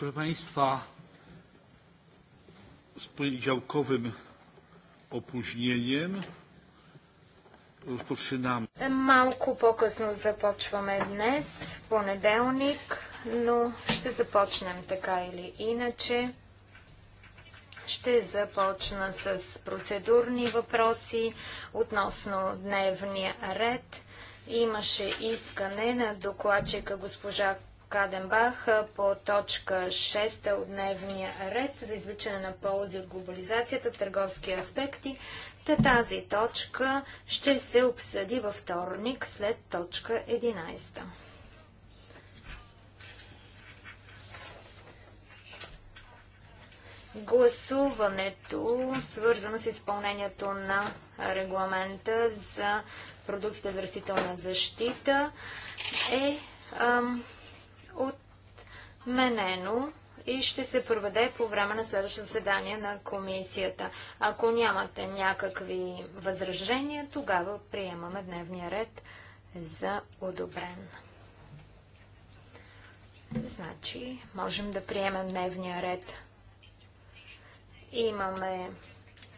Proszę Państwa, z poniedziałkowym opóźnieniem rozpoczynamy. Малко по-късно започваме днес, poniedziałek, no, jeszcze zapocznę започнем ili inaczej. Ще започна с процедурни въпроси относно дневния ред. Имаше искане на докладчика госпожа Каденбах по точка 6 от дневния ред за извличане на ползи от глобализацията, търговски аспекти. Та тази точка ще се обсъди във вторник след точка 11. Гласуването, свързано с изпълнението на регламента за продуктите за растителна защита, е ам, отменено и ще се проведе по време на следващото заседание на комисията. Ако нямате някакви възражения, тогава приемаме дневния ред за одобрен. Значи, можем да приемем дневния ред. Имаме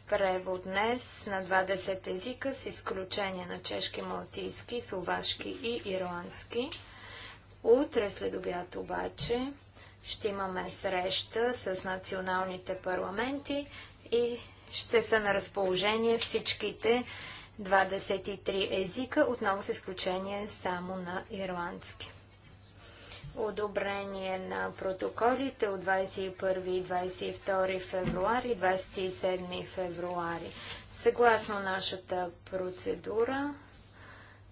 превод днес на 20 езика с изключение на чешки, малтийски, словашки и ирландски. Утре след обяд обаче ще имаме среща с националните парламенти и ще са на разположение всичките 23 езика, отново с изключение само на ирландски. Одобрение на протоколите от 21 и 22 февруари, 27 февруари. Съгласно нашата процедура,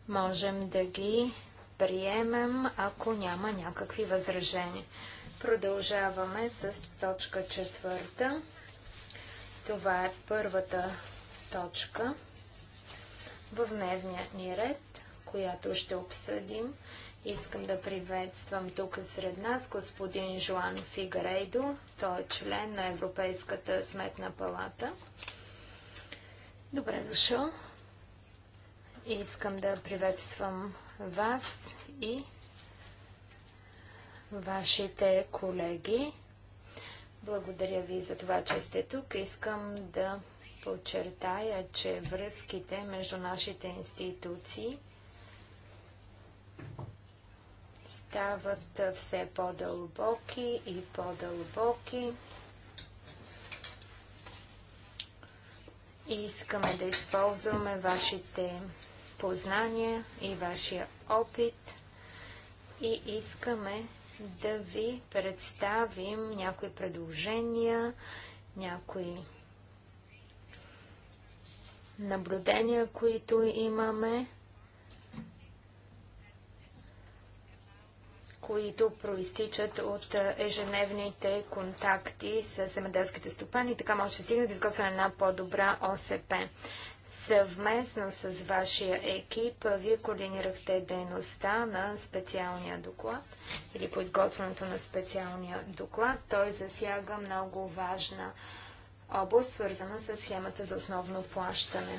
можем да ги приемем, ако няма някакви възражения. Продължаваме с точка четвърта. Това е първата точка в дневния ни ред, която ще обсъдим. Искам да приветствам тук сред нас господин Жоан Фигарейдо. Той е член на Европейската сметна палата. Добре дошъл. Искам да приветствам вас и вашите колеги. Благодаря ви за това, че сте тук. Искам да подчертая, че връзките между нашите институции стават все по-дълбоки и по-дълбоки. И искаме да използваме вашите познания и вашия опит и искаме да ви представим някои предложения, някои наблюдения, които имаме, които проистичат от ежедневните контакти с земеделските стопани. Така може да стигне до изготвяне на по-добра ОСП. Съвместно с вашия екип, вие координирахте дейността на специалния доклад или по изготвянето на специалния доклад. Той засяга много важна област, свързана с схемата за основно плащане.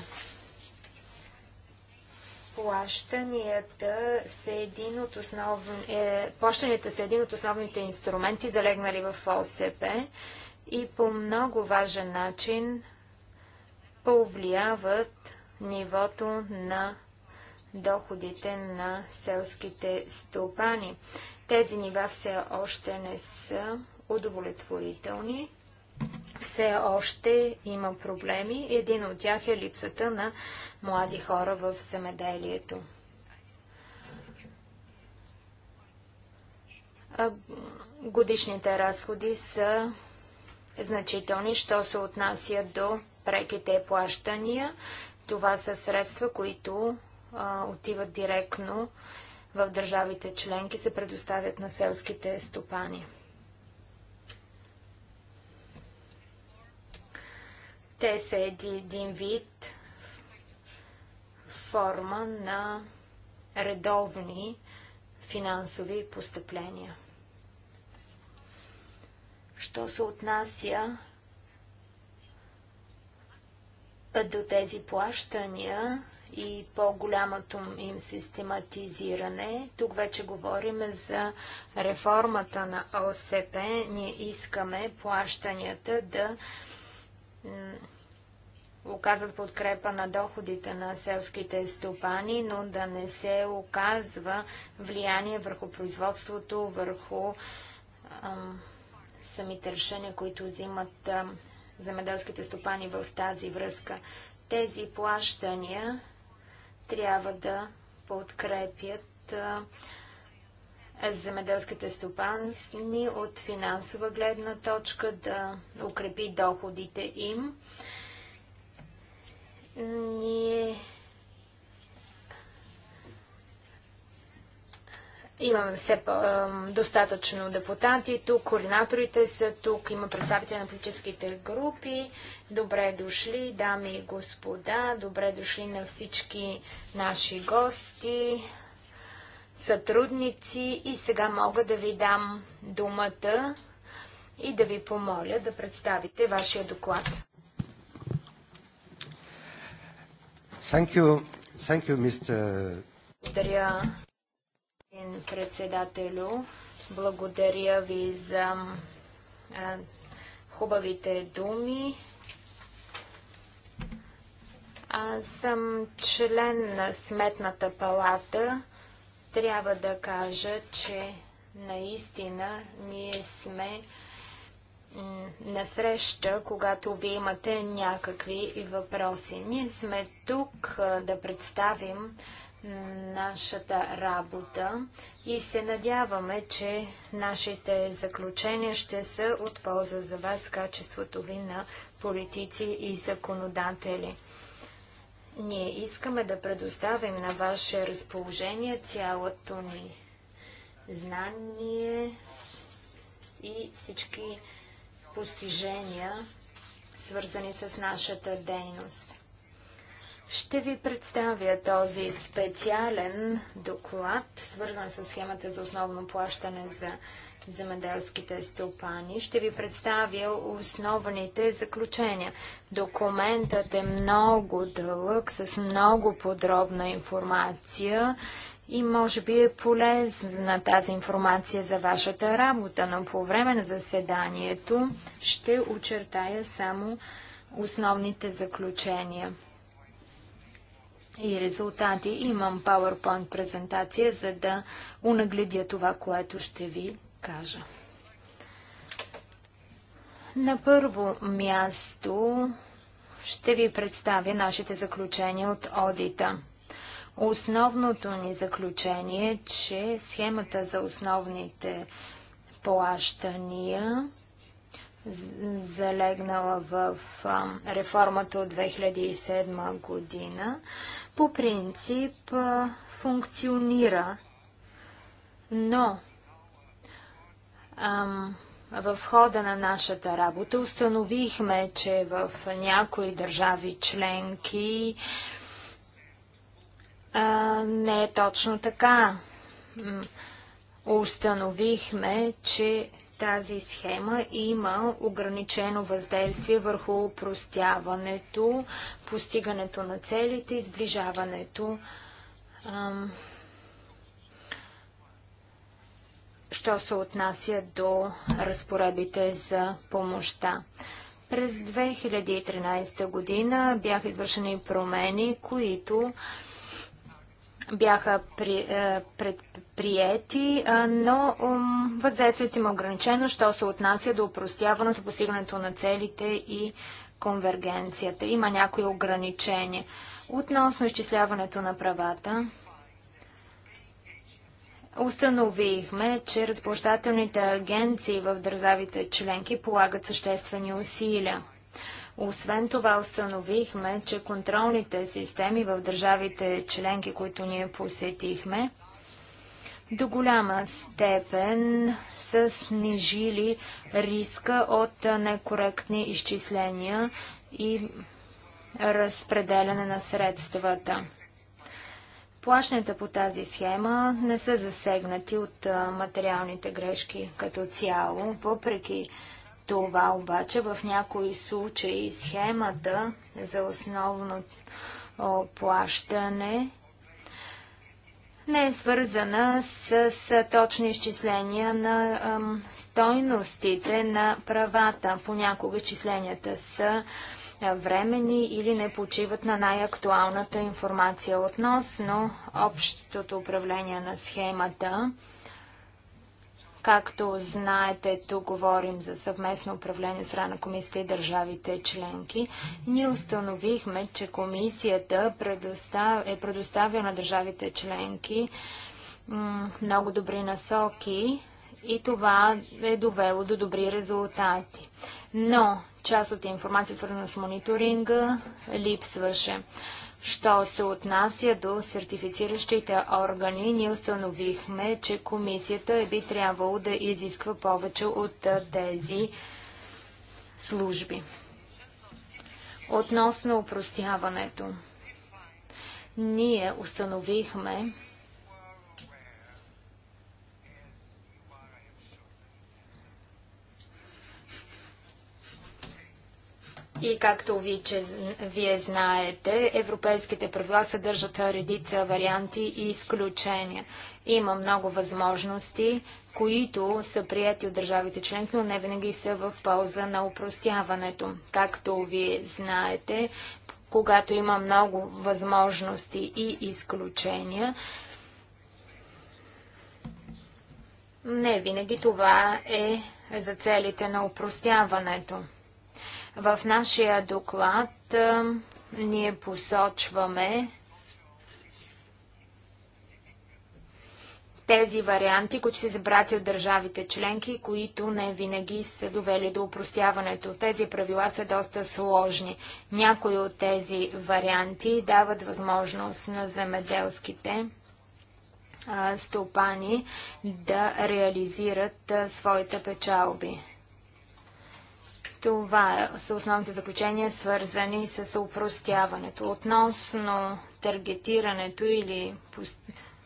Плащанията са един от, основ... е, плащанията са един от основните инструменти, залегнали в ОСП и по много важен начин повлияват нивото на доходите на селските стопани. Тези нива все още не са удовлетворителни. Все още има проблеми. Един от тях е липсата на млади хора в земеделието. Годишните разходи са значителни, що се отнася до преките плащания. Това са средства, които а, отиват директно в държавите членки, се предоставят на селските стопани. Те са един вид форма на редовни финансови постъпления. Що се отнася до тези плащания и по-голямото им систематизиране. Тук вече говорим за реформата на ОСП. Ние искаме плащанията да оказват подкрепа на доходите на селските стопани, но да не се оказва влияние върху производството, върху самите решения, които взимат земеделските стопани в тази връзка. Тези плащания трябва да подкрепят земеделските стопани от финансова гледна точка да укрепи доходите им. Ние Имаме все достатъчно депутати тук, координаторите са тук, има представители на политическите групи. Добре дошли, дами и господа, добре дошли на всички наши гости, сътрудници и сега мога да ви дам думата и да ви помоля да представите вашия доклад. Thank you. Thank you, Mr. Благодаря, господин председателю. Благодаря ви за а, хубавите думи. Аз съм член на Сметната палата. Трябва да кажа, че наистина ние сме насреща, когато ви имате някакви въпроси. Ние сме тук да представим нашата работа и се надяваме, че нашите заключения ще са от полза за вас качеството ви на политици и законодатели. Ние искаме да предоставим на ваше разположение цялото ни знание и всички постижения, свързани с нашата дейност. Ще ви представя този специален доклад, свързан с схемата за основно плащане за земеделските стопани. Ще ви представя основните заключения. Документът е много дълъг, с много подробна информация и може би е полезна тази информация за вашата работа, но по време на заседанието ще очертая само основните заключения и резултати. Имам PowerPoint презентация, за да унагледя това, което ще ви кажа. На първо място ще ви представя нашите заключения от одита. Основното ни заключение е, че схемата за основните плащания залегнала в реформата от 2007 година, по принцип функционира, но ам, в хода на нашата работа установихме, че в някои държави членки а, не е точно така. Установихме, че тази схема има ограничено въздействие върху простяването, постигането на целите, изближаването. Ам, що се отнася до разпоредбите за помощта. През 2013 година бяха извършени промени, които бяха при, е, предприяти, е, но въздействието им е ограничено, що се отнася до упростяването, постигането на целите и конвергенцията. Има някои ограничения. Относно изчисляването на правата, установихме, че разплащателните агенции в държавите членки полагат съществени усилия. Освен това установихме, че контролните системи в държавите членки, които ние посетихме, до голяма степен са снижили риска от некоректни изчисления и разпределяне на средствата. Плащанията по тази схема не са засегнати от материалните грешки като цяло, въпреки това обаче в някои случаи схемата за основно плащане не е свързана с, с точни изчисления на ам, стойностите на правата. Понякога численията са времени или не почиват на най-актуалната информация относно общото управление на схемата. Както знаете, тук говорим за съвместно управление страна на комисията и държавите членки. Ние установихме, че комисията е предоставила на държавите членки много добри насоки и това е довело до добри резултати. Но част от информация, свързана с мониторинга, липсваше. Що се отнася до сертифициращите органи, ние установихме, че комисията би трябвало да изисква повече от тези служби. Относно упростяването, ние установихме, И както ви, че, вие знаете, европейските правила съдържат редица варианти и изключения. Има много възможности, които са прияти от държавите членки, но не винаги са в полза на упростяването. Както вие знаете, когато има много възможности и изключения, не винаги това е за целите на упростяването. В нашия доклад ние посочваме тези варианти, които са забрати от държавите членки, които не винаги са довели до упростяването. Тези правила са доста сложни. Някои от тези варианти дават възможност на земеделските стопани да реализират своите печалби. Това са основните заключения, свързани с упростяването. Относно таргетирането или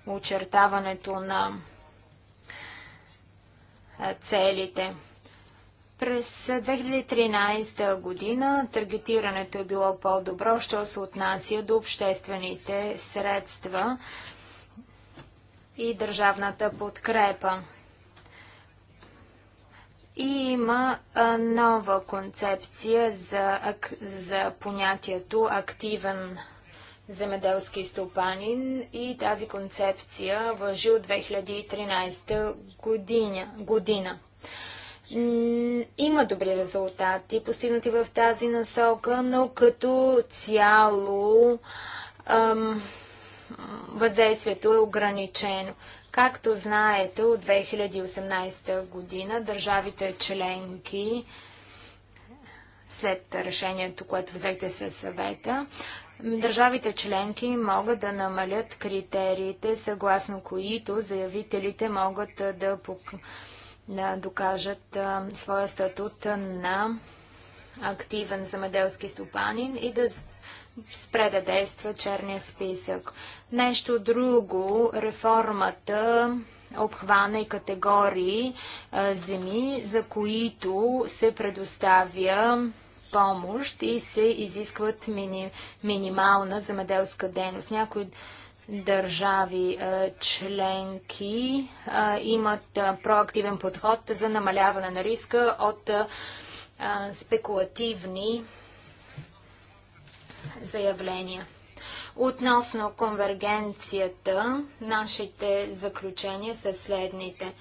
очертаването на целите. През 2013 година таргетирането е било по-добро, що се отнася до обществените средства и държавната подкрепа. И има нова концепция за, за понятието активен земеделски стопанин и тази концепция въжи от 2013 година. година. Има добри резултати, постигнати в тази насока, но като цяло ам, въздействието е ограничено. Както знаете, от 2018 година държавите членки след решението, което взехте със съвета, Държавите членки могат да намалят критериите, съгласно които заявителите могат да, да докажат а, своя статут на активен замеделски стопанин и да спре да действа черния списък. Нещо друго, реформата обхвана и категории а, земи, за които се предоставя помощ и се изискват мини, минимална замеделска дейност. Някои държави а, членки а, имат а, проактивен подход за намаляване на риска от спекулативни заявления. Относно конвергенцията, нашите заключения са следните.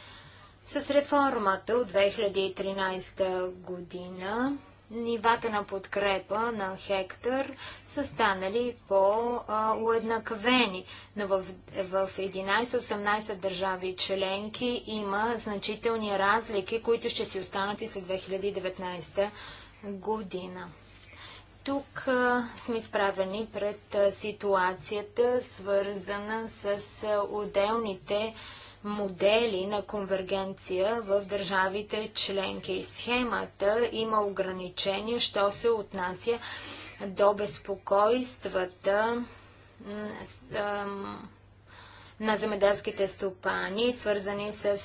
С реформата от 2013 година нивата на подкрепа на хектар са станали по-уеднаквени, но в, 11-18 държави членки има значителни разлики, които ще си останат и след 2019 година. Тук сме изправени пред ситуацията, свързана с отделните модели на конвергенция в държавите членки. Схемата има ограничения, що се отнася до безпокойствата, на земеделските стопани, свързани с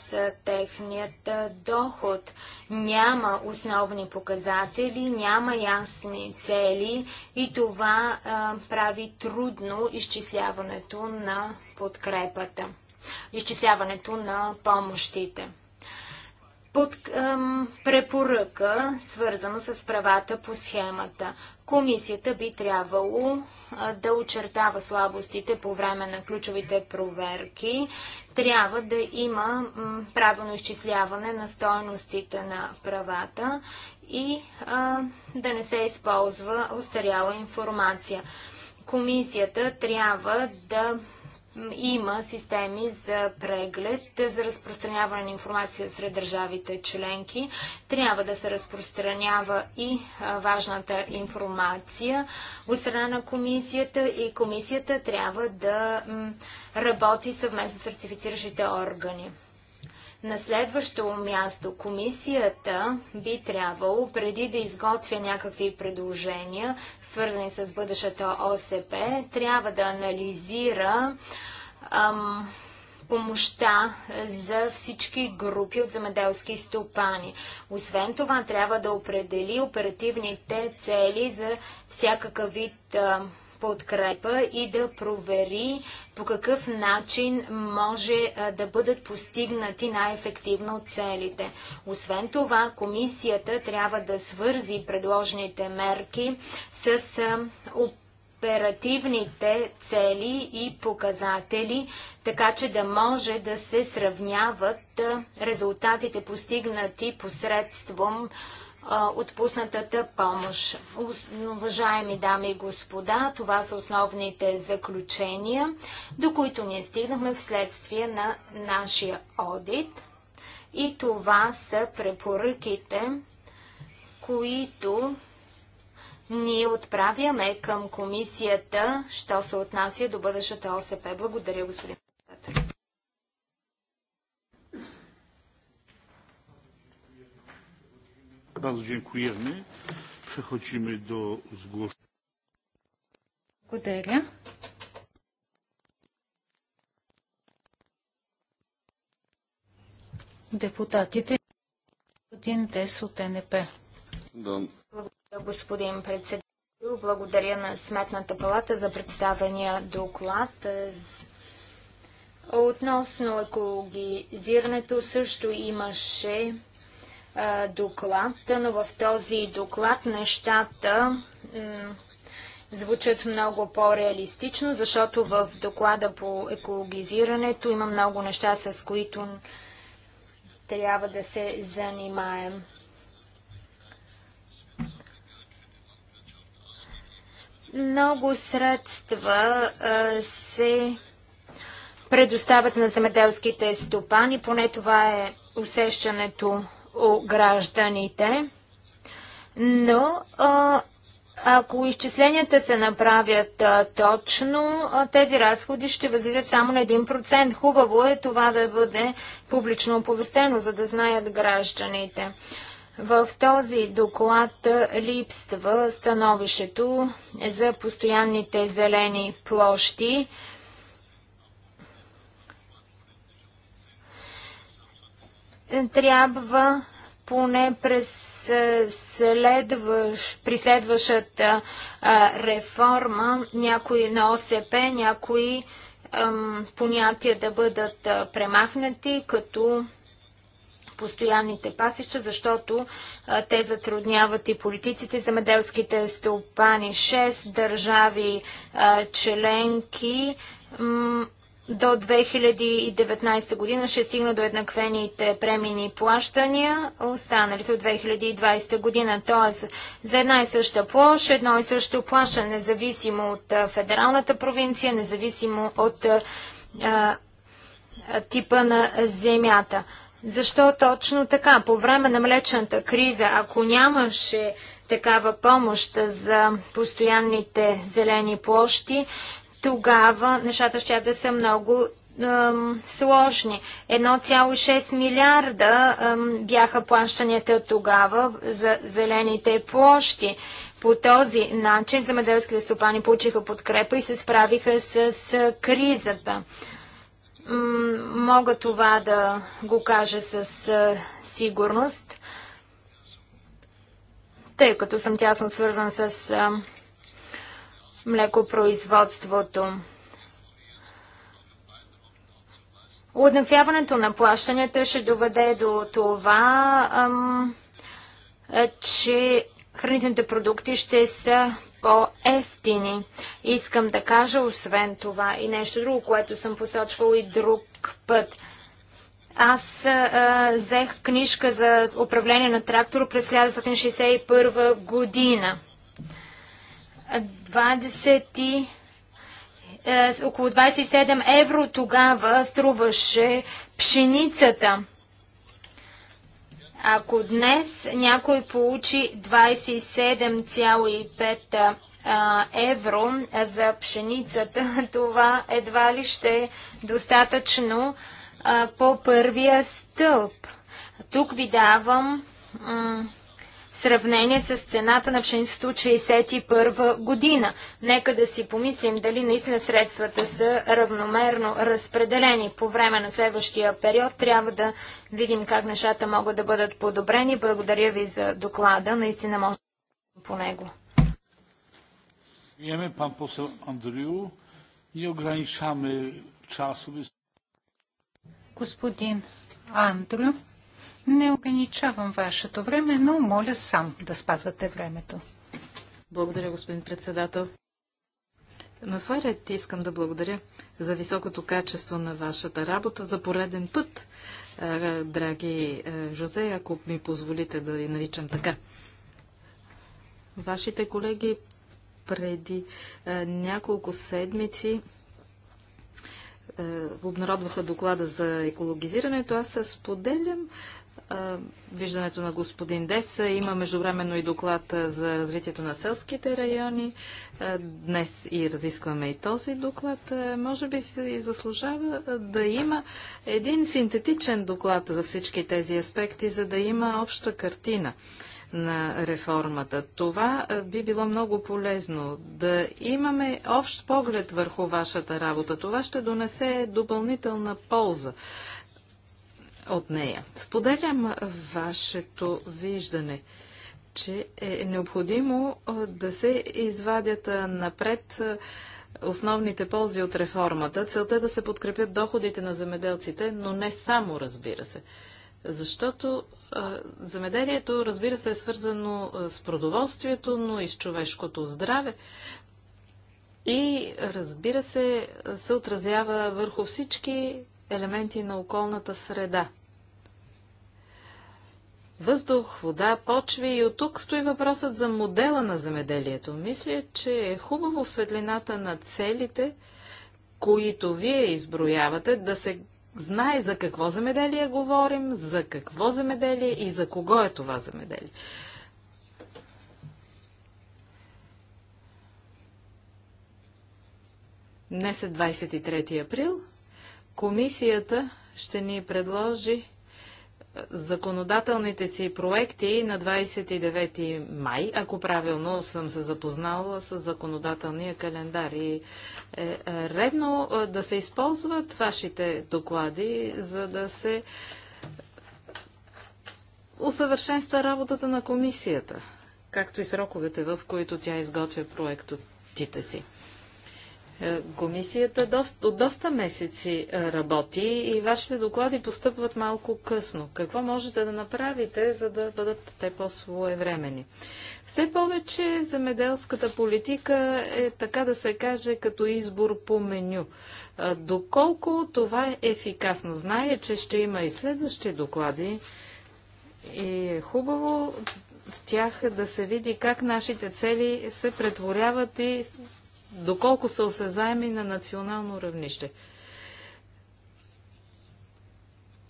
техният доход. Няма основни показатели, няма ясни цели и това а, прави трудно изчисляването на подкрепата, изчисляването на помощите под ем, препоръка, свързана с правата по схемата. Комисията би трябвало е, да очертава слабостите по време на ключовите проверки. Трябва да има м, правилно изчисляване на стойностите на правата и е, да не се използва остаряла информация. Комисията трябва да има системи за преглед, за разпространяване на информация сред държавите членки. Трябва да се разпространява и важната информация от страна на комисията и комисията трябва да работи съвместно с сертифициращите органи. На следващо място, комисията би трябвало, преди да изготвя някакви предложения, свързани с бъдещата ОСП, трябва да анализира ам, помощта за всички групи от земеделски стопани. Освен това, трябва да определи оперативните цели за всякакъв вид ам, подкрепа и да провери по какъв начин може да бъдат постигнати най-ефективно целите. Освен това, комисията трябва да свързи предложените мерки с оперативните цели и показатели, така че да може да се сравняват резултатите постигнати посредством отпуснатата помощ. Уважаеми дами и господа, това са основните заключения, до които ние стигнахме вследствие на нашия одит. И това са препоръките, които ние отправяме към комисията, що се отнася до бъдещата ОСП. Благодаря, господин. Bardzo dziękujemy. Przechodzimy do zgłoszeń. Kuderia. Депутатите господин Тес от НП. Благодаря, господин председател. Благодаря на Сметната палата за представения доклад. Относно екологизирането също имаше доклад, но в този доклад нещата звучат много по-реалистично, защото в доклада по екологизирането има много неща, с които трябва да се занимаем. Много средства а, се предоставят на земеделските стопани, поне това е усещането у гражданите, но ако изчисленията се направят а, точно, а, тези разходи ще възлизат само на 1%. Хубаво е това да бъде публично оповестено, за да знаят гражданите. В този доклад липства становището за постоянните зелени площи. трябва поне през е, следващ, при следващата а, е, реформа някои на ОСП, някои ам, понятия да бъдат а, е, премахнати, като постоянните пасища, защото а, те затрудняват и политиците, и замеделските стопани. 6 държави членки ам, до 2019 година ще стигна до еднаквените премини плащания, останалите от 2020 година. Т.е. за една и съща площ, едно и също плаща, независимо от федералната провинция, независимо от а, типа на земята. Защо точно така? По време на млечната криза, ако нямаше такава помощ за постоянните зелени площи, тогава нещата ще да са много сложни. 1,6 милиарда бяха плащанията тогава за зелените площи. По този начин земеделските стопани получиха подкрепа и се справиха с, с кризата. Мога това да го кажа с сигурност, тъй като съм тясно свързан с млекопроизводството. Уеднаквяването на плащанията ще доведе до това, ам, е, че хранителните продукти ще са по-ефтини. Искам да кажа освен това и нещо друго, което съм посочвал и друг път. Аз а, взех книжка за управление на трактора през 1961 година. 20, е, около 27 евро тогава струваше пшеницата. Ако днес някой получи 27,5 е, евро за пшеницата, това едва ли ще е достатъчно по първия стълб. Тук ви давам в сравнение с цената на пшеницата от 1961 година. Нека да си помислим дали наистина средствата са равномерно разпределени по време на следващия период. Трябва да видим как нещата могат да бъдат подобрени. Благодаря ви за доклада. Наистина може да по него. Wiemy, пан poseł Andriu, nie ograniczamy czasu. Господин Андрю, не ограничавам вашето време, но моля сам да спазвате времето. Благодаря, господин председател. На свой ред искам да благодаря за високото качество на вашата работа. За пореден път, е, драги е, Жозе, ако ми позволите да ви наричам така. Вашите колеги преди е, няколко седмици обнародваха доклада за екологизирането. Аз споделям виждането на господин Деса. Има междувременно и доклад за развитието на селските райони. Днес и разискваме и този доклад. Може би се и заслужава да има един синтетичен доклад за всички тези аспекти, за да има обща картина на реформата. Това би било много полезно да имаме общ поглед върху вашата работа. Това ще донесе допълнителна полза от нея. Споделям вашето виждане че е необходимо да се извадят напред основните ползи от реформата. Целта е да се подкрепят доходите на земеделците, но не само, разбира се. Защото а, разбира се, е свързано с продоволствието, но и с човешкото здраве. И, разбира се, се отразява върху всички елементи на околната среда въздух, вода, почви и от тук стои въпросът за модела на земеделието. Мисля, че е хубаво в светлината на целите, които вие изброявате, да се знае за какво земеделие говорим, за какво земеделие и за кого е това земеделие. Днес е 23 април. Комисията ще ни предложи законодателните си проекти на 29 май, ако правилно съм се запознала с законодателния календар. И е, е редно е, да се използват вашите доклади, за да се усъвършенства работата на комисията, както и сроковете, в които тя изготвя проектите си. Комисията доста, от доста месеци е, работи и вашите доклади постъпват малко късно. Какво можете да направите, за да бъдат те по-своевремени? Все повече замеделската политика е, така да се каже, като избор по меню. Е, доколко това е ефикасно? Знае, че ще има и следващи доклади и е хубаво в тях да се види как нашите цели се претворяват и доколко са осезаеми на национално равнище.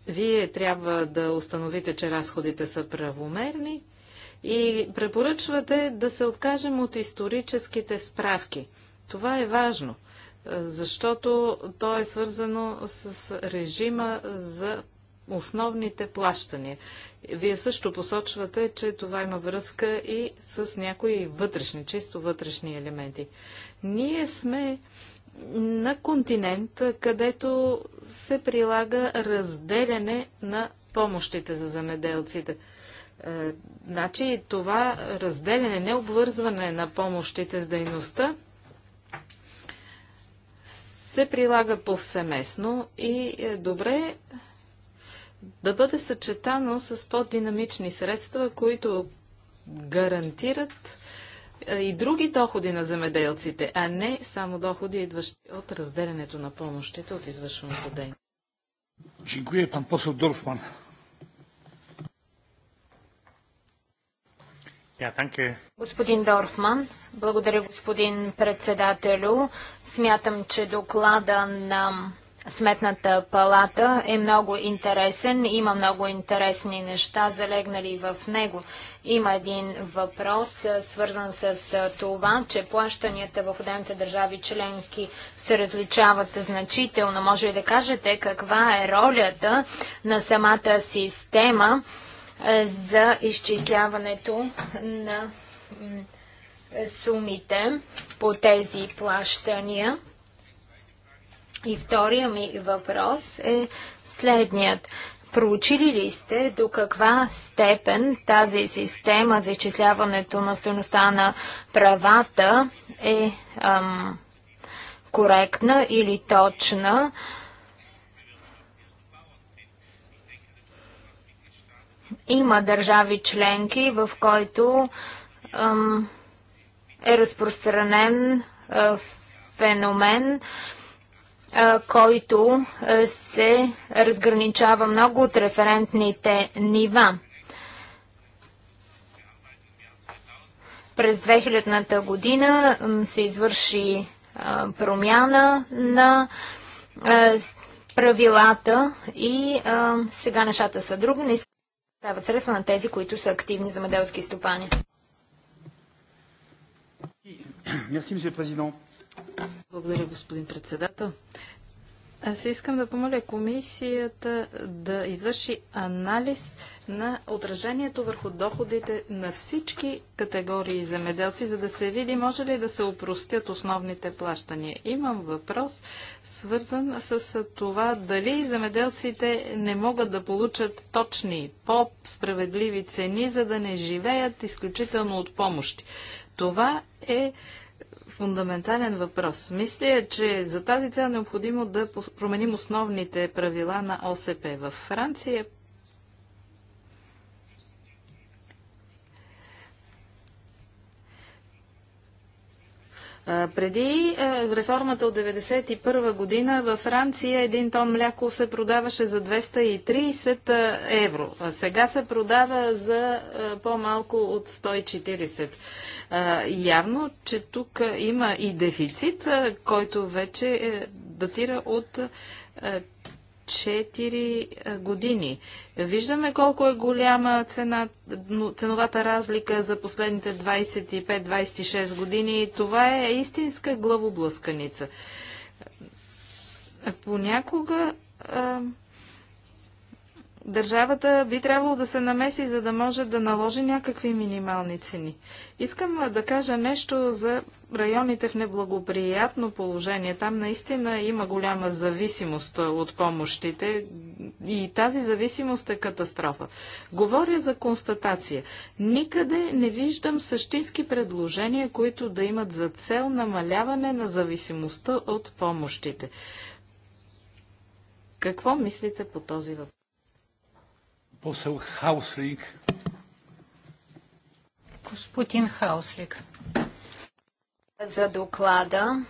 Вие трябва да установите, че разходите са правомерни и препоръчвате да се откажем от историческите справки. Това е важно, защото то е свързано с режима за основните плащания. Вие също посочвате, че това има връзка и с някои вътрешни, чисто вътрешни елементи. Ние сме на континент, където се прилага разделяне на помощите за замеделците. Е, значи това разделяне, не обвързване на помощите с дейността, се прилага повсеместно и е, добре да бъде съчетано с по-динамични средства, които гарантират и други доходи на земеделците, а не само доходи, идващи от разделянето на помощите от извършването ден. Dziękuję. пан poseł Дорфман. Господин Дорфман, благодаря господин председателю. Смятам, че доклада на Сметната палата е много интересен, има много интересни неща залегнали в него. Има един въпрос, е, свързан с е, това, че плащанията в отделните държави членки се различават значително. Може ли да кажете каква е ролята на самата система е, за изчисляването на сумите по тези плащания? И втория ми въпрос е следният. Проучили ли сте до каква степен тази система за изчисляването на стоеността на правата е ам, коректна или точна? Има държави членки, в който ам, е разпространен а, феномен, а, който се разграничава много от референтните нива. През 2000-та година се извърши промяна на правилата и сега нещата са други. Не стават средства на тези, които са активни меделски стопани. Merci, monsieur le благодаря, господин председател. Аз искам да помоля комисията да извърши анализ на отражението върху доходите на всички категории земеделци, за да се види може ли да се упростят основните плащания. Имам въпрос, свързан с това дали земеделците не могат да получат точни, по-справедливи цени, за да не живеят изключително от помощи. Това е фундаментален въпрос. Мисля, че за тази цел е необходимо да променим основните правила на ОСП. В Франция Преди реформата от 1991 година във Франция един тон мляко се продаваше за 230 евро. Сега се продава за по-малко от 140. Явно, че тук има и дефицит, който вече е, датира от 4 години. Виждаме колко е голяма цена, ценовата разлика за последните 25-26 години. Това е истинска главоблъсканица. Понякога Държавата би трябвало да се намеси, за да може да наложи някакви минимални цени. Искам да кажа нещо за районите в неблагоприятно положение. Там наистина има голяма зависимост от помощите и тази зависимост е катастрофа. Говоря за констатация. Никъде не виждам същински предложения, които да имат за цел намаляване на зависимостта от помощите. Какво мислите по този въпрос? Посъл Хауслик. Господин Хауслик. За доклада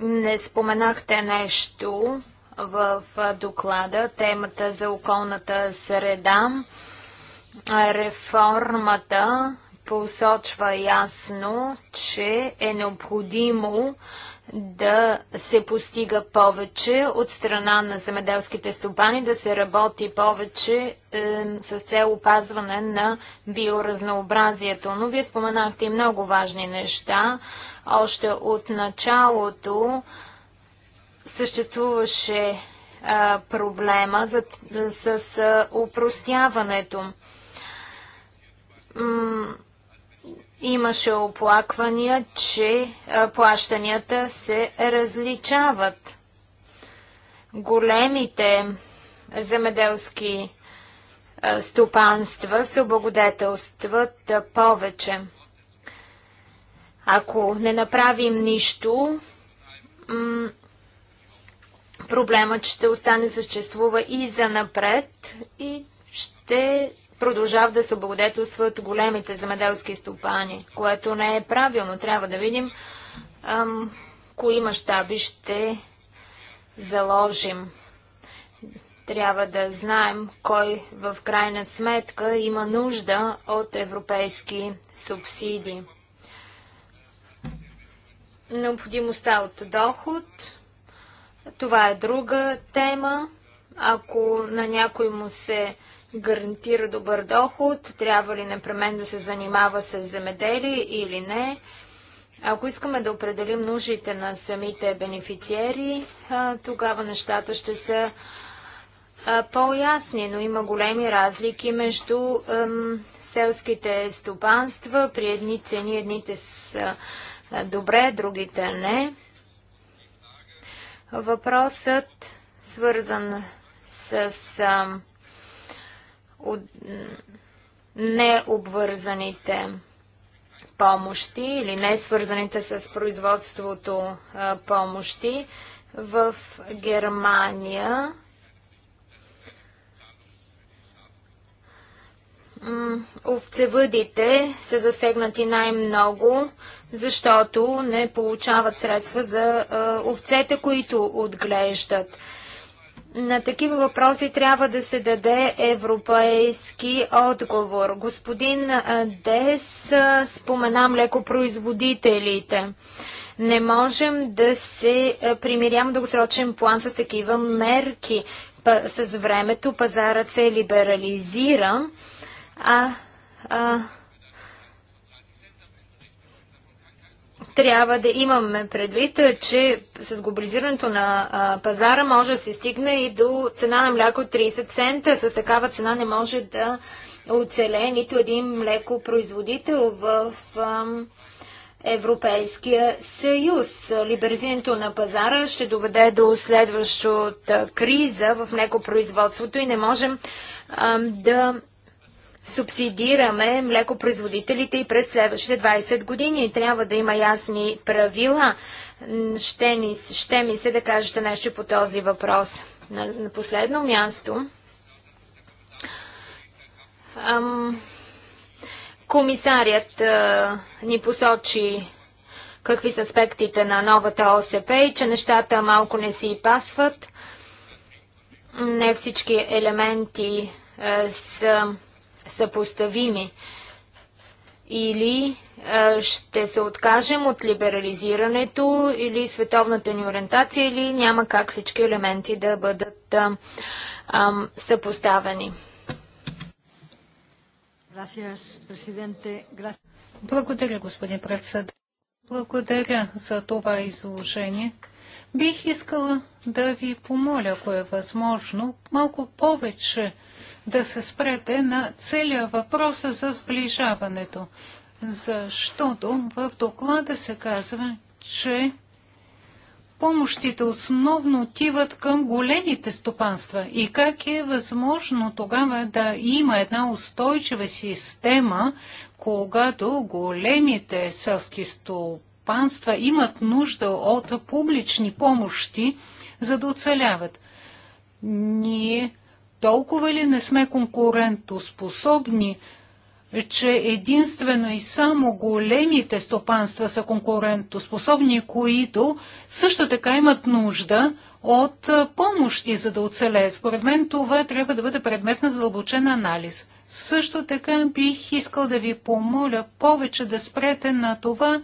не споменахте нещо в доклада, темата за околната среда. Реформата посочва ясно, че е необходимо да се постига повече от страна на земеделските стопани, да се работи повече е, с цел опазване на биоразнообразието. Но вие споменахте и много важни неща. Още от началото съществуваше е, проблема за, с е, упростяването. М Имаше оплаквания, че плащанията се различават. Големите земеделски стопанства се облагодетелстват повече. Ако не направим нищо, проблемът ще остане съществува и за напред и ще продължават да се облагодетелстват големите земеделски стопани, което не е правилно. Трябва да видим ам, кои мащаби ще заложим. Трябва да знаем кой в крайна сметка има нужда от европейски субсидии. Необходимостта от доход. Това е друга тема. Ако на някой му се гарантира добър доход, трябва ли непременно да се занимава с земеделие или не. Ако искаме да определим нуждите на самите бенефициери, тогава нещата ще са по-ясни, но има големи разлики между ем, селските стопанства. При едни цени едните са добре, другите не. Въпросът, свързан с ем, от необвързаните помощи или не свързаните с производството помощи. В Германия овцевъдите са засегнати най-много, защото не получават средства за овцете, които отглеждат. На такива въпроси трябва да се даде европейски отговор. Господин Дес леко производителите. Не можем да се примирям дългосрочен план с такива мерки. с времето пазарът се либерализира, а, а трябва да имаме предвид, е, че с глобализирането на а, пазара може да се стигне и до цена на мляко 30 цента. С такава цена не може да оцеле нито един млекопроизводител в а, Европейския съюз. Либерзинето на пазара ще доведе до следващата криза в млекопроизводството и не можем а, да субсидираме млекопроизводителите и през следващите 20 години. Трябва да има ясни правила. Ще, ни, ще ми се да кажете нещо по този въпрос. На, на последно място. Ам, комисарият а, ни посочи какви са аспектите на новата ОСП и че нещата малко не си пасват. Не всички елементи а, са съпоставими. Или а, ще се откажем от либерализирането, или световната ни ориентация, или няма как всички елементи да бъдат а, а, съпоставени. Благодаря, господин председател. Благодаря за това изложение. Бих искала да ви помоля, ако е възможно, малко повече да се спрете на целия въпрос за сближаването. Защото в доклада се казва, че помощите основно отиват към големите стопанства. И как е възможно тогава да има една устойчива система, когато големите селски стопанства имат нужда от публични помощи, за да оцеляват? Ние толкова ли не сме конкурентоспособни, че единствено и само големите стопанства са конкурентоспособни, които също така имат нужда от помощи, за да оцелеят. Според мен това трябва да бъде предмет на задълбочен анализ. Също така бих искал да ви помоля повече да спрете на това,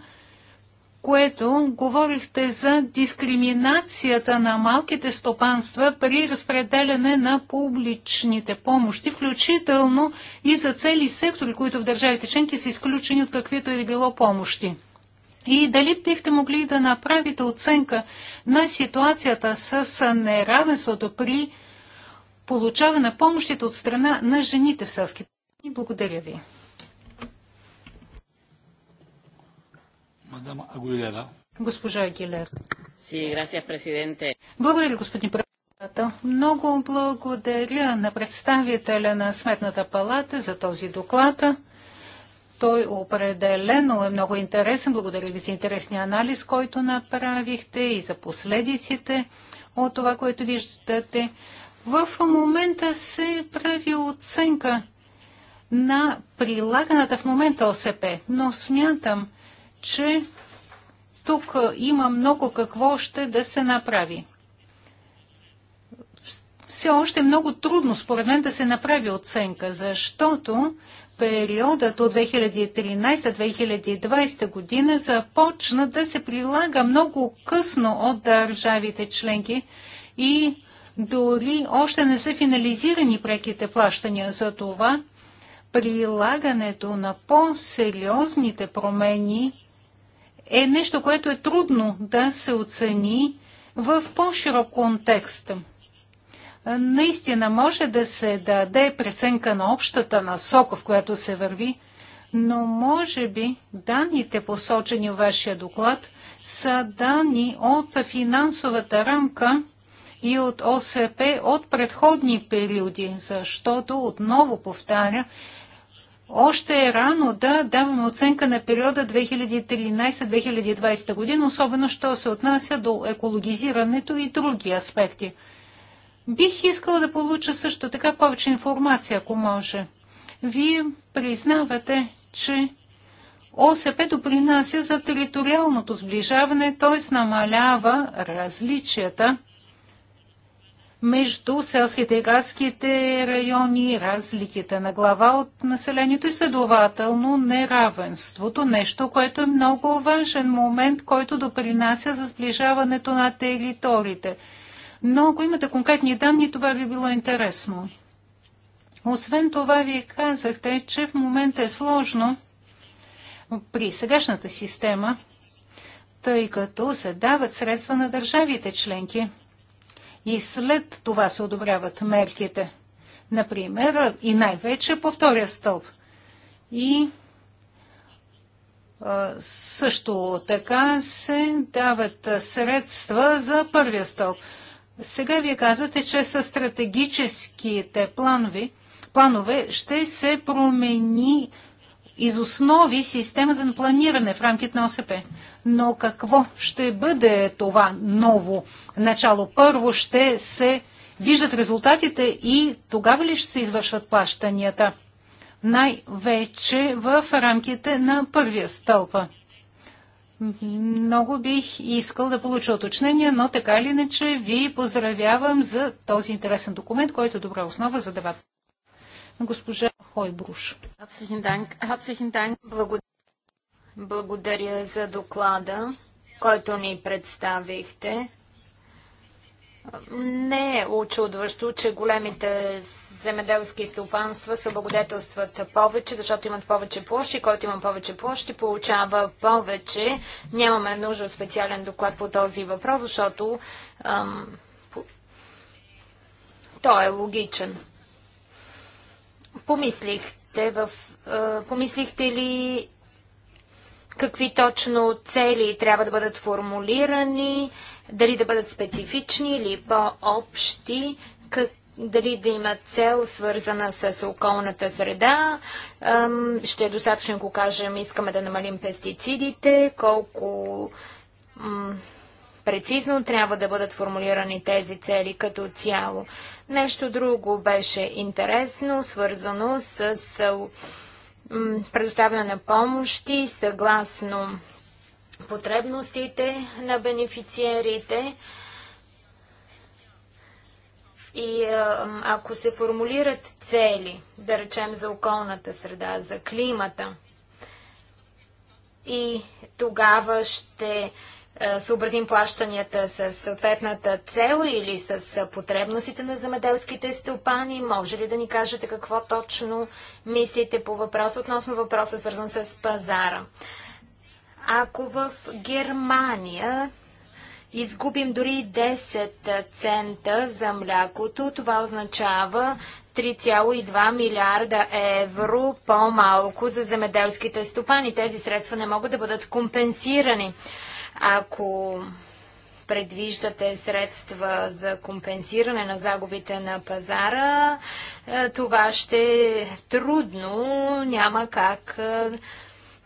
което говорихте за дискриминацията на малките стопанства при разпределяне на публичните помощи, включително и за цели сектори, които в държавите членки са изключени от каквито и било помощи. И дали бихте могли да направите оценка на ситуацията с неравенството при получаване на помощите от страна на жените в селските. Благодаря ви. Мадам Агуилера. Госпожа Агилер. Си, грация, президенте. Благодаря, господин председател. Много благодаря на представителя на Сметната палата за този доклад. Той определено е много интересен. Благодаря ви за интересния анализ, който направихте и за последиците от това, което виждате. В момента се прави оценка на прилаганата в момента ОСП, но смятам, че тук има много какво ще да се направи. Все още е много трудно, според мен, да се направи оценка, защото периодът от 2013-2020 година започна да се прилага много късно от държавите членки и дори още не са финализирани преките плащания за това. Прилагането на по-сериозните промени е нещо, което е трудно да се оцени в по-широк контекст. Наистина може да се даде преценка на общата насока, в която се върви, но може би данните, посочени в вашия доклад, са данни от финансовата рамка и от ОСП от предходни периоди, защото, отново повтаря, още е рано да даваме оценка на периода 2013-2020 година, особено що се отнася до екологизирането и други аспекти. Бих искала да получа също така повече информация, ако може. Вие признавате, че ОСП допринася за териториалното сближаване, т.е. намалява различията между селските и градските райони, разликите на глава от населението и следователно неравенството, нещо, което е много важен момент, който допринася за сближаването на териториите. Но ако имате конкретни данни, това би било интересно. Освен това, вие казахте, че в момента е сложно при сегашната система, тъй като се дават средства на държавите членки и след това се одобряват мерките. Например, и най-вече по втория стълб. И също така се дават средства за първия стълб. Сега вие казвате, че с стратегическите планове, планове ще се промени из основи системата на планиране в рамките на ОСП но какво ще бъде това ново начало? Първо ще се виждат резултатите и тогава ли ще се извършват плащанията? Най-вече в рамките на първия стълпа. Много бих искал да получа уточнение, но така или иначе ви поздравявам за този интересен документ, който е добра основа за дебат. Госпожа Хойбруш. Благодаря благодаря за доклада, който ни представихте. Не е очудващо, че големите земеделски стопанства се облагодетелстват повече, защото имат повече площи. Който има повече площи, получава повече. Нямаме нужда от специален доклад по този въпрос, защото ам, по... той е логичен. Помислихте, в, а, помислихте ли какви точно цели трябва да бъдат формулирани, дали да бъдат специфични или по-общи, как, дали да има цел свързана с околната среда. Ще е достатъчно, ако кажем, искаме да намалим пестицидите, колко прецизно трябва да бъдат формулирани тези цели като цяло. Нещо друго беше интересно, свързано с предоставяне на помощи съгласно потребностите на бенефициерите. И ако се формулират цели, да речем за околната среда, за климата, и тогава ще е, съобразим плащанията с съответната цел или с е, потребностите на земеделските стопани? Може ли да ни кажете какво точно мислите по въпроса относно въпроса, свързан с пазара? Ако в Германия изгубим дори 10 е, цента за млякото, това означава 3,2 милиарда евро по-малко за земеделските стопани. Тези средства не могат да бъдат компенсирани. Ако предвиждате средства за компенсиране на загубите на пазара, е, това ще е трудно, няма как е,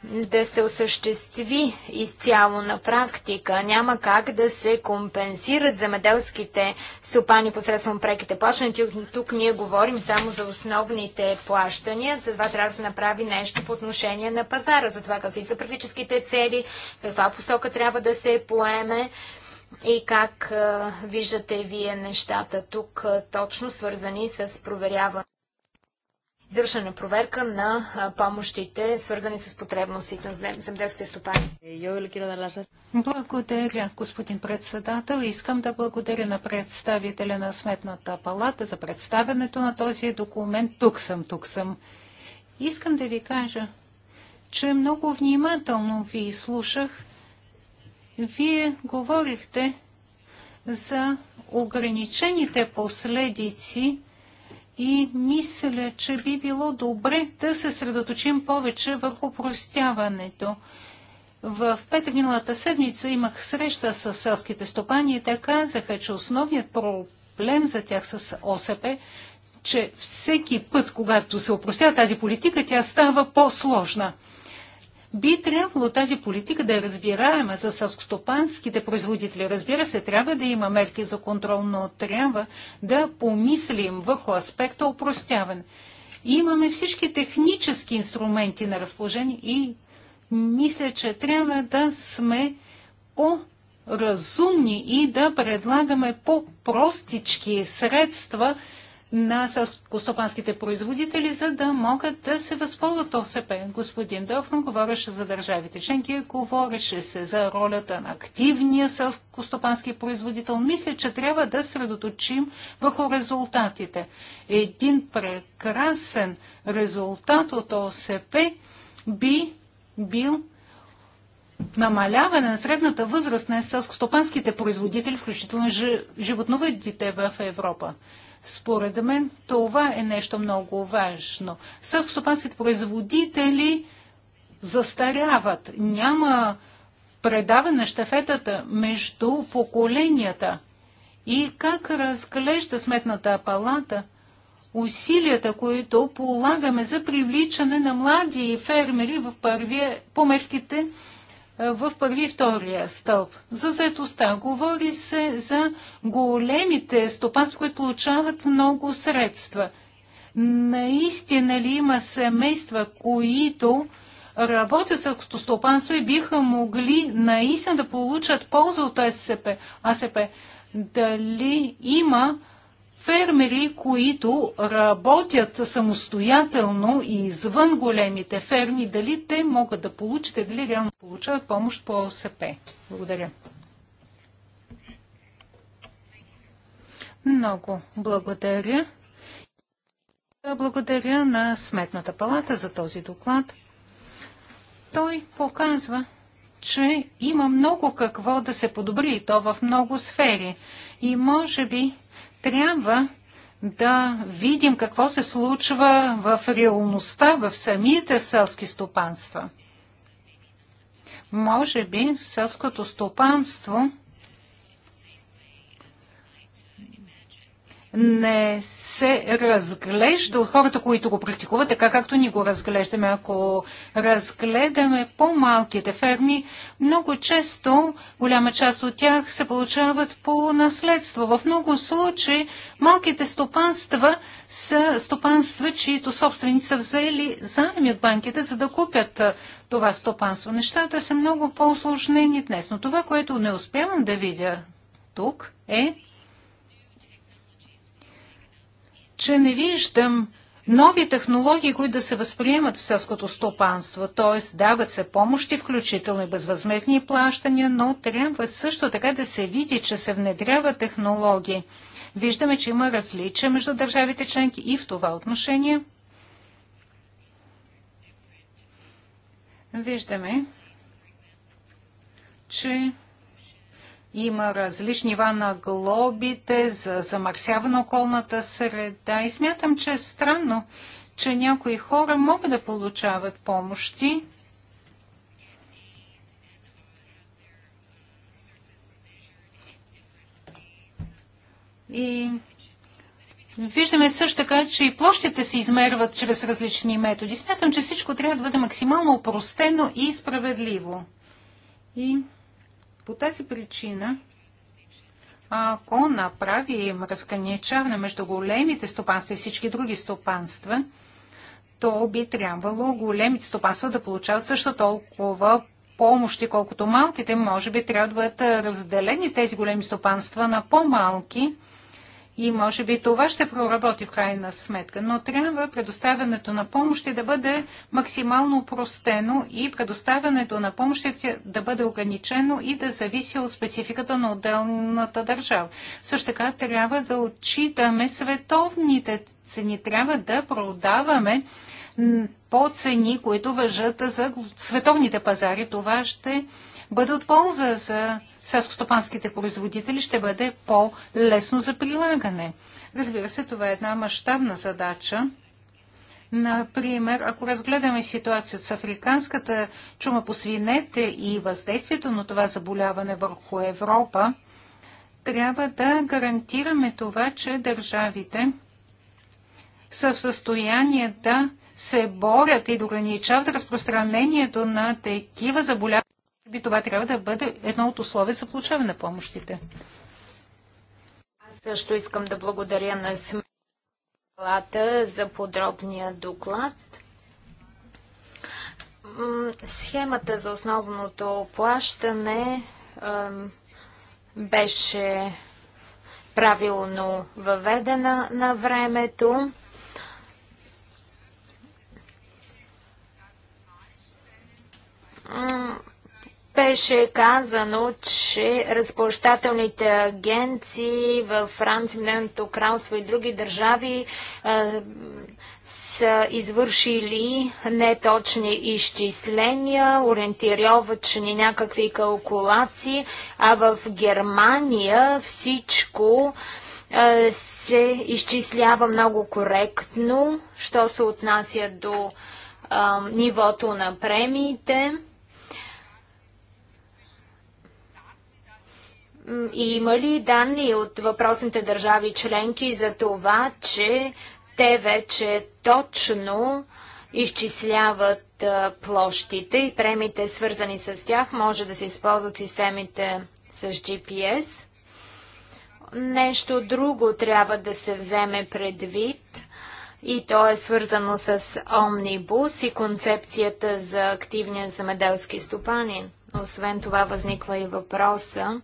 да се осъществи изцяло на практика. Няма как да се компенсират замеделските стопани посредством преките плащания. Тук, ние говорим само за основните плащания. Затова трябва да се направи нещо по отношение на пазара. За това какви са практическите цели, каква посока трябва да се поеме и как виждате вие нещата тук, точно свързани с проверяване извършена проверка на помощите, свързани с потребностите на земеделските стопани. Благодаря, господин председател. Искам да благодаря на представителя на Сметната палата за представянето на този документ. Тук съм, тук съм. Искам да ви кажа, че много внимателно ви слушах. Вие говорихте за ограничените последици и мисля, че би било добре да се средоточим повече върху простяването. В петък миналата седмица имах среща с селските стопани и те казаха, че основният проблем за тях с ОСП, че всеки път, когато се опростя тази политика, тя става по-сложна. Би трябвало тази политика да е разбираема за сълскостопанските производители. Разбира се, трябва да има мерки за контрол, но трябва да помислим върху аспекта упростяван. Имаме всички технически инструменти на разположение и мисля, че трябва да сме по разумни и да предлагаме по-простички средства на селскостопанските производители, за да могат да се възползват ОСП. Господин Дофман говореше за държавите членки, говореше се за ролята на активния селскостопански производител. Мисля, че трябва да средоточим върху резултатите. Един прекрасен резултат от ОСП би бил намаляване на средната възраст на селскостопанските производители, включително животновъдите в Европа. Според мен това е нещо много важно. Селскостопанските производители застаряват. Няма предаване на щафетата между поколенията. И как разглежда сметната палата усилията, които полагаме за привличане на млади фермери в първия, по мерките в първи и втория стълб. За заедостта говори се за големите стопанства, които получават много средства. Наистина ли има семейства, които работят с стопанство и биха могли наистина да получат полза от СП? АСП? Дали има фермери, които работят самостоятелно и извън големите ферми, дали те могат да получат и дали реално получават помощ по ОСП. Благодаря. Много благодаря. Благодаря на Сметната палата за този доклад. Той показва, че има много какво да се подобри, и то в много сфери. И може би трябва да видим какво се случва в реалността, в самите селски стопанства. Може би селското стопанство – не се разглежда от хората, които го практикуват, така както ни го разглеждаме. Ако разгледаме по-малките ферми, много често голяма част от тях се получават по наследство. В много случаи малките стопанства са стопанства, чието собственици са взели заеми от банките, за да купят това стопанство. Нещата са много по-осложнени днес, но това, което не успявам да видя тук е че не виждам нови технологии, които да се възприемат в селското стопанство, т.е. дават се помощи, включително и безвъзмезни плащания, но трябва също така да се види, че се внедрява технологии. Виждаме, че има различия между държавите членки и в това отношение. Виждаме, че има различни нива на глобите за замърсяване на околната среда и смятам, че е странно, че някои хора могат да получават помощи, И виждаме също така, че и площите се измерват чрез различни методи. Смятам, че всичко трябва да бъде максимално опростено и справедливо. И по тази причина, ако направим разграничаване между големите стопанства и всички други стопанства, то би трябвало големите стопанства да получават също толкова помощи, колкото малките, може би трябва да бъдат разделени тези големи стопанства на по-малки и може би това ще проработи в крайна сметка, но трябва предоставянето на помощи да бъде максимално упростено и предоставянето на помощи да бъде ограничено и да зависи от спецификата на отделната държава. Също така трябва да отчитаме световните цени, трябва да продаваме по цени, които въжат за световните пазари. Това ще бъде от полза за селскостопанските производители ще бъде по-лесно за прилагане. Разбира се, това е една мащабна задача. Например, ако разгледаме ситуацията с африканската чума по свинете и въздействието на това заболяване върху Европа, трябва да гарантираме това, че държавите са в състояние да се борят и да ограничават разпространението на такива заболявания би това трябва да бъде едно от условия за получаване на помощите. Аз също искам да благодаря на Сметната за подробния доклад. Схемата за основното плащане беше правилно въведена на времето. Mm беше казано, че разплащателните агенции в Франция, Мненото кралство и други държави е, са извършили неточни изчисления, ориентировачни някакви калкулации, а в Германия всичко е, се изчислява много коректно, що се отнася до е, нивото на премиите. И има ли данни от въпросните държави членки за това, че те вече точно изчисляват площите и премите свързани с тях? Може да се използват системите с GPS. Нещо друго трябва да се вземе предвид и то е свързано с омнибус и концепцията за активния замеделски стопанин. Освен това възниква и въпроса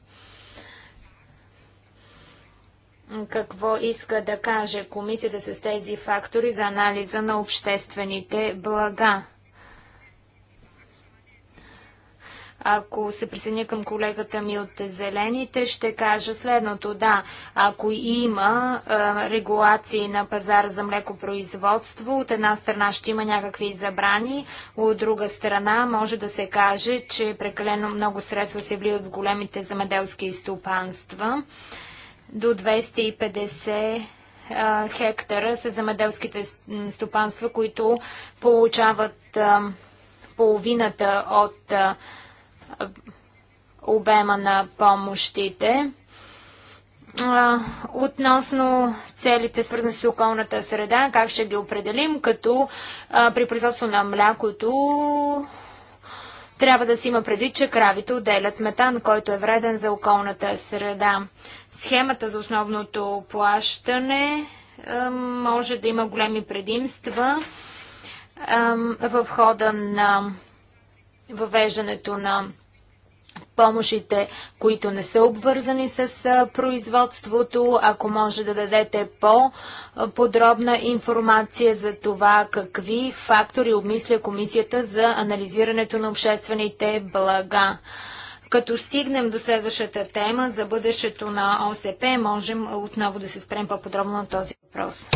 какво иска да каже комисията с тези фактори за анализа на обществените блага. Ако се присъединя към колегата ми от Зелените, ще кажа следното. Да, ако има е, регулации на пазар за млекопроизводство, от една страна ще има някакви забрани, от друга страна може да се каже, че прекалено много средства се вливат в големите замеделски стопанства до 250 хектара са замеделските стопанства, които получават половината от обема на помощите. Относно целите, свързани с околната среда, как ще ги определим, като при производство на млякото трябва да си има предвид, че кравите отделят метан, който е вреден за околната среда. Схемата за основното плащане е, може да има големи предимства е, в хода на въвеждането на помощите, които не са обвързани с е, производството, ако може да дадете по-подробна информация за това какви фактори обмисля комисията за анализирането на обществените блага. Като стигнем до следващата тема за бъдещето на ОСП, можем отново да се спрем по-подробно на този въпрос.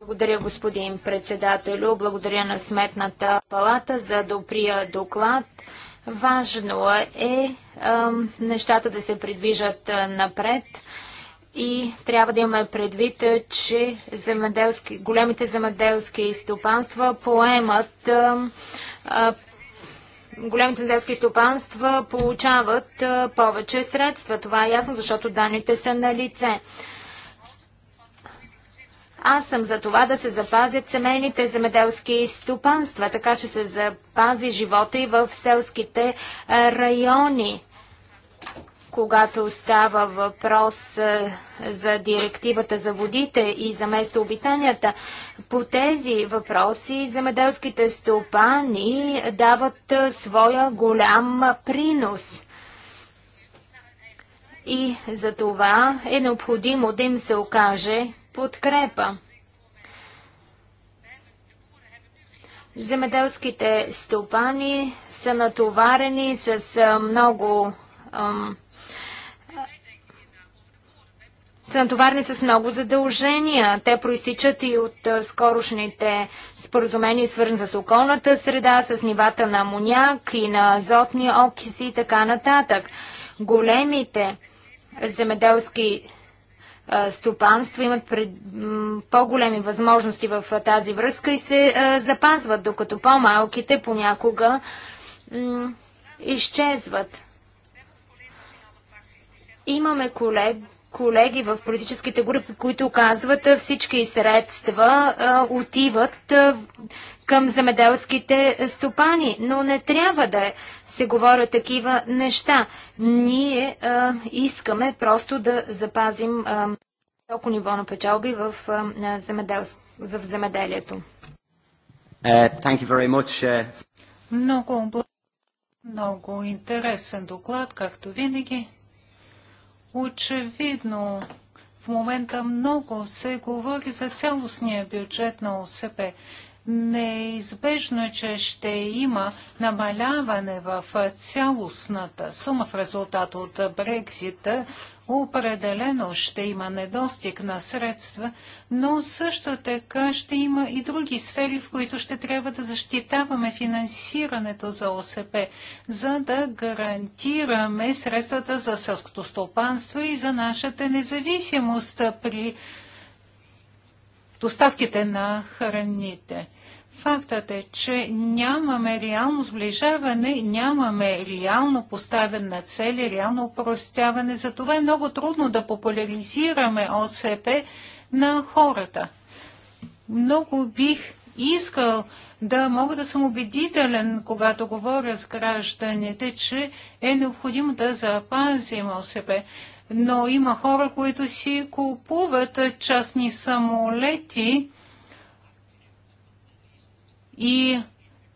Благодаря, господин председателю. Благодаря на Сметната палата за добрия доклад. Важно е, нещата да се придвижат напред и трябва да имаме предвид, че земеделски, големите земеделски стопанства поемат а, големите земеделски стопанства получават повече средства. Това е ясно, защото данните са на лице. Аз съм за това да се запазят семейните земеделски стопанства, така ще се запази живота и в селските райони когато става въпрос е, за директивата за водите и за местообитанията. По тези въпроси земеделските стопани дават е, своя голям принос. И за това е необходимо да им се окаже подкрепа. Земеделските стопани са натоварени с е, много ам, са натоварни с много задължения. Те проистичат и от скорошните споразумения, свързани с околната среда, с нивата на амоняк и на азотни окиси и така нататък. Големите земеделски стопанства имат пред, по-големи възможности в тази връзка и се запазват, докато по-малките понякога изчезват. Имаме колеги колеги в политическите групи, които казват всички средства а, отиват а, към земеделските стопани. Но не трябва да се говорят такива неща. Ние а, искаме просто да запазим високо ниво на печалби в, земедел... в земеделието. Uh, много, много интересен доклад, както винаги. Очевидно, в момента много се говори за цялостния бюджет на ОСП. Неизбежно е, че ще има намаляване в цялостната сума в резултат от Брекзита Определено ще има недостиг на средства, но също така ще има и други сфери, в които ще трябва да защитаваме финансирането за ОСП, за да гарантираме средствата за сълското стопанство и за нашата независимост при доставките на храните. Фактът е, че нямаме реално сближаване, нямаме реално поставен на цели, реално упростяване. Затова е много трудно да популяризираме ОСП на хората. Много бих искал да мога да съм убедителен, когато говоря с гражданите, че е необходимо да запазим ОСП. Но има хора, които си купуват частни самолети, и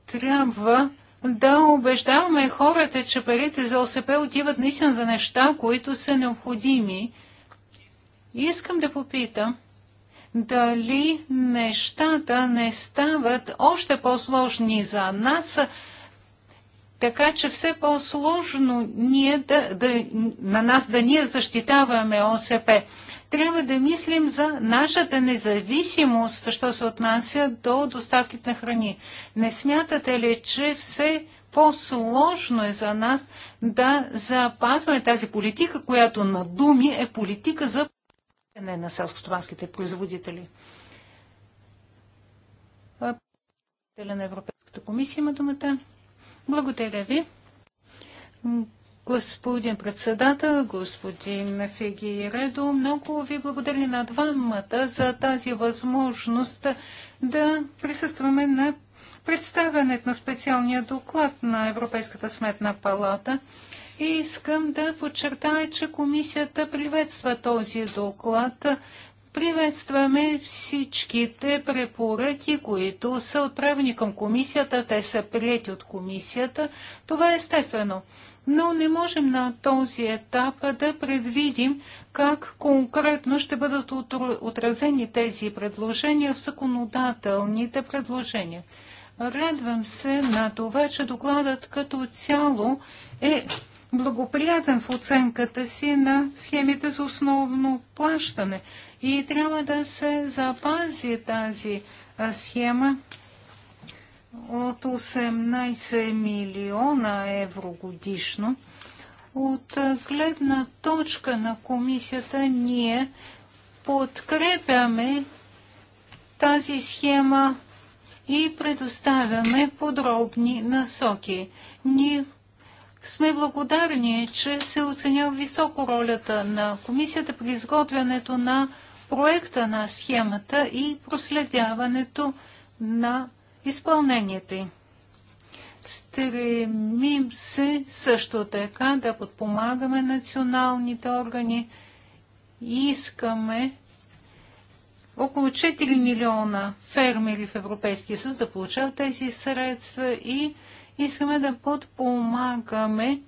трябва да убеждаваме хората, че парите за ОСП отиват наистина за неща, които са необходими. Искам да попитам, дали нещата не стават още по-сложни за нас, така че все по-сложно ние да, да, на нас да ние защитаваме ОСП трябва да мислим за нашата независимост, що се отнася до доставките на храни. Не смятате ли, че все по-сложно е за нас да запазваме тази политика, която на думи е политика за не на селскостопанските производители? на Европейската комисия има думата. Благодаря ви. Господин председател, господин Редо, много ви благодаря на двамата за тази възможност да присъстваме на представянето на специалния доклад на Европейската сметна палата. И искам да подчертая, че комисията приветства този доклад Приветстваме всичките препоръки, които са отправени към комисията. Те са прияти от комисията. Това е естествено. Но не можем на този етап да предвидим как конкретно ще бъдат отразени тези предложения в законодателните предложения. Радвам се на това, че докладът като цяло е благоприятен в оценката си на схемите за основно плащане. И трябва да се запази тази схема от 18 милиона евро годишно. От гледна точка на комисията ние подкрепяме тази схема и предоставяме подробни насоки. Ние сме благодарни, че се оценява високо ролята на комисията при изготвянето на проекта на схемата и проследяването на изпълнението й. Стремим се също така да подпомагаме националните органи и искаме около 4 милиона фермери в Европейския съюз да получават тези средства и искаме да подпомагаме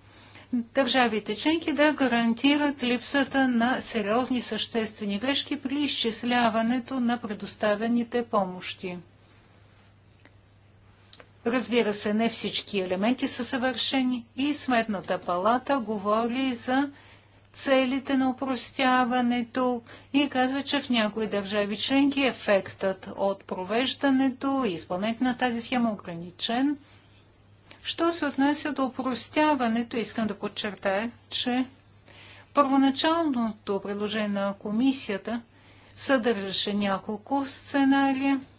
държавите членки да гарантират липсата на сериозни съществени грешки при изчисляването на предоставените помощи. Разбира се, не всички елементи са съвършени и Сметната палата говори за целите на упростяването и казва, че в някои държави членки ефектът от провеждането и изпълнението на тази схема е ограничен – Що се отнася до упростяването, искам да подчертая, че първоначалното предложение на комисията съдържаше няколко сценария –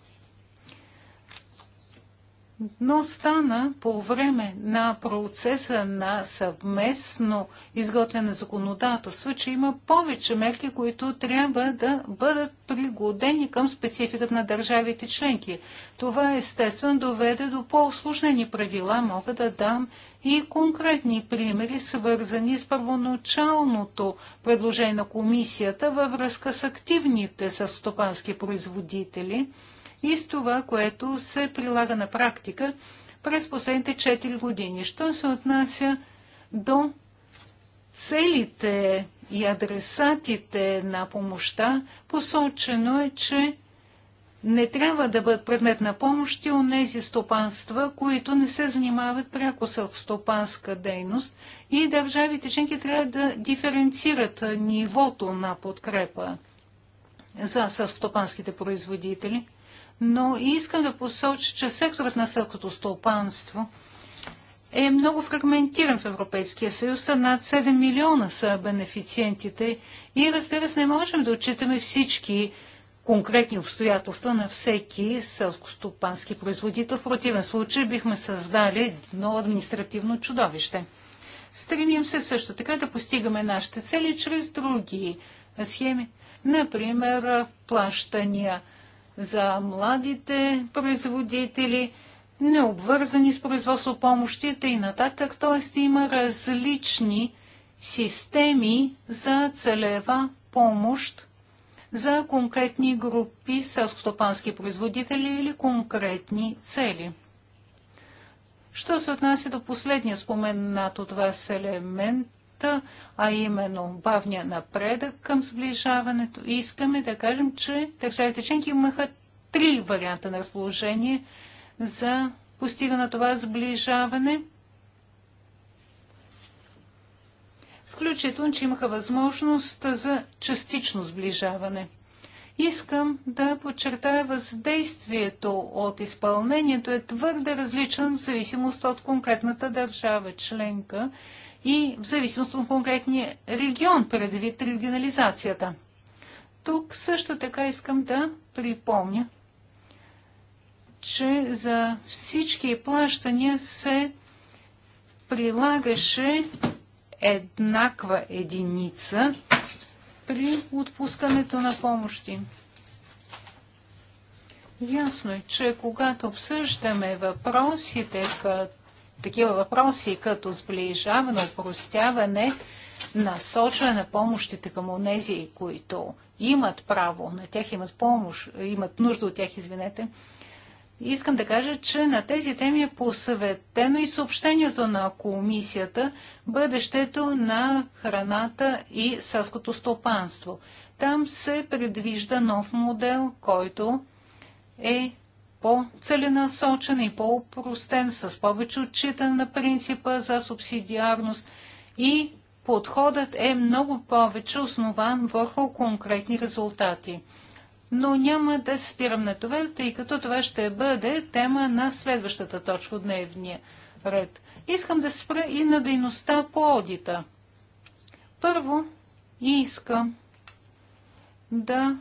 но стана по време на процеса на съвместно изготвяне законодателство, че има повече мерки, които трябва да бъдат пригодени към спецификата на държавите членки. Това естествено доведе до по-осложнени правила. Мога да дам и конкретни примери, свързани с първоначалното предложение на комисията във връзка с активните състопански производители – и с това, което се прилага на практика през последните 4 години. Що се отнася до целите и адресатите на помощта, посочено е, че не трябва да бъдат предмет на помощ и нези стопанства, които не се занимават пряко с стопанска дейност и държавите членки трябва да диференцират нивото на подкрепа за съвстопанските производители но искам да посоча, че секторът на селското стопанство е много фрагментиран в Европейския съюз. а Над 7 милиона са бенефициентите и разбира се не можем да отчитаме всички конкретни обстоятелства на всеки селскостопански производител. В противен случай бихме създали едно административно чудовище. Стремим се също така да постигаме нашите цели чрез други схеми, например плащания за младите производители, необвързани с производство помощите и нататък. Т.е. има различни системи за целева помощ за конкретни групи селскостопански производители или конкретни цели. Що се отнася до последния споменат от вас елемент любовта, а именно бавния напредък към сближаването, искаме да кажем, че държавите членки имаха три варианта на разположение за постигане на това сближаване. Включително, че имаха възможност за частично сближаване. Искам да подчертая въздействието от изпълнението е твърде различен в зависимост от конкретната държава членка и в зависимост от конкретния регион, предвид регионализацията. Тук също така искам да припомня, че за всички плащания се прилагаше еднаква единица при отпускането на помощи. Ясно е, че когато обсъждаме въпросите като такива въпроси, като сближаване, упростяване, насочване на помощите към онези, които имат право на тях, имат помощ, имат нужда от тях, извинете. Искам да кажа, че на тези теми е посъветено и съобщението на комисията бъдещето на храната и селското стопанство. Там се предвижда нов модел, който е по-целенасочен и по-упростен, с повече отчитане на принципа за субсидиарност и подходът е много повече основан върху конкретни резултати. Но няма да се спирам на това, тъй като това ще бъде тема на следващата точка от дневния ред. Искам да спра и на дейността по одита. Първо искам да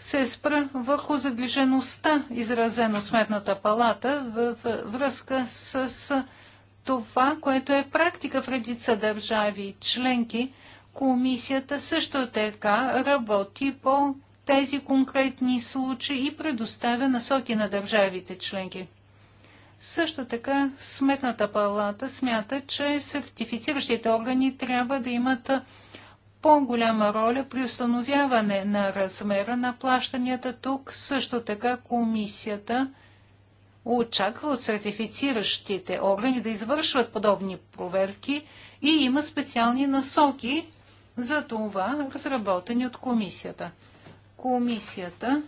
се спра върху задлежеността, изразена от Сметната палата, в връзка с това, което е практика в редица държави и членки. Комисията също така работи по тези конкретни случаи и предоставя насоки на държавите членки. Също така Сметната палата смята, че сертифициращите органи трябва да имат по-голяма роля при установяване на размера на плащанията. Тук също така комисията очаква от сертифициращите органи да извършват подобни проверки и има специални насоки за това, разработени от комисията. Комисията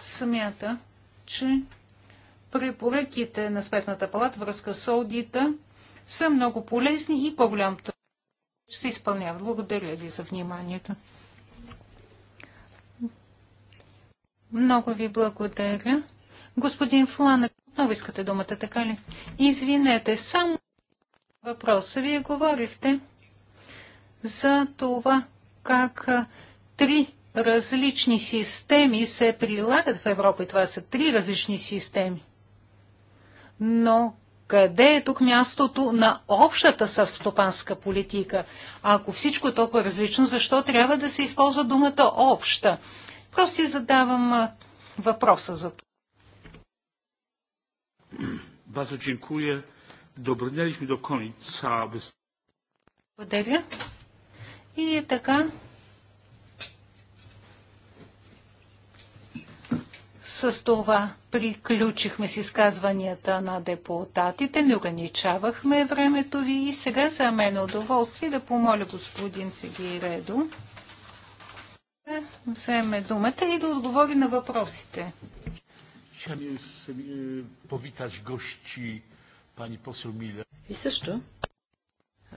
смята, че препоръките на Светната палата връзка с аудита са много полезни и по-голямата ще се изпълняват. Благодаря ви за вниманието. Много ви благодаря. Господин Фланък, отново искате думата, така ли? Извинете, само въпроса. Вие говорихте за това как три различни системи се прилагат в Европа. И това са три различни системи. Но къде е тук мястото на общата съвстопанска политика? Ако всичко е толкова различно, защо трябва да се използва думата обща? Просто си задавам въпроса за това. Bardzo dziękuję. Dobrnęliśmy до końca. Благодаря. И така, С това приключихме с изказванията на депутатите, не ограничавахме времето ви и сега за мен е удоволствие да помоля господин Фигиредо да вземе думата и да отговори на въпросите. И също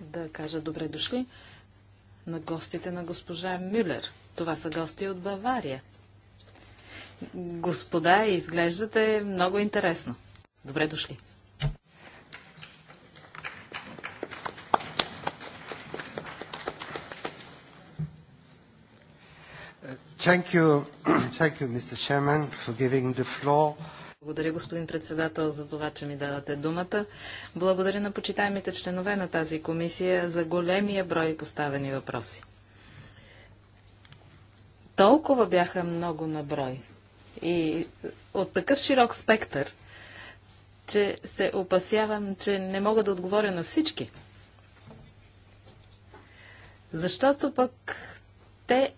да кажа добре дошли на гостите на госпожа Мюлер. Това са гости от Бавария господа, изглеждате много интересно. Добре дошли. Thank you. Thank you, Mr. Chairman, for giving the floor. Благодаря, господин председател, за това, че ми давате думата. Благодаря на почитаемите членове на тази комисия за големия брой поставени въпроси. Толкова бяха много на брой и от такъв широк спектър, че се опасявам, че не мога да отговоря на всички. Защото пък те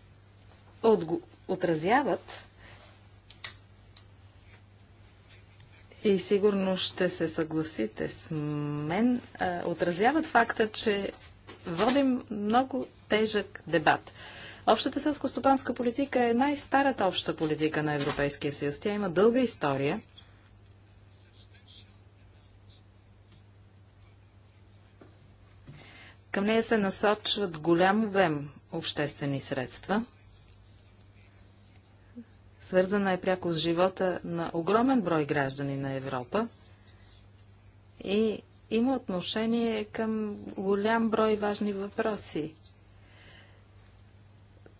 отразяват и сигурно ще се съгласите с мен, отразяват факта, че водим много тежък дебат. Общата селско-стопанска политика е най-старата обща политика на Европейския съюз. Тя има дълга история. Към нея се насочват голям обем обществени средства. Свързана е пряко с живота на огромен брой граждани на Европа и има отношение към голям брой важни въпроси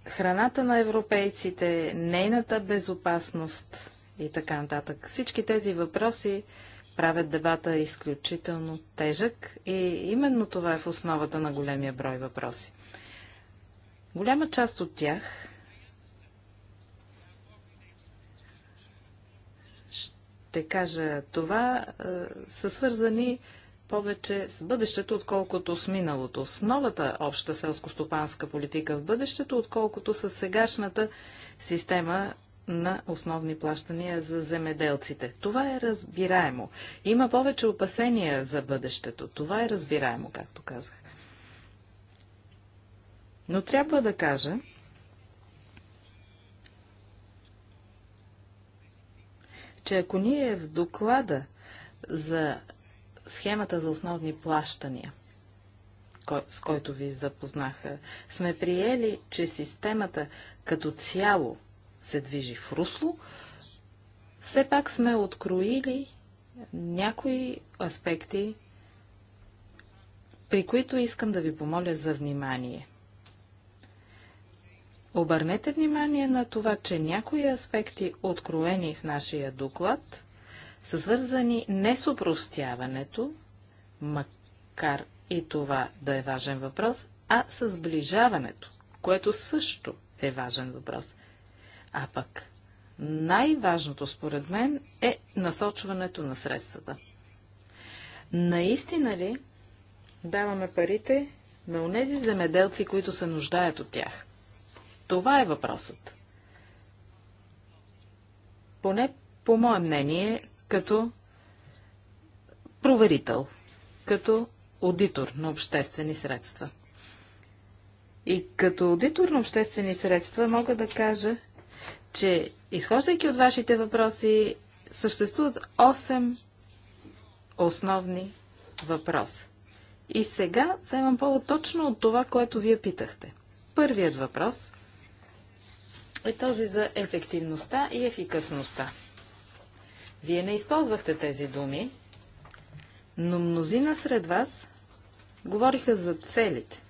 храната на европейците, нейната безопасност и така нататък. Всички тези въпроси правят дебата изключително тежък и именно това е в основата на големия брой въпроси. Голяма част от тях ще кажа това, е, са свързани повече с бъдещето, отколкото с миналото, с новата обща селско-стопанска политика в бъдещето, отколкото с сегашната система на основни плащания за земеделците. Това е разбираемо. Има повече опасения за бъдещето. Това е разбираемо, както казах. Но трябва да кажа, че ако ние в доклада за схемата за основни плащания, кой, с който ви запознаха, сме приели, че системата като цяло се движи в русло, все пак сме откроили някои аспекти, при които искам да ви помоля за внимание. Обърнете внимание на това, че някои аспекти, откроени в нашия доклад, са свързани не с упростяването, макар и това да е важен въпрос, а с сближаването, което също е важен въпрос. А пък най-важното според мен е насочването на средствата. Наистина ли даваме парите на онези земеделци, които се нуждаят от тях? Това е въпросът. Поне по мое мнение, като проверител, като аудитор на обществени средства. И като аудитор на обществени средства мога да кажа, че изхождайки от вашите въпроси, съществуват 8 основни въпроса. И сега вземам повод точно от това, което вие питахте. Първият въпрос е този за ефективността и ефикасността. Вие не използвахте тези думи, но мнозина сред вас говориха за целите.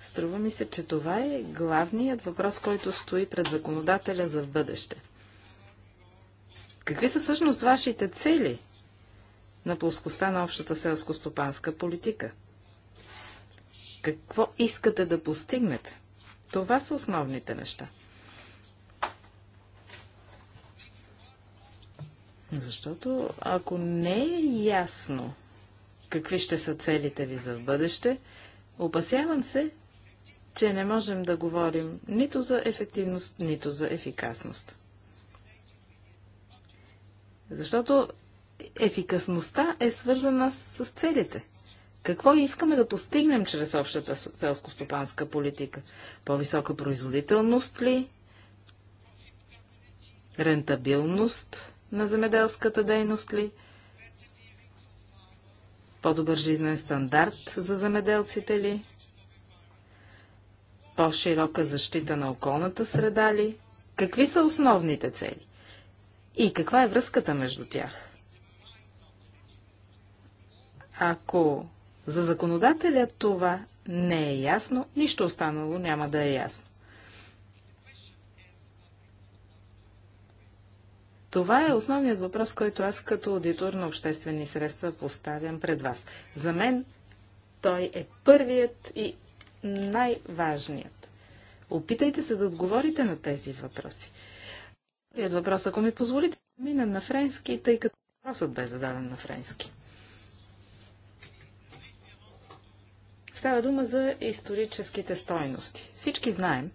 Струва ми се, че това е главният въпрос, който стои пред законодателя за в бъдеще. Какви са всъщност вашите цели на плоскостта на общата селско-стопанска политика? Какво искате да постигнете? Това са основните неща. Защото ако не е ясно какви ще са целите ви за бъдеще, опасявам се, че не можем да говорим нито за ефективност, нито за ефикасност. Защото ефикасността е свързана с целите. Какво искаме да постигнем чрез общата селско-стопанска политика? По-висока производителност ли? Рентабилност? на земеделската дейност ли? По-добър жизнен стандарт за земеделците ли? По-широка защита на околната среда ли? Какви са основните цели? И каква е връзката между тях? Ако за законодателя това не е ясно, нищо останало няма да е ясно. Това е основният въпрос, който аз като аудитор на обществени средства поставям пред вас. За мен той е първият и най-важният. Опитайте се да отговорите на тези въпроси. Първият въпрос, ако ми позволите, мина на френски, тъй като въпросът бе зададен на френски. Става дума за историческите стойности. Всички знаем,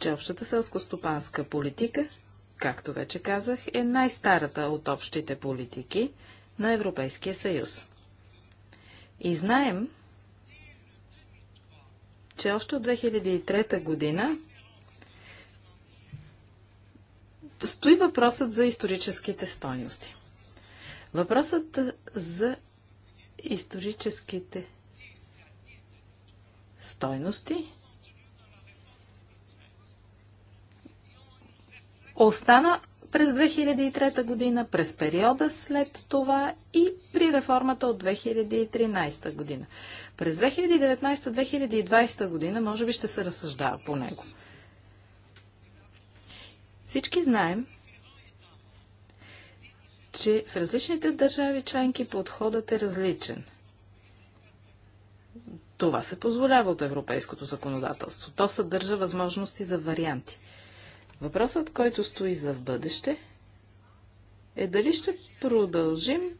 че общата селско-стопанска политика, както вече казах, е най-старата от общите политики на Европейския съюз. И знаем, че още от 2003 година стои въпросът за историческите стойности. Въпросът за историческите стойности остана през 2003 година, през периода след това и при реформата от 2013 година. През 2019-2020 година може би ще се разсъждава по него. Всички знаем, че в различните държави членки подходът е различен. Това се позволява от европейското законодателство. То съдържа възможности за варианти – Въпросът, който стои за в бъдеще, е дали ще продължим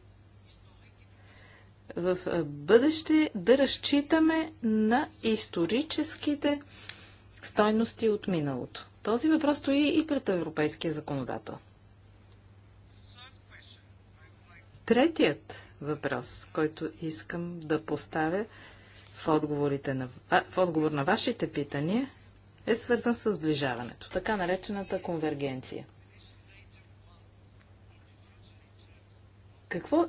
в бъдеще да разчитаме на историческите стойности от миналото. Този въпрос стои и пред европейския законодател. Третият въпрос, който искам да поставя в, отговорите на, в отговор на вашите питания, е свързан с сближаването, така наречената конвергенция. Какво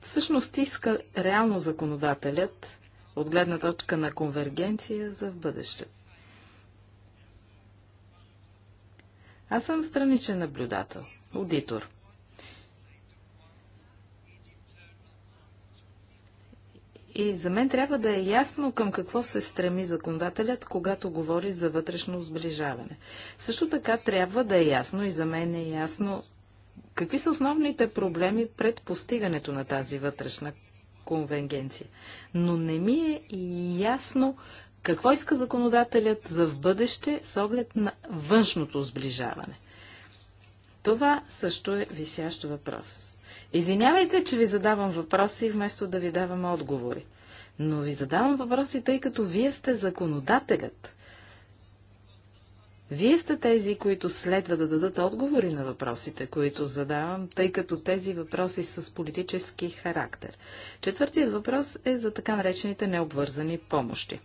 всъщност иска реално законодателят от гледна точка на конвергенция за в бъдеще? Аз съм страничен наблюдател, аудитор – И за мен трябва да е ясно към какво се стреми законодателят, когато говори за вътрешно сближаване. Също така трябва да е ясно и за мен е ясно какви са основните проблеми пред постигането на тази вътрешна конвенгенция. Но не ми е ясно какво иска законодателят за в бъдеще с оглед на външното сближаване. Това също е висящ въпрос. Извинявайте, че ви задавам въпроси, вместо да ви давам отговори. Но ви задавам въпроси, тъй като вие сте законодателят. Вие сте тези, които следва да дадат отговори на въпросите, които задавам, тъй като тези въпроси са с политически характер. Четвъртият въпрос е за така наречените необвързани помощи.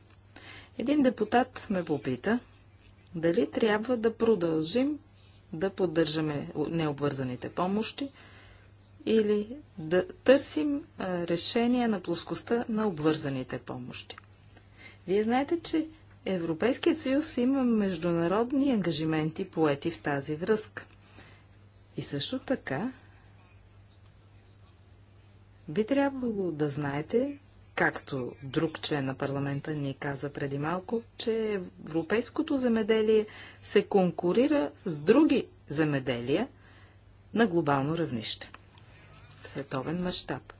Един депутат ме попита дали трябва да продължим да поддържаме необвързаните помощи, или да търсим решение на плоскостта на обвързаните помощи. Вие знаете, че Европейският съюз има международни ангажименти поети в тази връзка. И също така би трябвало да знаете, както друг член на парламента ни каза преди малко, че европейското земеделие се конкурира с други земеделия на глобално равнище световен мащаб.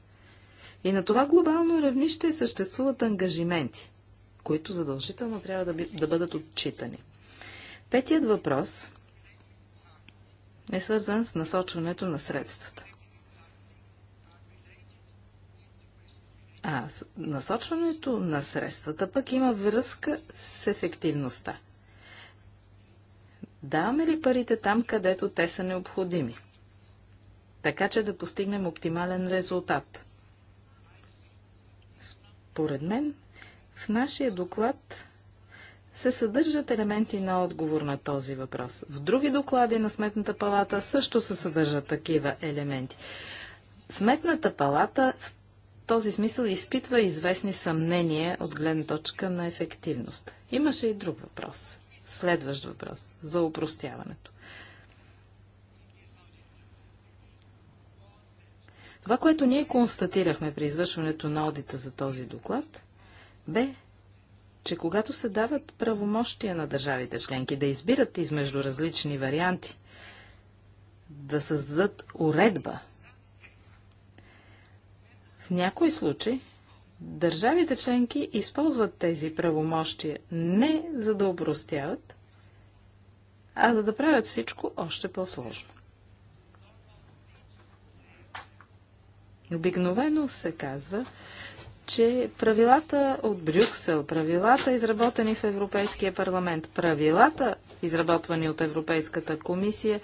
И на това глобално равнище съществуват ангажименти, които задължително трябва да, би, да бъдат отчитани. Петият въпрос е свързан с насочването на средствата. А насочването на средствата пък има връзка с ефективността. Даваме ли парите там, където те са необходими? така че да постигнем оптимален резултат. Според мен, в нашия доклад се съдържат елементи на отговор на този въпрос. В други доклади на Сметната палата също се съдържат такива елементи. Сметната палата в този смисъл изпитва известни съмнения от гледна точка на ефективност. Имаше и друг въпрос. Следващ въпрос за упростяването. Това, което ние констатирахме при извършването на одита за този доклад, бе, че когато се дават правомощия на държавите членки да избират измежду различни варианти, да създадат уредба, в някои случаи държавите членки използват тези правомощия не за да обростяват, а за да правят всичко още по-сложно. Обикновено се казва, че правилата от Брюксел, правилата изработени в Европейския парламент, правилата изработвани от Европейската комисия,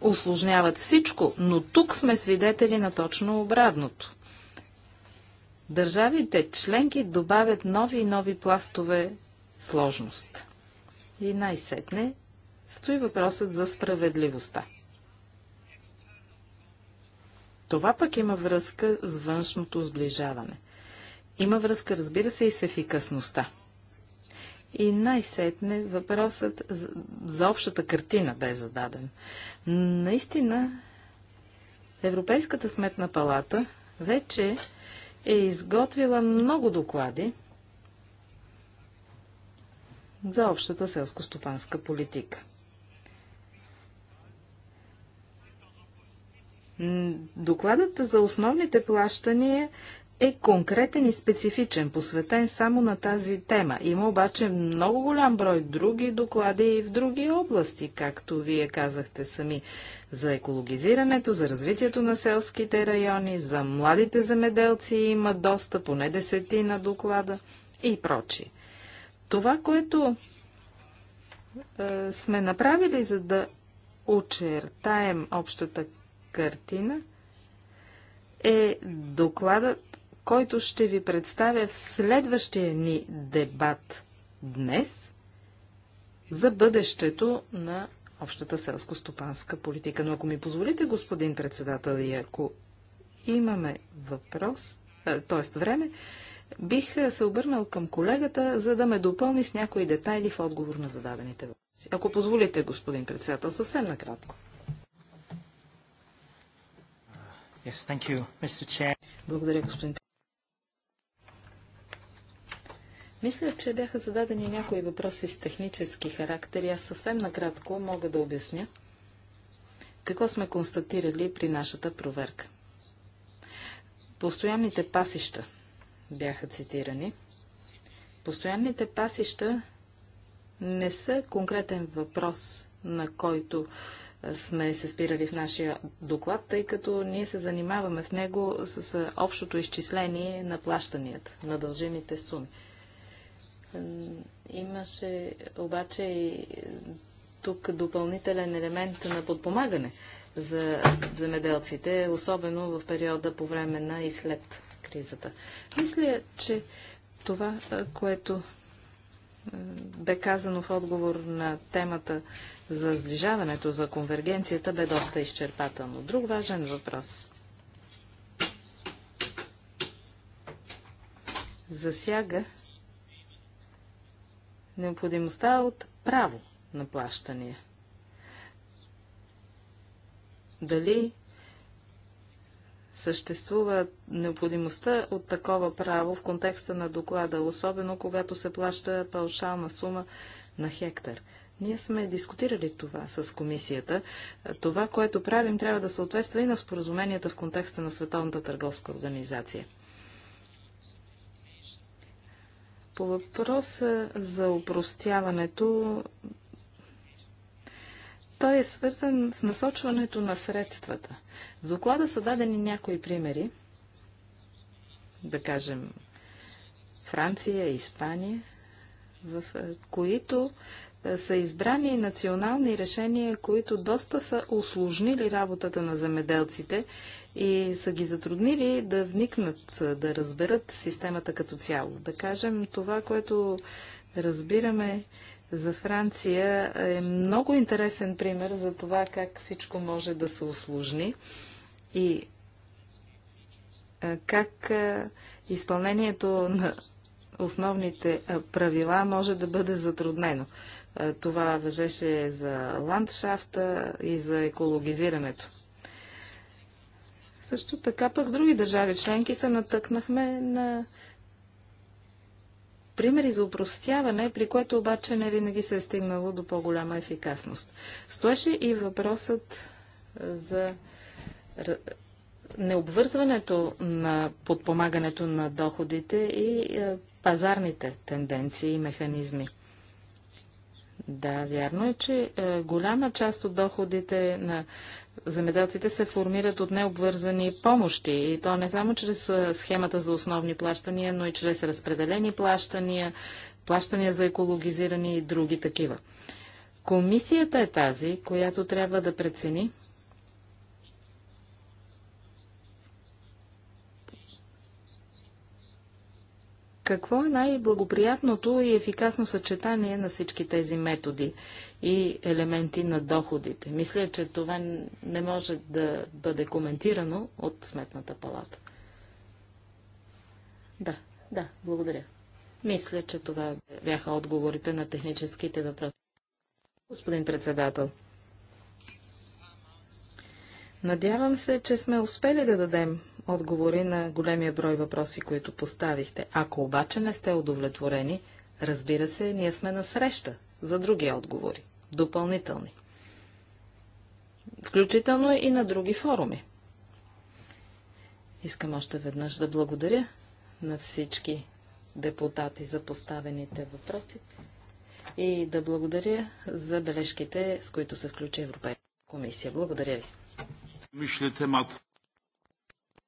осложняват всичко, но тук сме свидетели на точно обратното. Държавите членки добавят нови и нови пластове сложност. И най-сетне стои въпросът за справедливостта. Това пък има връзка с външното сближаване. Има връзка, разбира се, и с ефикасността. И най-сетне въпросът за общата картина бе зададен. Наистина, Европейската сметна палата вече е изготвила много доклади за общата селско-стопанска политика. Докладът за основните плащания е конкретен и специфичен, посветен само на тази тема. Има обаче много голям брой други доклади и в други области, както вие казахте сами, за екологизирането, за развитието на селските райони, за младите земеделци има доста, поне десетина доклада и прочи. Това, което е, сме направили, за да очертаем общата картина е докладът, който ще ви представя в следващия ни дебат днес за бъдещето на общата селско-стопанска политика. Но ако ми позволите, господин председател, и ако имаме въпрос, т.е. време, бих е, се обърнал към колегата, за да ме допълни с някои детайли в отговор на зададените въпроси. Ако позволите, господин председател, съвсем накратко. Yes, thank you, Mr. Chair. Благодаря, господин мисля, че бяха зададени някои въпроси с технически характер и аз съвсем накратко мога да обясня какво сме констатирали при нашата проверка. Постоянните пасища бяха цитирани. Постоянните пасища не са конкретен въпрос, на който сме се спирали в нашия доклад, тъй като ние се занимаваме в него с общото изчисление на плащанията, на дължимите суми. Имаше обаче и тук допълнителен елемент на подпомагане за земеделците, особено в периода по време на и след кризата. Мисля, че това, което бе казано в отговор на темата за сближаването, за конвергенцията бе доста изчерпателно. Друг важен въпрос. Засяга необходимостта от право на плащания. Дали съществува необходимостта от такова право в контекста на доклада, особено когато се плаща паушална сума на хектар. Ние сме дискутирали това с комисията. Това, което правим, трябва да съответства и на споразуменията в контекста на Световната търговска организация. По въпроса за упростяването, той е свързан с насочването на средствата. В доклада са дадени някои примери, да кажем Франция, Испания, в които са избрани национални решения, които доста са усложнили работата на земеделците и са ги затруднили да вникнат, да разберат системата като цяло. Да кажем, това, което разбираме за Франция е много интересен пример за това как всичко може да се усложни и как изпълнението на основните правила може да бъде затруднено. Е, това въжеше за ландшафта и за екологизирането. Също така пък други държави членки се натъкнахме на примери за упростяване, при което обаче не винаги се е стигнало до по-голяма ефикасност. Стоеше и въпросът е, за необвързването на подпомагането на доходите и е, пазарните тенденции и механизми. Да, вярно е, че е, голяма част от доходите на земеделците се формират от необвързани помощи. И то не само чрез е, схемата за основни плащания, но и чрез разпределени плащания, плащания за екологизирани и други такива. Комисията е тази, която трябва да прецени Какво е най-благоприятното и ефикасно съчетание на всички тези методи и елементи на доходите? Мисля, че това не може да бъде коментирано от Сметната палата. Да, да, благодаря. Мисля, че това бяха отговорите на техническите въпроси. Господин председател, надявам се, че сме успели да дадем отговори на големия брой въпроси, които поставихте. Ако обаче не сте удовлетворени, разбира се, ние сме на среща за други отговори, допълнителни. Включително и на други форуми. Искам още веднъж да благодаря на всички депутати за поставените въпроси и да благодаря за бележките, с които се включи Европейска комисия. Благодаря ви.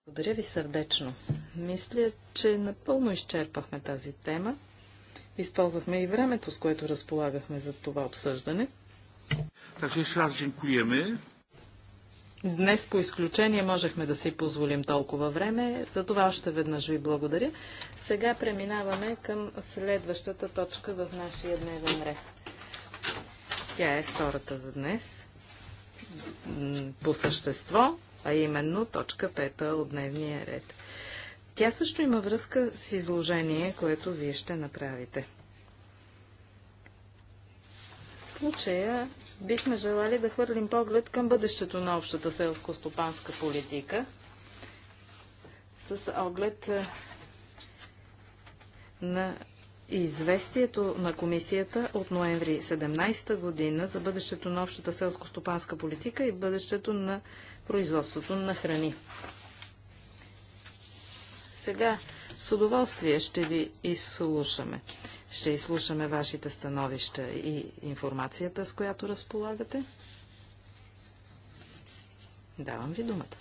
Благодаря ви сърдечно. Мисля, че напълно изчерпахме тази тема. Използвахме и времето, с което разполагахме за това обсъждане. Така ще Днес по изключение можехме да си позволим толкова време, за това още веднъж ви благодаря. Сега преминаваме към следващата точка в нашия дневен ред. Тя е втората за днес. По същество а именно точка 5 от дневния ред. Тя също има връзка с изложение, което вие ще направите. В случая бихме желали да хвърлим поглед към бъдещето на общата селско-стопанска политика с оглед е, на известието на комисията от ноември 17 година за бъдещето на общата селско-стопанска политика и бъдещето на производството на храни. Сега с удоволствие ще ви изслушаме. Ще изслушаме вашите становища и информацията, с която разполагате. Давам ви думата.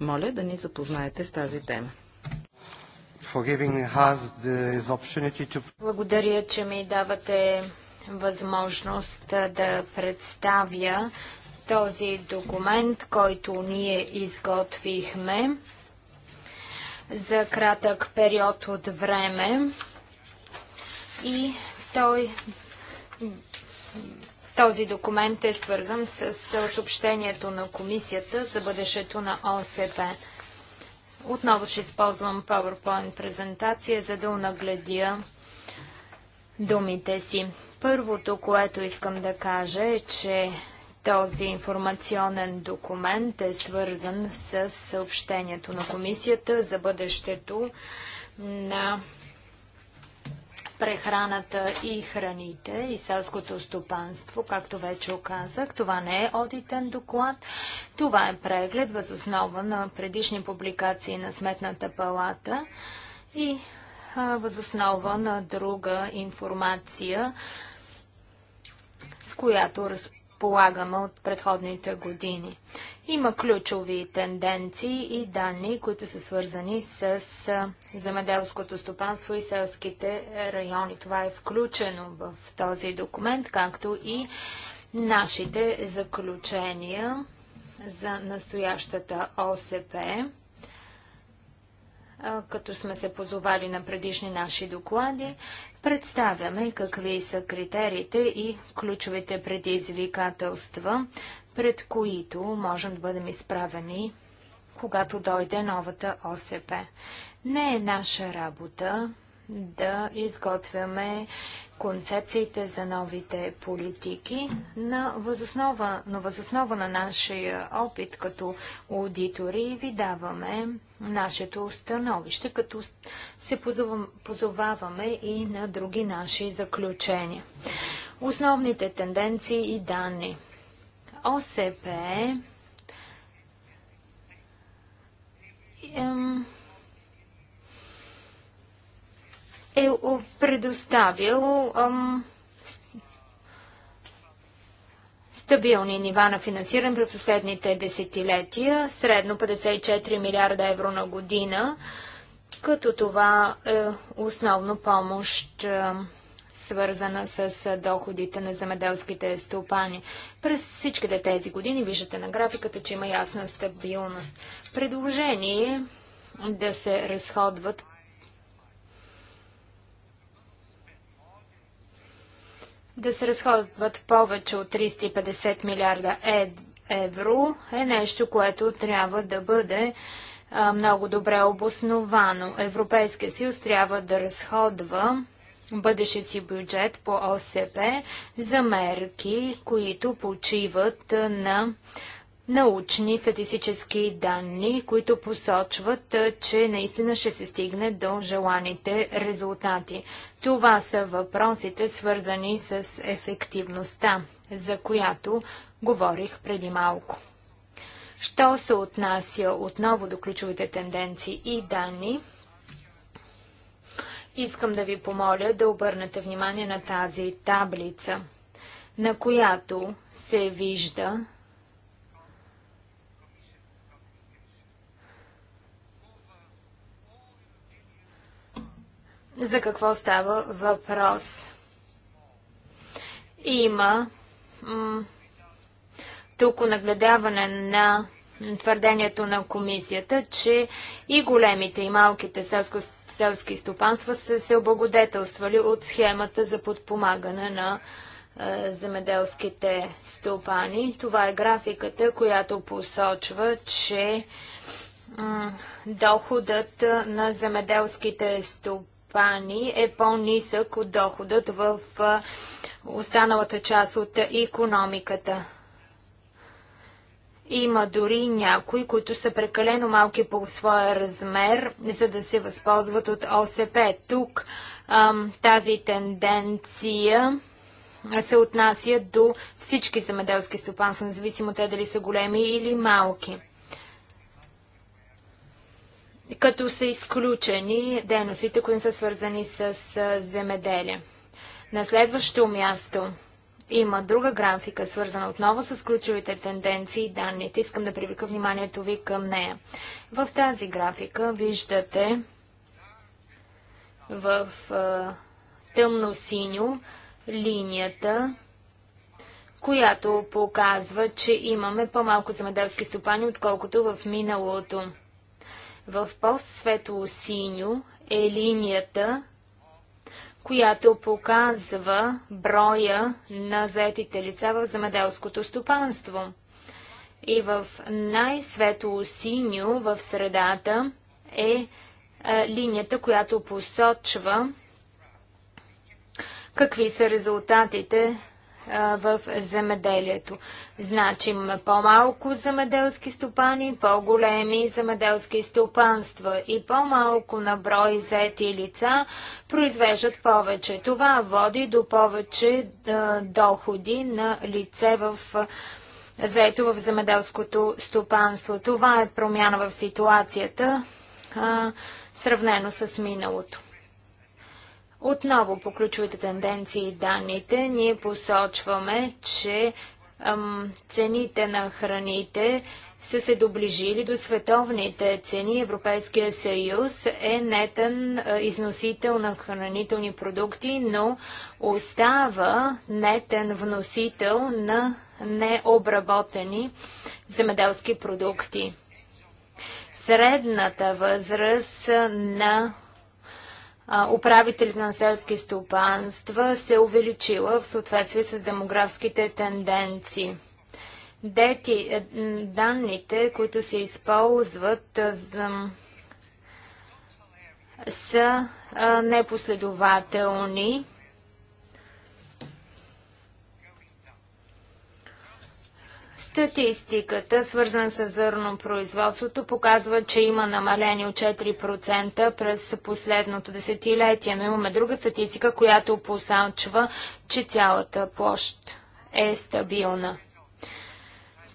Моля да ни запознаете с тази тема. Благодаря, че ми давате възможност да представя този документ, който ние изготвихме за кратък период от време и той този документ е свързан с съобщението на комисията за бъдещето на ОСП. Отново ще използвам PowerPoint презентация, за да унагледя думите си. Първото, което искам да кажа е, че този информационен документ е свързан с съобщението на комисията за бъдещето на прехраната и храните и селското стопанство, както вече оказах. Това не е одитен доклад, това е преглед възоснова на предишни публикации на Сметната палата и възоснова на друга информация, с която разполагаме от предходните години. Има ключови тенденции и данни, които са свързани с земеделското стопанство и селските райони. Това е включено в този документ, както и нашите заключения за настоящата ОСП като сме се позовали на предишни наши доклади, представяме какви са критериите и ключовите предизвикателства, пред които можем да бъдем изправени, когато дойде новата ОСП. Не е наша работа да изготвяме концепциите за новите политики на възоснова, на възоснова на нашия опит като аудитори ви даваме нашето становище, като се позоваваме и на други наши заключения. Основните тенденции и данни. ОСП е, е е предоставил ам, стабилни нива на финансиране през последните десетилетия, средно 54 милиарда евро на година, като това е основно помощ ам, свързана с доходите на земеделските стопани. През всичките тези години виждате на графиката, че има ясна стабилност. Предложение е да се разходват да се разходват повече от 350 милиарда е, евро е нещо, което трябва да бъде много добре обосновано. Европейския съюз трябва да разходва бъдещия си бюджет по ОСП за мерки, които почиват на научни статистически данни, които посочват, че наистина ще се стигне до желаните резултати. Това са въпросите, свързани с ефективността, за която говорих преди малко. Що се отнася отново до ключовите тенденции и данни, искам да ви помоля да обърнете внимание на тази таблица, на която се вижда за какво става въпрос. Има тук нагледаване на твърдението на комисията, че и големите и малките селско, селски стопанства са се облагодетелствали от схемата за подпомагане на е, земеделските стопани. Това е графиката, която посочва, че доходът е, на земеделските стопани компании е по-нисък от доходът в останалата част от економиката. Има дори някои, които са прекалено малки по своя размер, за да се възползват от ОСП. Тук ам, тази тенденция се отнася до всички земеделски стопанства, независимо те дали са големи или малки като са изключени дейностите, които са свързани с земеделие. На следващо място има друга графика, свързана отново с ключовите тенденции и данните. Искам да привлека вниманието ви към нея. В тази графика виждате в тъмно-синьо линията, която показва, че имаме по-малко земеделски стопани, отколкото в миналото. В по-светло синьо е линията, която показва броя на заетите лица в замеделското стопанство. И в най-светло синьо в средата е, е линията, която посочва какви са резултатите в земеделието. Значи имаме по-малко земеделски стопани, по-големи земеделски стопанства и по-малко на брой заети лица произвеждат повече. Това води до повече доходи на лице в заето в земеделското стопанство. Това е промяна в ситуацията, а, сравнено с миналото. Отново по ключовите тенденции и данните ние посочваме, че ам, цените на храните са се доближили до световните цени. Европейския съюз е нетен а, износител на хранителни продукти, но остава нетен вносител на необработени земеделски продукти. Средната възраст на управителите на селски стопанства се увеличила в съответствие с демографските тенденции. Дети, е, данните, които се използват е, за са е, непоследователни. Статистиката, свързана с зърнопроизводството, показва, че има намаление от 4% през последното десетилетие, но имаме друга статистика, която посанчва, че цялата площ е стабилна.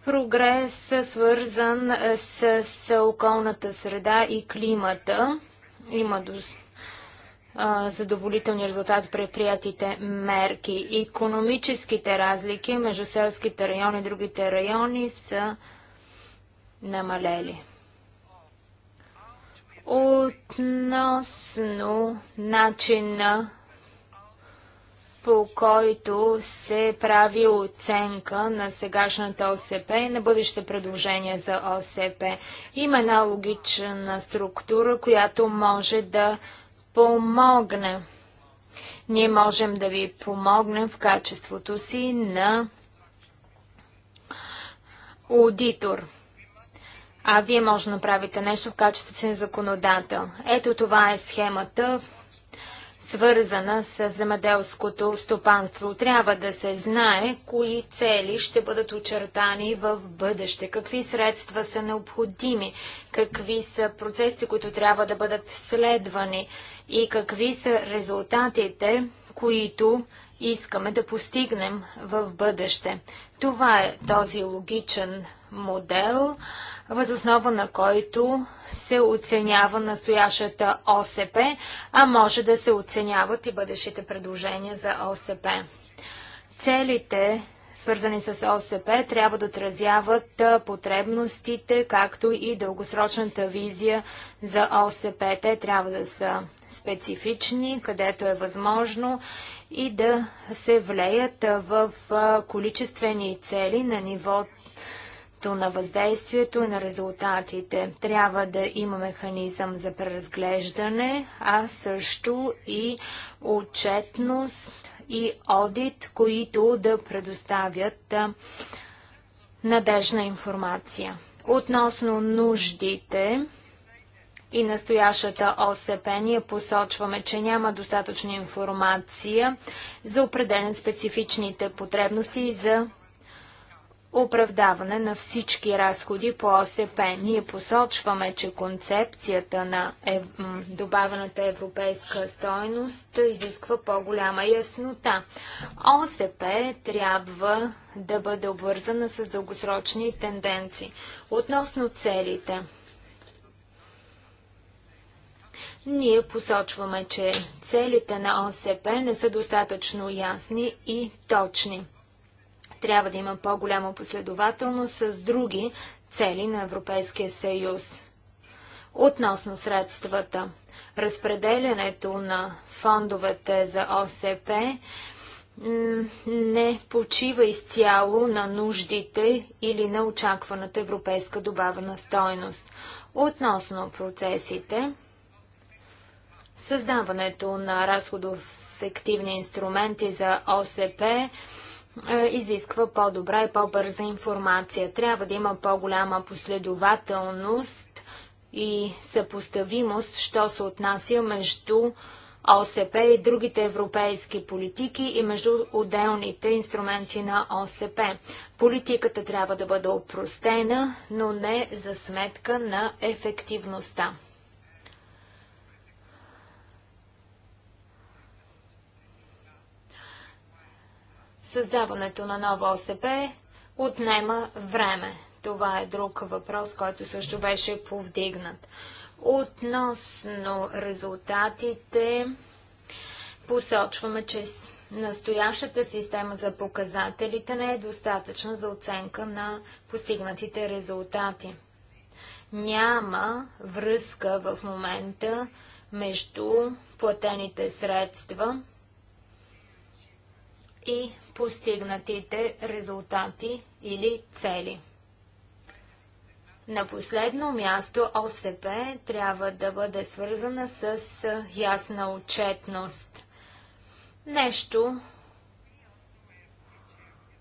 Прогрес свързан с, с околната среда и климата. Има достатъчно задоволителни резултати от предприятите мерки. Економическите разлики между селските райони и другите райони са намалели. Относно начина по който се прави оценка на сегашната ОСП и на бъдещите предложения за ОСП. Има една логична структура, която може да помогне. Ние можем да ви помогнем в качеството си на аудитор. А вие може да направите нещо в качеството си на законодател. Ето това е схемата, свързана с земеделското стопанство. Трябва да се знае кои цели ще бъдат очертани в бъдеще, какви средства са необходими, какви са процесите, които трябва да бъдат следвани и какви са резултатите, които искаме да постигнем в бъдеще. Това е този логичен модел, възоснова на който се оценява настоящата ОСП, а може да се оценяват и бъдещите предложения за ОСП. Целите свързани с ОСП, трябва да отразяват потребностите, както и дългосрочната визия за ОСП. Те трябва да са специфични, където е възможно и да се влеят в количествени цели на нивото на въздействието и на резултатите. Трябва да има механизъм за преразглеждане, а също и отчетност и одит, които да предоставят надежна информация. Относно нуждите, и настоящата ОСП ние посочваме, че няма достатъчно информация за определен специфичните потребности и за оправдаване на всички разходи по ОСП. Ние посочваме, че концепцията на ев... добавената европейска стойност изисква по-голяма яснота. ОСП трябва да бъде обвързана с дългосрочни тенденции. Относно целите – ние посочваме, че целите на ОСП не са достатъчно ясни и точни. Трябва да има по-голяма последователност с други цели на Европейския съюз. Относно средствата, разпределянето на фондовете за ОСП не почива изцяло на нуждите или на очакваната европейска добавена стойност. Относно процесите, Създаването на разходоефективни инструменти за ОСП е, изисква по-добра и по-бърза информация. Трябва да има по-голяма последователност и съпоставимост, що се отнася между ОСП и другите европейски политики и между отделните инструменти на ОСП. Политиката трябва да бъде опростена, но не за сметка на ефективността. Създаването на ново ОСП отнема време. Това е друг въпрос, който също беше повдигнат. Относно резултатите, посочваме, че настоящата система за показателите не е достатъчна за оценка на постигнатите резултати. Няма връзка в момента между платените средства и постигнатите резултати или цели. На последно място ОСП трябва да бъде свързана с ясна отчетност. Нещо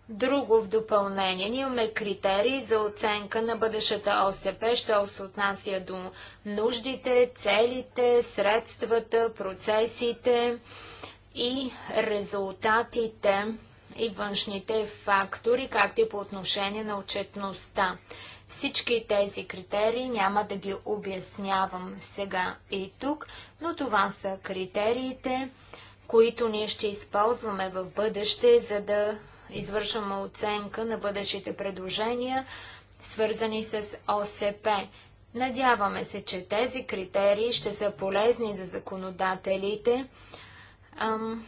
друго в допълнение. Ние имаме критерии за оценка на бъдещата ОСП, що се отнася до нуждите, целите, средствата, процесите и резултатите и външните фактори, както и по отношение на отчетността. Всички тези критерии няма да ги обяснявам сега и тук, но това са критериите, които ние ще използваме в бъдеще, за да извършваме оценка на бъдещите предложения, свързани с ОСП. Надяваме се, че тези критерии ще са полезни за законодателите, ам,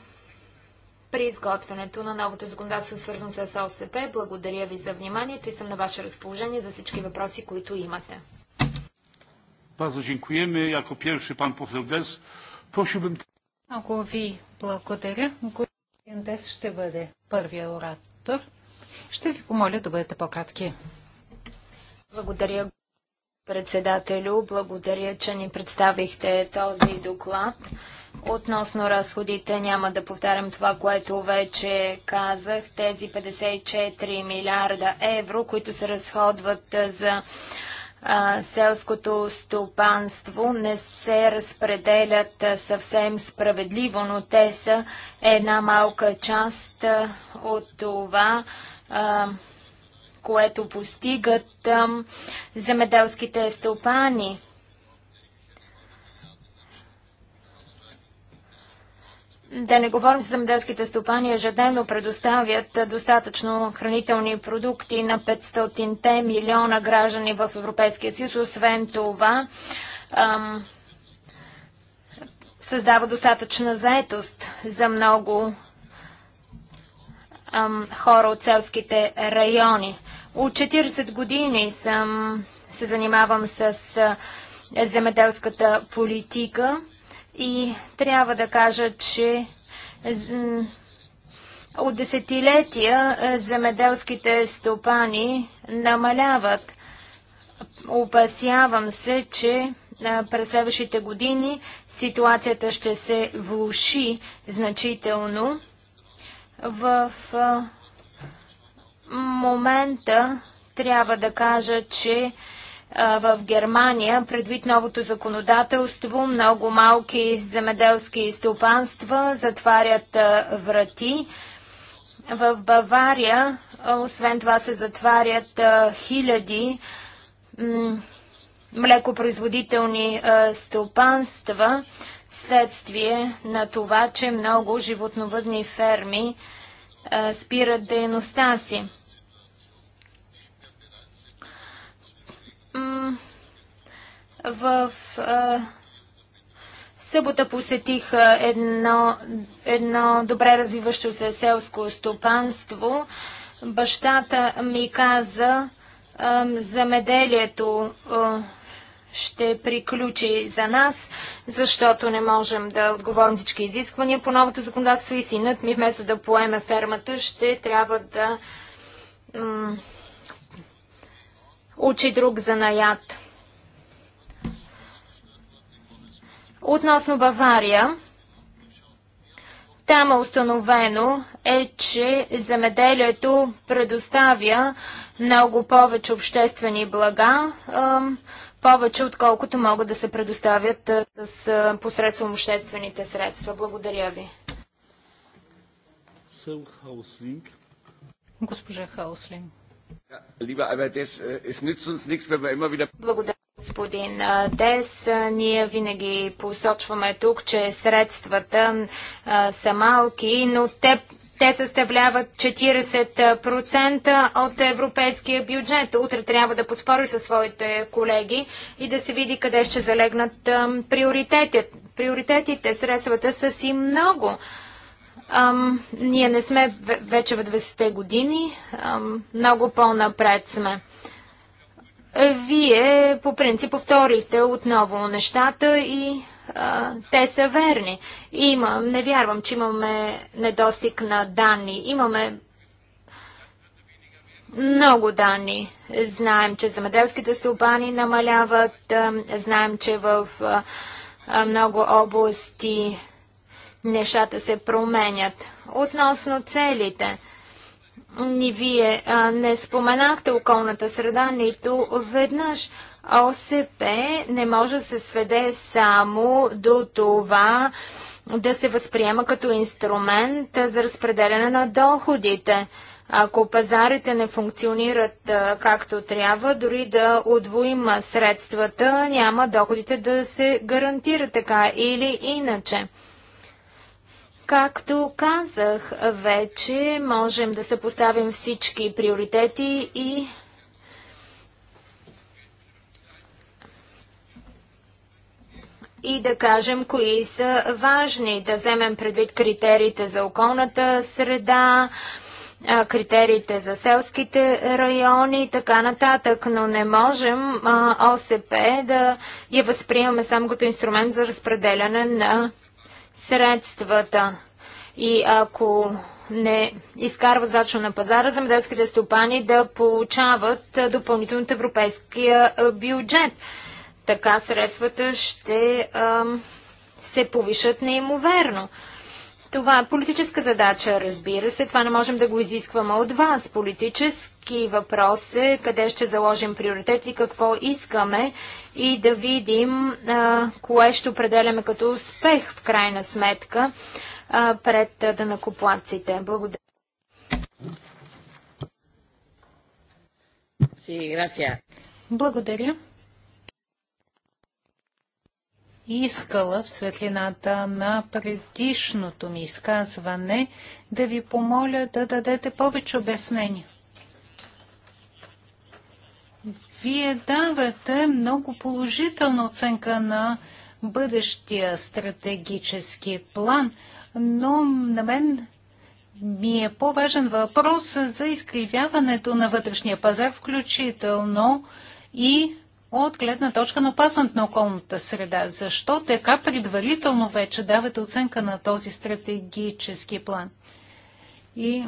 при изготвянето на новото законодателство, свързано с ОСП. Благодаря ви за вниманието и съм на ваше разположение за всички въпроси, които имате. Bardzo dziękujemy. Jako pierwszy pan poseł Des. Prosiłbym... Много ви благодаря. Господин Дес ще бъде първия оратор. Ще ви помоля да бъдете по-кратки. Благодаря, председателю. Благодаря, че ни представихте този доклад. Относно разходите няма да повтарям това, което вече казах. Тези 54 милиарда евро, които се разходват за а, селското стопанство, не се разпределят съвсем справедливо, но те са една малка част от това, а, което постигат земеделските стълпани. Да не говорим за земеделските стопани, ежедневно предоставят достатъчно хранителни продукти на 500-те милиона граждани в Европейския съюз. Освен това, ам, създава достатъчна заетост за много ам, хора от селските райони. От 40 години съм, се занимавам с земеделската политика и трябва да кажа, че от десетилетия земеделските стопани намаляват. Опасявам се, че през следващите години ситуацията ще се влуши значително. В а, момента трябва да кажа, че в Германия, предвид новото законодателство, много малки земеделски стопанства затварят врати. В Бавария, освен това, се затварят хиляди млекопроизводителни стопанства, следствие на това, че много животновъдни ферми спират дейността си. В събота посетих едно, едно добре развиващо се селско стопанство. Бащата ми каза, замеделието ще приключи за нас, защото не можем да отговорим всички изисквания по новото законодателство и синът ми вместо да поеме фермата ще трябва да учи друг занаят. Относно Бавария, там е установено е, че земеделието предоставя много повече обществени блага повече, отколкото могат да се предоставят с посредством обществените средства. Благодаря ви. Госпожа Хауслин. Äh, Благодаря. Господин Дес, ние винаги посочваме тук, че средствата са малки, но те те съставляват 40% от европейския бюджет. Утре трябва да поспори със своите колеги и да се види къде ще залегнат приоритетите. Приоритетите, средствата са си много. Ам, ние не сме вече в 20-те години, ам, много по-напред сме. Вие по принцип повторихте отново нещата и те са верни. Имам, не вярвам, че имаме недостиг на данни. Имаме много данни. Знаем, че замеделските стопани намаляват, знаем, че в много области нещата се променят. Относно целите, ни вие а, не споменахте околната среда нито веднъж. ОСП не може да се сведе само до това да се възприема като инструмент за разпределяне на доходите. Ако пазарите не функционират както трябва, дори да удвоим средствата, няма доходите да се гарантират така или иначе. Както казах вече, можем да се поставим всички приоритети и и да кажем кои са важни. Да вземем предвид критериите за околната среда, критериите за селските райони и така нататък, но не можем ОСП да я възприемаме само като инструмент за разпределяне на средствата. И ако не изкарват зачо на пазара, земеделските стопани да получават допълнително европейския бюджет. Така средствата ще а, се повишат неимоверно. Това е политическа задача, разбира се. Това не можем да го изискваме от вас. Политически въпрос е къде ще заложим приоритет и какво искаме и да видим а, кое ще определяме като успех в крайна сметка а, пред а, данакоплатците. Благодаря. Благодаря искала в светлината на предишното ми изказване да ви помоля да дадете повече обяснения. Вие давате много положителна оценка на бъдещия стратегически план, но на мен ми е по-важен въпрос за изкривяването на вътрешния пазар, включително и от гледна точка на опазването на околната среда? Защо така предварително вече давате оценка на този стратегически план? И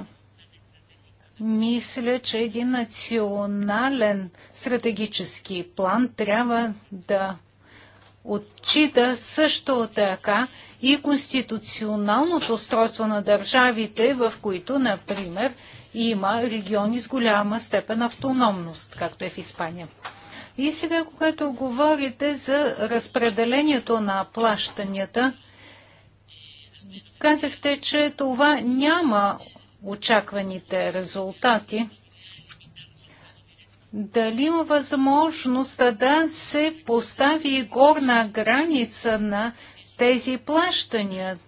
мисля, че един национален стратегически план трябва да отчита също така и конституционалното устройство на държавите, в които, например, има региони с голяма степен автономност, както е в Испания. И сега, когато говорите за разпределението на плащанията, казахте, че това няма очакваните резултати. Дали има възможност да се постави горна граница на тези плащания?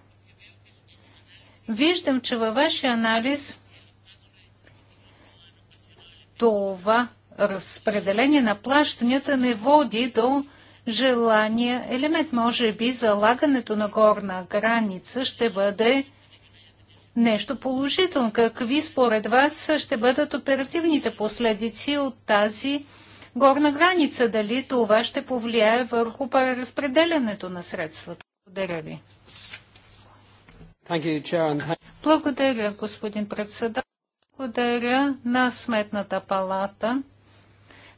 Виждам, че във вашия анализ това разпределение на плащанията не води до желания елемент. Може би залагането на горна граница ще бъде нещо положително. Какви според вас ще бъдат оперативните последици от тази горна граница? Дали това ще повлияе върху преразпределянето на средствата? Благодаря ви. Благодаря, господин председател. Благодаря на Сметната палата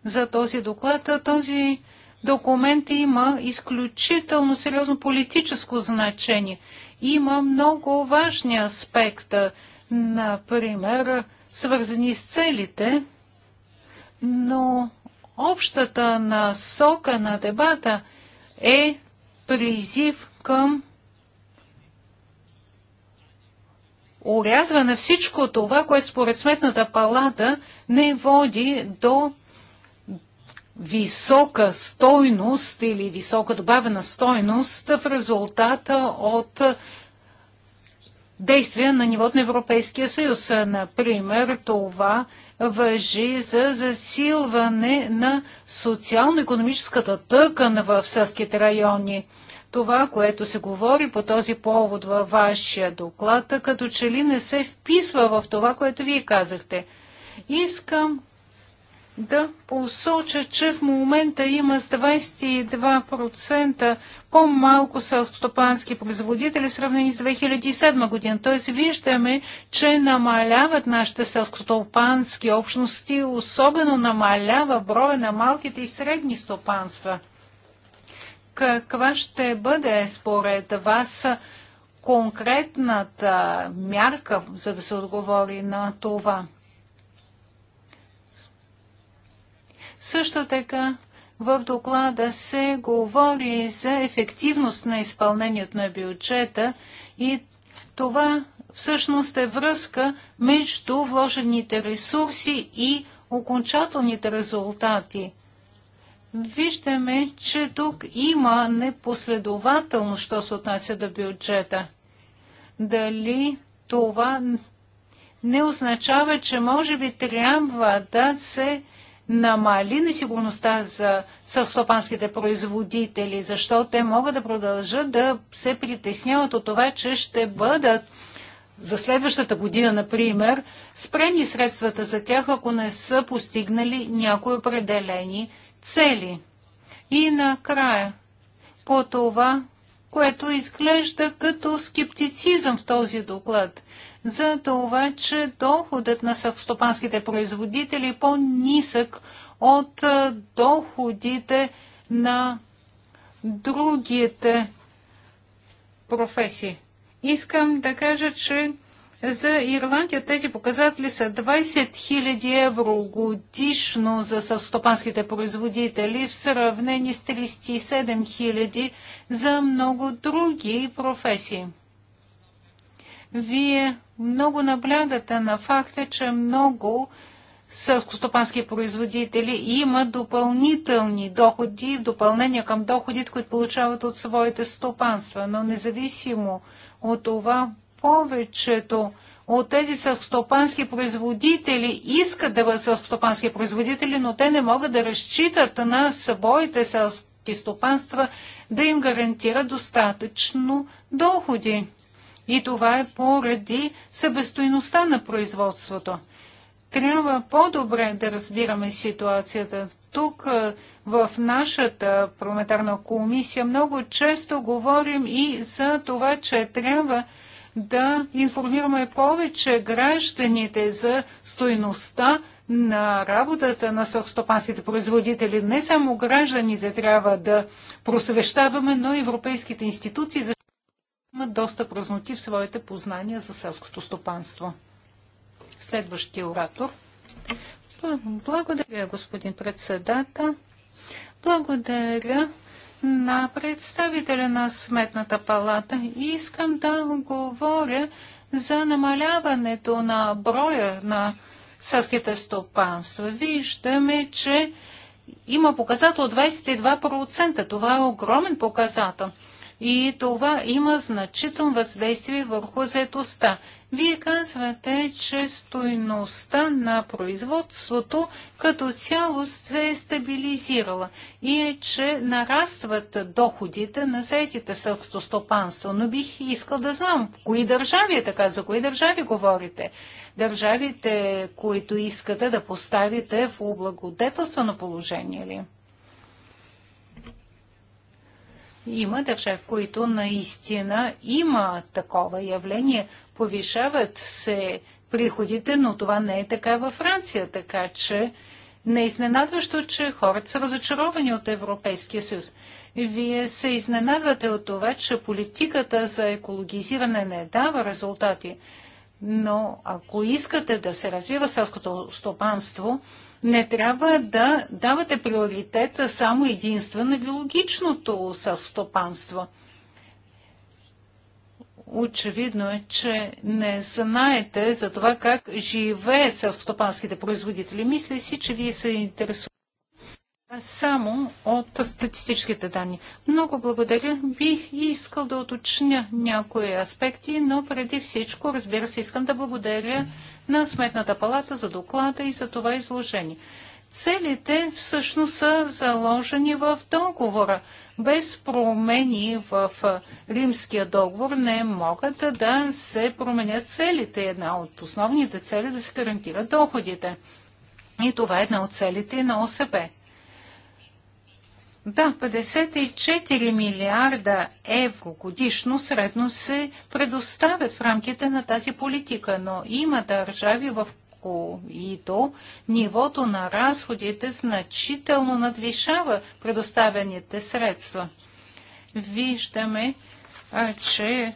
за този доклад. Този документ има изключително сериозно политическо значение. Има много важни аспекта, например, свързани с целите, но общата насока на дебата е призив към урязване на всичко това, което според Сметната палата не води до висока стойност или висока добавена стойност в резултата от действия на нивото на Европейския съюз. Например, това въжи за засилване на социално-економическата тъкан в селските райони. Това, което се говори по този повод във вашия доклад, като че ли не се вписва в това, което вие казахте. Искам да посоча, че в момента има с 22% по-малко селскостопански производители в сравнение с 2007 година. Тоест виждаме, че намаляват нашите селскостопански общности, особено намалява броя на малките и средни стопанства. Каква ще бъде според вас конкретната мярка, за да се отговори на това? Също така в доклада се говори за ефективност на изпълнението на бюджета и това всъщност е връзка между вложените ресурси и окончателните резултати. Виждаме, че тук има непоследователно, що се отнася до бюджета. Дали това не означава, че може би трябва да се намали несигурността за селскостопанските производители, защото те могат да продължат да се притесняват от това, че ще бъдат за следващата година, например, спрени средствата за тях, ако не са постигнали някои определени цели. И накрая, по това, което изглежда като скептицизъм в този доклад за това, че доходът на съвстопанските производители е по-нисък от доходите на другите професии. Искам да кажа, че за Ирландия тези показатели са 20 000 евро годишно за състопанските производители в сравнение с 37 000 за много други професии. Вие много наблягате на факта, че много селскостопански производители имат допълнителни доходи в допълнение към доходите, които получават от своите стопанства. Но независимо от това, повечето от тези сълскостопански производители искат да бъдат сълскостопански производители, но те не могат да разчитат на своите селски стопанства да им гарантират достатъчно доходи. И това е поради събестойността на производството. Трябва по-добре да разбираме ситуацията. Тук в нашата парламентарна комисия много често говорим и за това, че трябва да информираме повече гражданите за стойността на работата на съхстопанските производители. Не само гражданите трябва да просвещаваме, но и европейските институции има доста празноти в своите познания за селското стопанство. Следващия оратор. Благодаря, господин председател. Благодаря на представителя на Сметната палата. Искам да говоря за намаляването на броя на селските стопанства. Виждаме, че има показател от 22%. Това е огромен показател и това има значително въздействие върху заедостта. Вие казвате, че стойността на производството като цяло се е стабилизирала и е, че нарастват доходите на заетите в селското стопанство. Но бих искал да знам, в кои държави е така, за кои държави говорите. Държавите, които искате да поставите в облагодетелствено положение ли? Има държави, в които наистина има такова явление. Повишават се приходите, но това не е така във Франция, така че не е изненадващо, че хората са разочаровани от Европейския съюз. Вие се изненадвате от това, че политиката за екологизиране не дава резултати. Но ако искате да се развива селското стопанство, не трябва да давате приоритет само единствено на биологичното състопанство. Очевидно е, че не знаете за това как живеят селскостопанските производители. Мисля си, че вие се интересувате само от статистическите данни. Много благодаря. Бих искал да уточня някои аспекти, но преди всичко, разбира се, искам да благодаря на Сметната палата за доклада и за това изложение. Целите всъщност са заложени в договора. Без промени в римския договор не могат да се променят целите. Една от основните цели е да се гарантират доходите. И това е една от целите на ОСП. Да, 54 милиарда евро годишно средно се предоставят в рамките на тази политика, но има държави, в които нивото на разходите значително надвишава предоставените средства. Виждаме, че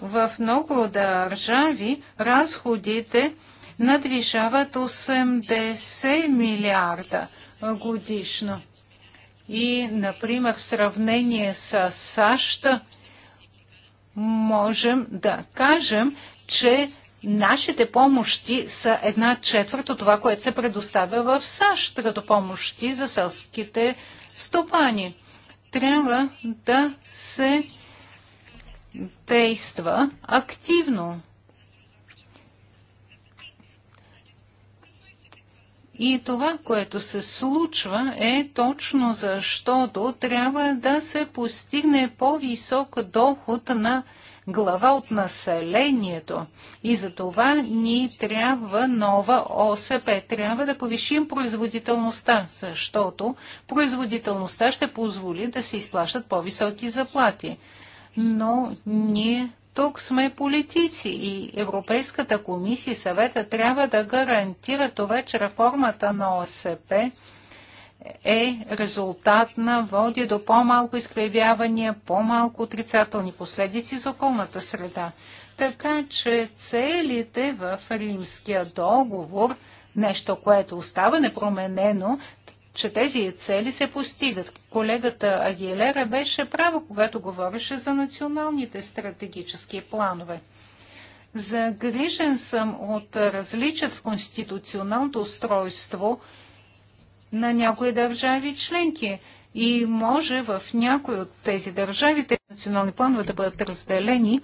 в много държави разходите надвишават 80 милиарда годишно. И, например, в сравнение с САЩ, можем да кажем, че нашите помощи са една четвърт от това, което се предоставя в САЩ като помощи за селските стопани. Трябва да се действа активно И това, което се случва, е точно защото трябва да се постигне по-висок доход на глава от населението. И за това ни трябва нова ОСП. Трябва да повишим производителността, защото производителността ще позволи да се изплащат по-високи заплати. Но ние тук сме политици и Европейската комисия и съвета трябва да гарантира това, че реформата на ОСП е резултат на води до по-малко изкривявания, по-малко отрицателни последици за околната среда. Така че целите в Римския договор, нещо, което остава непроменено, че тези цели се постигат. Колегата Агилера беше права, когато говореше за националните стратегически планове. Загрижен съм от различат в конституционалното устройство на някои държави членки и може в някои от тези държави тези национални планове да бъдат разделени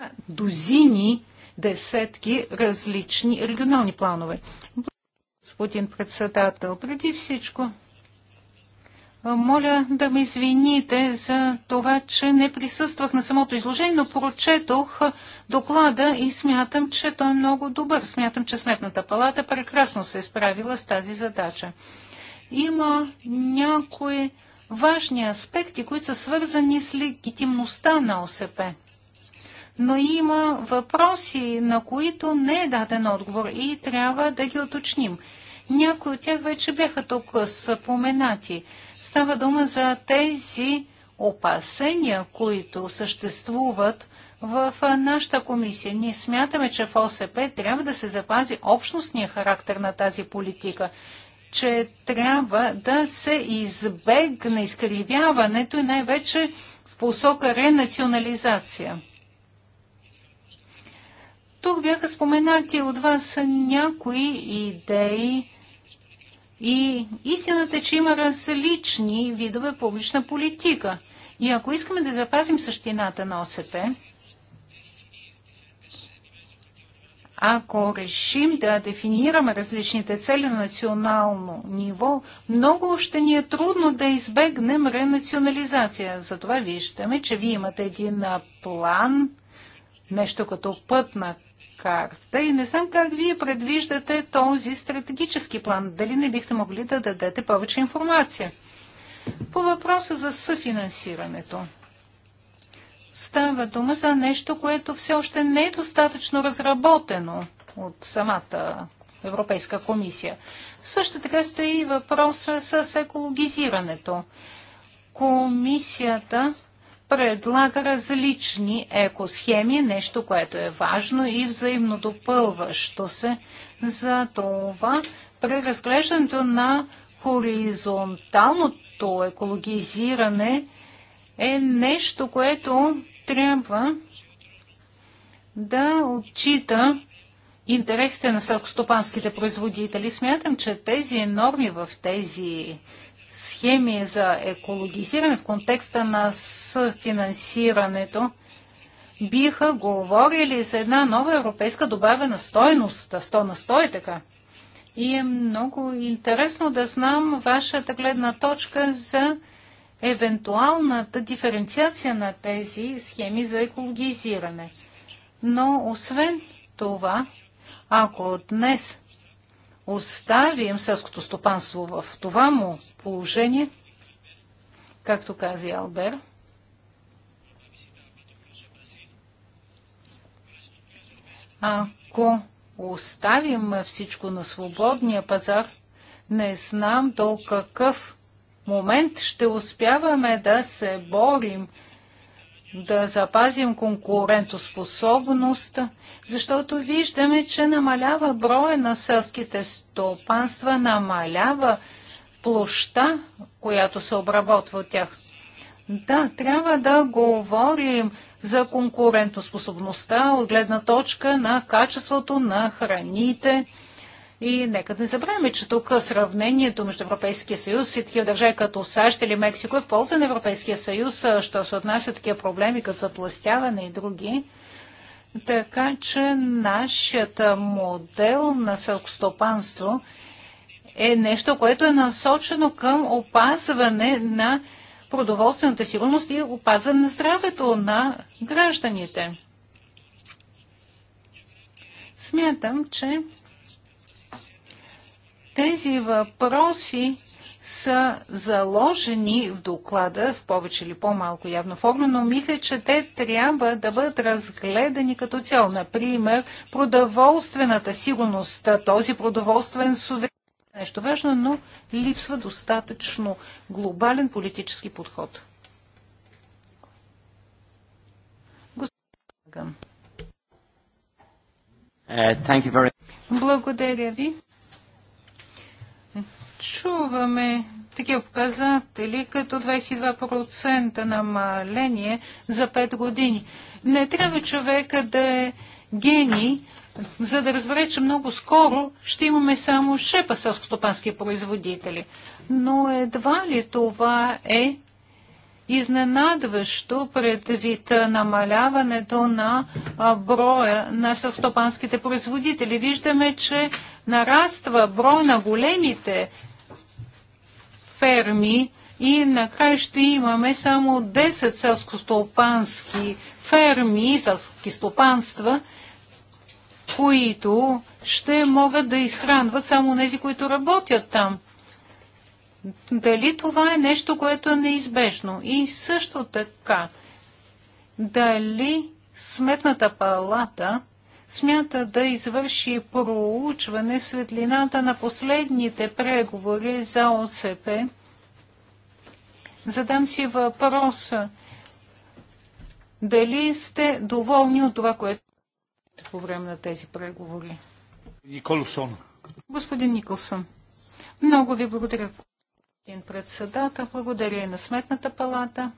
на дозини, десетки различни регионални планове господин председател. Преди всичко, моля да ме извините за това, че не присъствах на самото изложение, но прочетох доклада и смятам, че той е много добър. Смятам, че Сметната палата прекрасно се е справила с тази задача. Има някои важни аспекти, които са свързани с легитимността на ОСП. Но има въпроси, на които не е даден отговор и трябва да ги уточним. Някои от тях вече бяха тук споменати. Става дума за тези опасения, които съществуват в нашата комисия. Ние смятаме, че в ОСП трябва да се запази общностния характер на тази политика, че трябва да се избегне изкривяването и най-вече в посока ренационализация. Тук бяха споменати от вас някои идеи и истината е, че има различни видове публична политика. И ако искаме да запазим същината на ОСП, ако решим да дефинираме различните цели на национално ниво, много ще ни е трудно да избегнем ренационализация. Затова виждаме, че вие имате един план, нещо като пътна карта и не знам как вие предвиждате този стратегически план. Дали не бихте могли да дадете повече информация? По въпроса за съфинансирането. Става дума за нещо, което все още не е достатъчно разработено от самата Европейска комисия. Също така стои и въпроса с екологизирането. Комисията предлага различни екосхеми, нещо, което е важно и взаимно допълващо се. За това преразглеждането на хоризонталното екологизиране е нещо, което трябва да отчита интересите на селскостопанските производители. Смятам, че тези норми в тези схеми за екологизиране в контекста на съфинансирането, биха говорили за една нова европейска добавена стойност, 100 на 100 и е така. И е много интересно да знам вашата гледна точка за евентуалната диференциация на тези схеми за екологизиране. Но освен това, ако днес оставим селското стопанство в това му положение, както каза Албер, ако оставим всичко на свободния пазар, не знам до какъв момент ще успяваме да се борим, да запазим конкурентоспособността защото виждаме, че намалява броя на селските стопанства, намалява площа, която се обработва от тях. Да, трябва да говорим за конкурентоспособността от гледна точка на качеството на храните. И нека не забравяме, че тук сравнението между Европейския съюз и такива държави като САЩ или Мексико е в полза на Европейския съюз, що се отнася такива проблеми като затластяване и други. Така че нашият модел на селкостопанство е нещо, което е насочено към опазване на продоволствената сигурност и опазване на здравето на гражданите. Смятам, че тези въпроси са заложени в доклада в повече или по-малко явна форма, но мисля, че те трябва да бъдат разгледани като цяло. Например, продоволствената сигурност, този продоволствен суверен. Нещо важно, но липсва достатъчно глобален политически подход. Господин Благодаря ви. Чуваме такива показатели като 22% намаление за 5 години. Не трябва човека да е гений, за да разбере, че много скоро ще имаме само шепа селско-стопански производители. Но едва ли това е изненадващо предвид намаляването на броя на селскостопанските производители. Виждаме, че нараства брой на големите ферми и накрая ще имаме само 10 селско селско-стопански ферми, селски стопанства, които ще могат да изхранват само тези, които работят там. Дали това е нещо, което е неизбежно? И също така, дали Сметната палата смята да извърши проучване светлината на последните преговори за ОСП. Задам си въпроса дали сте доволни от това, което е по време на тези преговори. Николсон. Господин Николсон, много ви благодаря, господин председател. Благодаря и на Сметната палата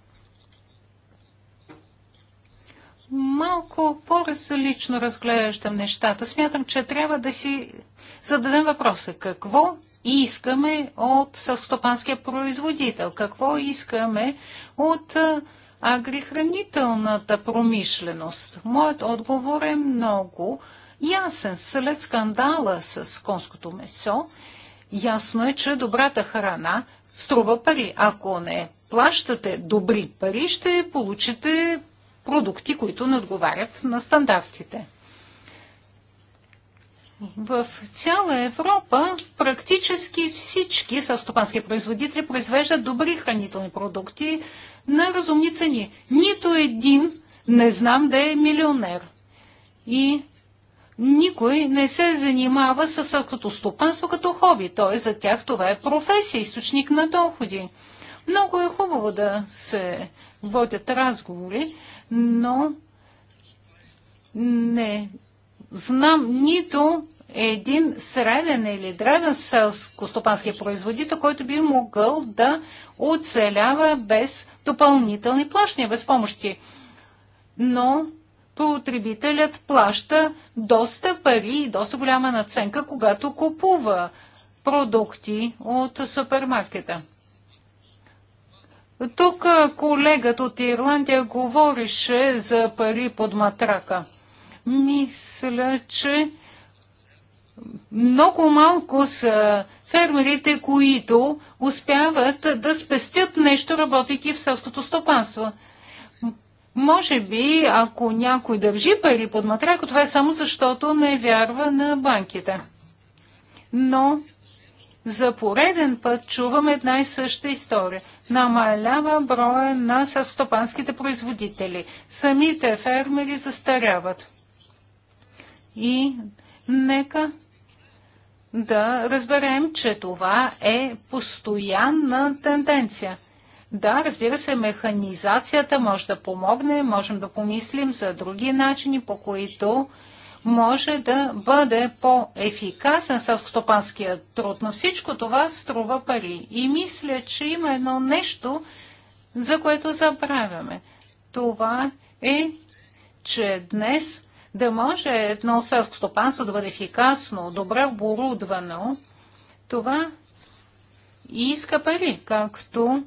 малко по-различно разглеждам нещата. Смятам, че трябва да си зададем въпроса какво искаме от съхстопанския производител, какво искаме от агрихранителната промишленост. Моят отговор е много ясен. След скандала с конското месо, ясно е, че добрата храна струва пари. Ако не плащате добри пари, ще получите продукти, които не отговарят на стандартите. В цяла Европа практически всички състопански производители произвеждат добри хранителни продукти на разумни цени. Нито един не знам да е милионер. И никой не се занимава с селското като хоби. Т.е. за тях това е професия, източник на доходи. Много е хубаво да се водят разговори, но не знам нито един среден или древен селско-стопански производител, който би могъл да оцелява без допълнителни плащания, без помощи. Но потребителят плаща доста пари и доста голяма наценка, когато купува продукти от супермаркета. Тук колегата от Ирландия говорише за пари под матрака. Мисля, че много малко са фермерите, които успяват да спестят нещо, работейки в селското стопанство. Може би, ако някой държи пари под матрака, това е само защото не вярва на банките. Но за пореден път чувам една и съща история намалява броя на състопанските производители. Самите фермери застаряват. И нека да разберем, че това е постоянна тенденция. Да, разбира се, механизацията може да помогне, можем да помислим за други начини, по които може да бъде по-ефикасен селскостопанския труд. Но всичко това струва пари. И мисля, че има едно нещо, за което забравяме. Това е, че днес да може едно селскостопанство стопанство да бъде ефикасно, добре оборудвано, това иска пари, както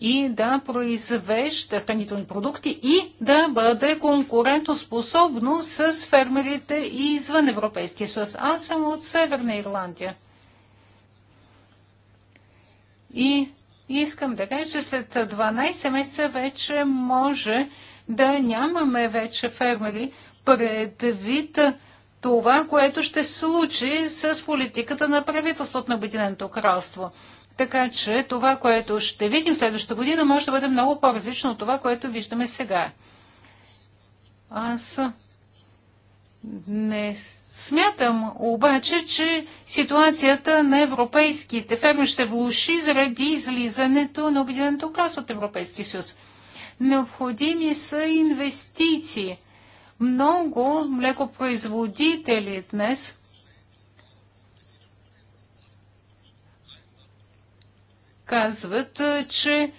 и да произвежда хранителни продукти и да бъде конкурентоспособно с фермерите извън Европейския съюз. Аз съм от Северна Ирландия. И искам да кажа, че след 12 месеца вече може да нямаме вече фермери предвид това, което ще се случи с политиката на правителството на Обединеното кралство. Така че това, което ще видим следващата година, може да бъде много по-различно от това, което виждаме сега. Аз не смятам обаче, че ситуацията на европейските ферми ще влуши заради излизането на Обединеното кралство от Европейския съюз. Необходими са инвестиции. Много млекопроизводители днес казват, че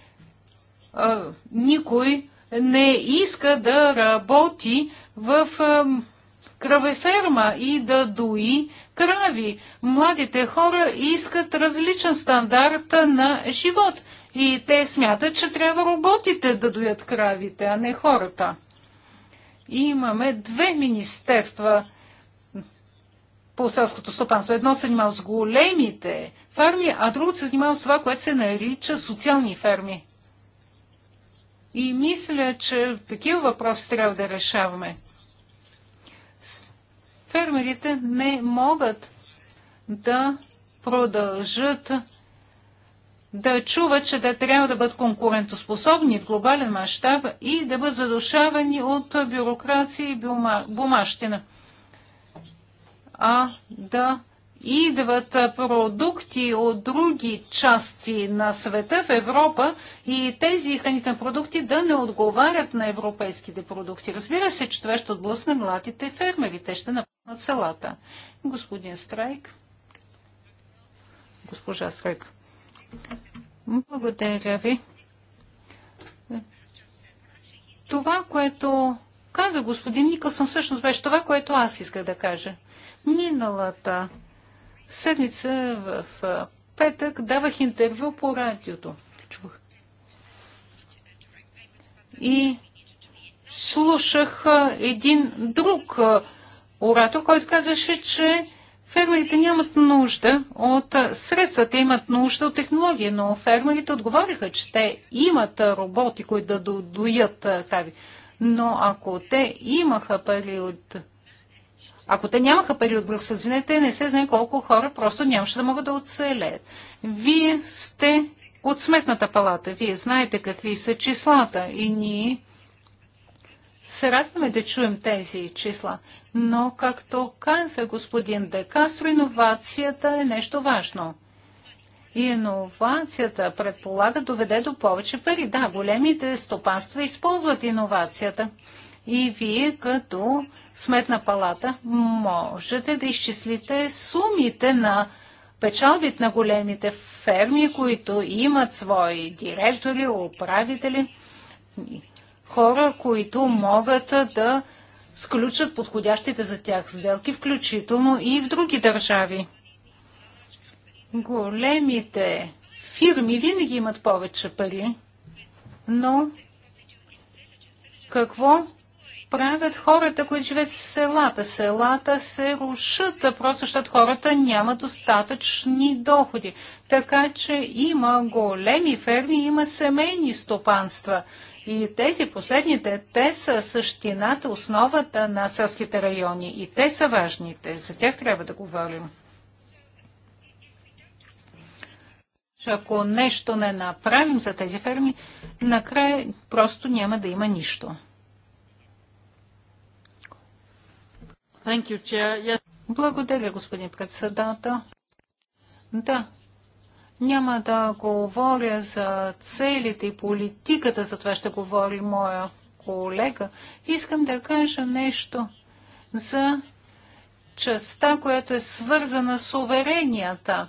а, никой не иска да работи в а, кравеферма и да дои крави. Младите хора искат различен стандарт на живот и те смятат, че трябва роботите да доят кравите, а не хората. И имаме две министерства по селското стопанство. Едно се занимава с големите ферми, а другото се занимава с това, което се нарича социални ферми. И мисля, че такива въпроси трябва да решаваме. Фермерите не могат да продължат да чуват, че да трябва да бъдат конкурентоспособни в глобален мащаб и да бъдат задушавани от бюрокрация и бумащина а да идват продукти от други части на света в Европа и тези хранителни продукти да не отговарят на европейските продукти. Разбира се, че това ще отблъсне младите фермери. Те ще напълнат селата. Господин Страйк. Госпожа Страйк. Благодаря ви. Това, което каза господин Никълсън, всъщност беше това, което аз исках да кажа. Миналата седмица в петък давах интервю по радиото. Чух. И слушах един друг оратор, който казваше, че фермерите нямат нужда от средства, те имат нужда от технологии, но фермерите отговориха, че те имат роботи, които да доят тави. Но ако те имаха пари от ако те нямаха пари от Брюксел, извинете, не се знае колко хора просто нямаше да могат да оцелеят. Вие сте от сметната палата. Вие знаете какви са числата и ние се радваме да чуем тези числа. Но, както каза господин Декастро, иновацията е нещо важно. Иновацията предполага доведе до повече пари. Да, големите стопанства използват иновацията. И вие като сметна палата, можете да изчислите сумите на печалбите на големите ферми, които имат свои директори, управители, хора, които могат да сключат подходящите за тях сделки, включително и в други държави. Големите фирми винаги имат повече пари, но какво правят хората, които живеят в селата. Селата се рушат, просто защото хората нямат достатъчни доходи. Така че има големи ферми, има семейни стопанства. И тези последните, те са същината, основата на селските райони. И те са важните. За тях трябва да говорим. Ако нещо не направим за тези ферми, накрая просто няма да има нищо. Благодаря, господин председател. Да, няма да говоря за целите и политиката, за това ще говори моя колега. Искам да кажа нещо за частта, която е свързана с уверенията.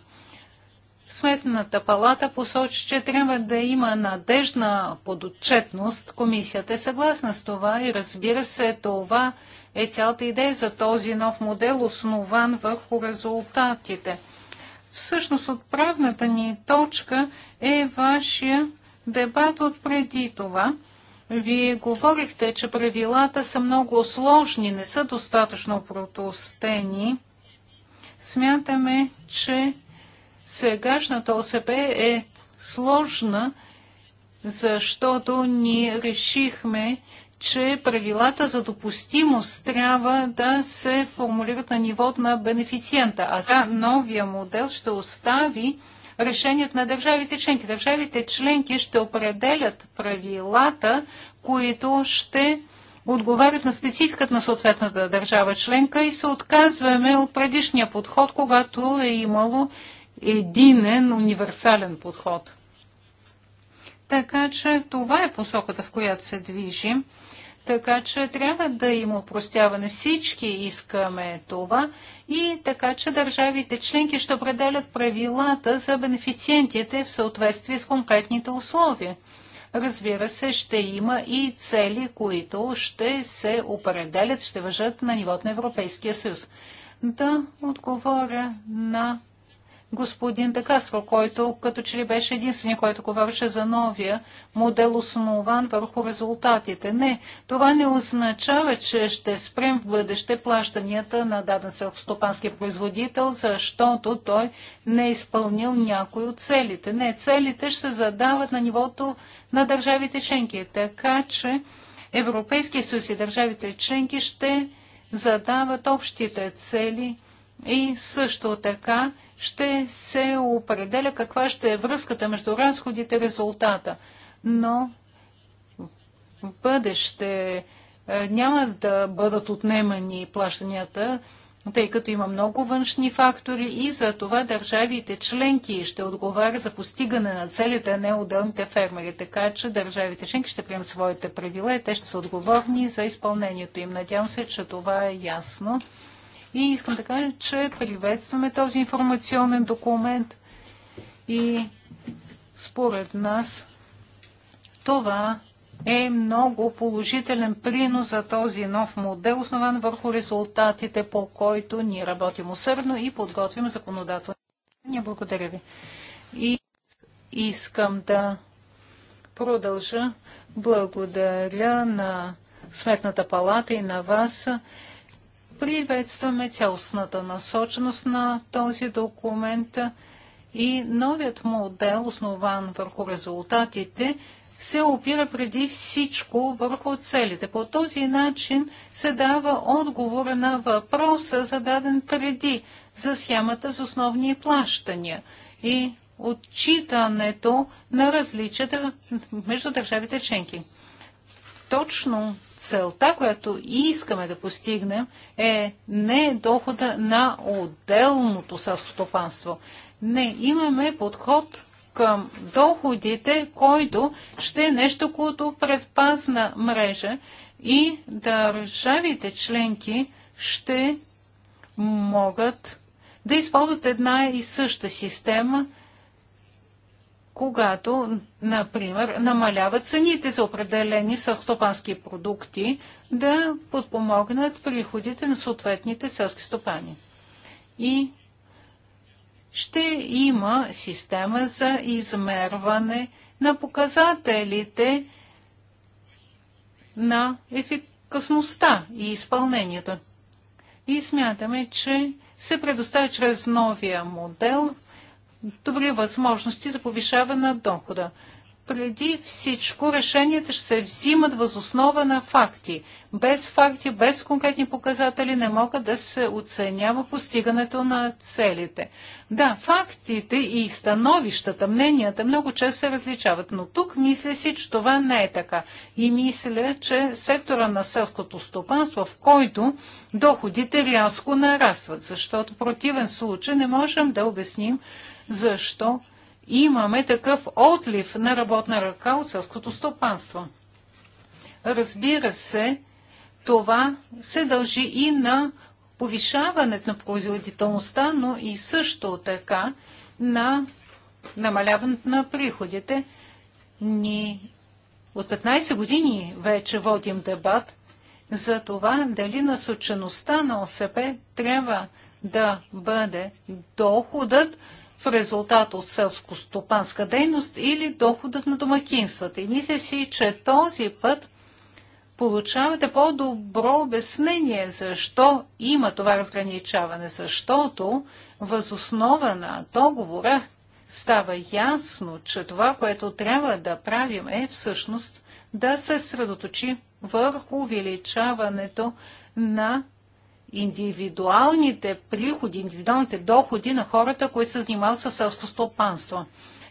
Сметната палата посочи, че трябва да има надежна подотчетност. Комисията е съгласна с това и разбира се, това е цялата идея за този нов модел, основан върху резултатите. Всъщност отправната ни точка е вашия дебат от преди това. Вие говорихте, че правилата са много сложни, не са достатъчно протостени. Смятаме, че сегашната ОСП е сложна, защото ние решихме, че правилата за допустимост трябва да се формулират на нивото на бенефициента, а за новия модел ще остави решението на държавите членки. Държавите членки ще определят правилата, които ще отговарят на спецификата на съответната държава членка и се отказваме от предишния подход, когато е имало единен, универсален подход. Така че това е посоката, в която се движим. Така че трябва да има упростяване. Всички искаме това и така че държавите членки ще определят правилата за бенефициентите в съответствие с конкретните условия. Разбира се, ще има и цели, които ще се определят, ще въжат на нивото на Европейския съюз. Да отговоря на господин Декасро, който като че ли беше единствения, който говореше за новия модел, основан върху резултатите. Не, това не означава, че ще спрем в бъдеще плащанията на даден селхостопански производител, защото той не е изпълнил някой от целите. Не, целите ще се задават на нивото на държавите членки, така че Европейския съюз и държавите членки ще задават общите цели и също така ще се определя каква ще е връзката между разходите и резултата. Но в бъдеще е, няма да бъдат отнемани плащанията, тъй като има много външни фактори и за това държавите членки ще отговарят за постигане на целите, а не отделните фермери. Така че държавите членки ще приемат своите правила и те ще са отговорни за изпълнението им. Надявам се, че това е ясно. И искам да кажа, че приветстваме този информационен документ и според нас това е много положителен принос за този нов модел, основан върху резултатите, по който ние работим усърдно и подготвим законодателни. Благодаря ви. И искам да продължа. Благодаря на Сметната палата и на вас. Приветстваме цялостната насоченост на този документ и новият модел, основан върху резултатите, се опира преди всичко върху целите. По този начин се дава отговор на въпроса, зададен преди за схемата с основни плащания и отчитането на различията между държавите членки. Точно целта, която искаме да постигнем, е не дохода на отделното стопанство. Не, имаме подход към доходите, който ще е нещо което предпазна мрежа и държавите членки ще могат да използват една и съща система когато, например, намаляват цените за определени селскостопански продукти, да подпомогнат приходите на съответните селски стопани. И ще има система за измерване на показателите на ефикасността и изпълнението. И смятаме, че се предоставя чрез новия модел добри възможности за повишаване на дохода. Преди всичко решенията ще се взимат възоснова на факти. Без факти, без конкретни показатели не могат да се оценява постигането на целите. Да, фактите и становищата, мненията много често се различават, но тук мисля си, че това не е така. И мисля, че сектора на селското стопанство, в който доходите рязко нарастват, защото в противен случай не можем да обясним, защо имаме такъв отлив на работна ръка от селското стопанство. Разбира се, това се дължи и на повишаването на производителността, но и също така на намаляването на приходите. Ни от 15 години вече водим дебат за това дали насочеността на ОСП трябва да бъде доходът, резултат от селско-стопанска дейност или доходът на домакинствата. И мисля си, че този път получавате по-добро обяснение защо има това разграничаване, защото възоснова на договора става ясно, че това, което трябва да правим е всъщност да се средоточи върху увеличаването на индивидуалните приходи, индивидуалните доходи на хората, които се занимават с селско стопанство.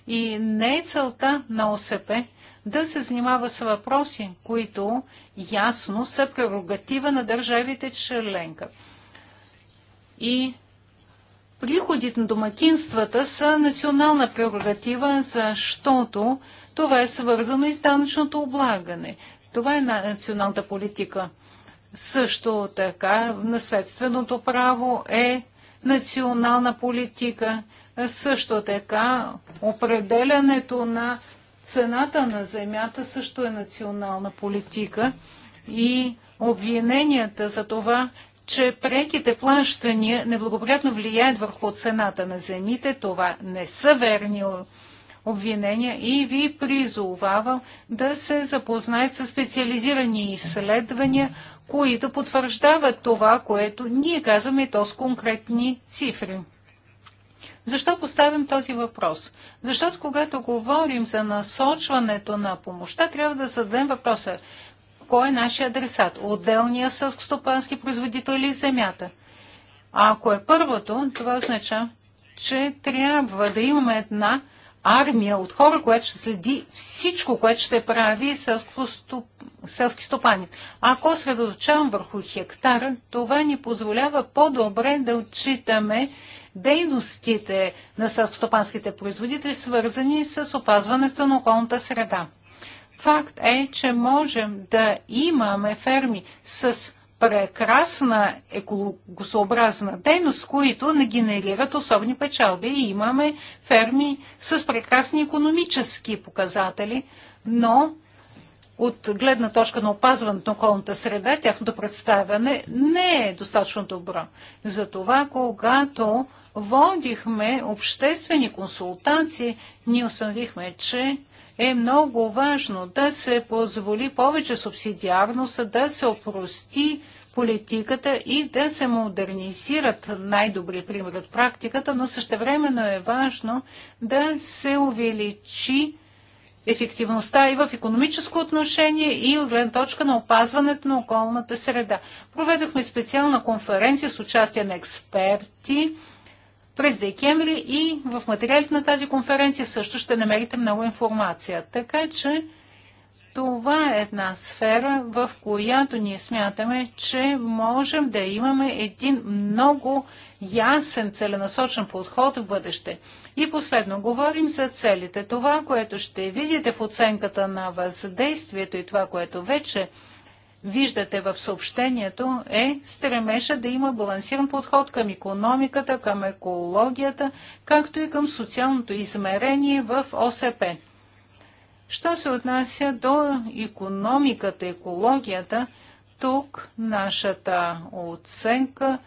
И не е целта на ОСП да се занимава с въпроси, които ясно са прерогатива на държавите членка. И приходите на домакинствата са национална прерогатива, защото това е свързано и с данъчното облагане. Това е националната политика. Също така наследственото право е национална политика. Също така определянето на цената на земята също е национална политика и обвиненията за това, че преките плащания неблагоприятно влияят върху цената на земите, това не са верни обвинения и ви призовавам да се запознаят с специализирани изследвания които потвърждават това, което ние казваме то с конкретни цифри. Защо поставям този въпрос? Защото когато говорим за насочването на помощта, трябва да зададем въпроса кой е нашия адресат? Отделния сълскостопански производител или земята? А ако е първото, това означава, че трябва да имаме една армия от хора, която ще следи всичко, което ще прави ступ... селски стопани. Ако средоточавам върху хектара, това ни позволява по-добре да отчитаме дейностите на селскостопанските производители, свързани с опазването на околната среда. Факт е, че можем да имаме ферми с прекрасна екологосообразна дейност, които не генерират особени печалби. И имаме ферми с прекрасни економически показатели, но от гледна точка на опазването на околната среда, тяхното представяне не е достатъчно добро. Затова, когато водихме обществени консултации, ние установихме, че е много важно да се позволи повече субсидиарност, да се опрости политиката и да се модернизират най-добри примери от практиката, но същевременно е важно да се увеличи ефективността и в економическо отношение и от гледна точка на опазването на околната среда. Проведохме специална конференция с участие на експерти през декември и в материалите на тази конференция също ще намерите много информация. Така че това е една сфера, в която ние смятаме, че можем да имаме един много ясен, целенасочен подход в бъдеще. И последно, говорим за целите. Това, което ще видите в оценката на въздействието и това, което вече виждате в съобщението, е стремеша да има балансиран подход към економиката, към екологията, както и към социалното измерение в ОСП. Що се отнася до економиката, екологията, тук нашата оценка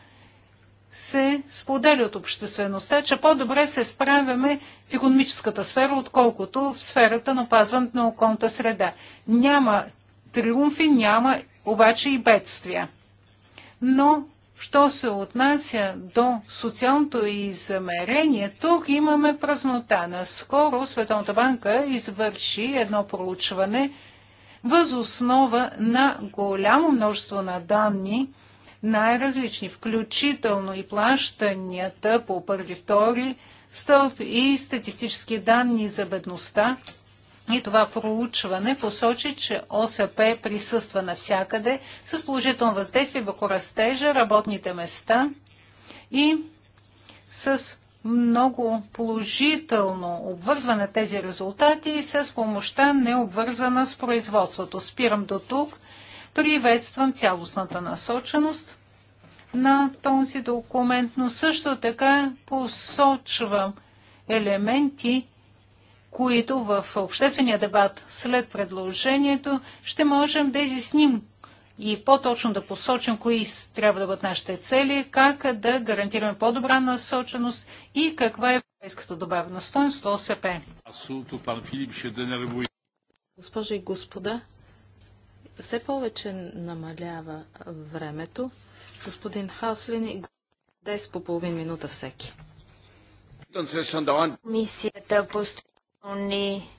се споделя от обществеността, че по-добре се справяме в економическата сфера, отколкото в сферата на опазването на околната среда. Няма триумфи, няма обаче и бедствия. Но, що се отнася до социалното измерение, тук имаме празнота. Наскоро Световната банка извърши едно проучване възоснова на голямо множество на данни, най-различни, включително и плащанията по първи, втори стълб и статистически данни за бедността, и това проучване посочи, че ОСП присъства навсякъде с положително въздействие върху растежа, работните места и с много положително обвързване тези резултати с помощта необвързана с производството. Спирам до тук. Приветствам цялостната насоченост на този документ, но също така посочвам елементи, които в обществения дебат след предложението ще можем да изясним и по-точно да посочим кои трябва да бъдат нашите цели, как да гарантираме по-добра насоченост и каква е европейската добавена стоеност до ОСП. Госпожи и господа, все повече намалява времето. Господин Хаслин и 10 по половин минута всеки. Комисията постоянно ни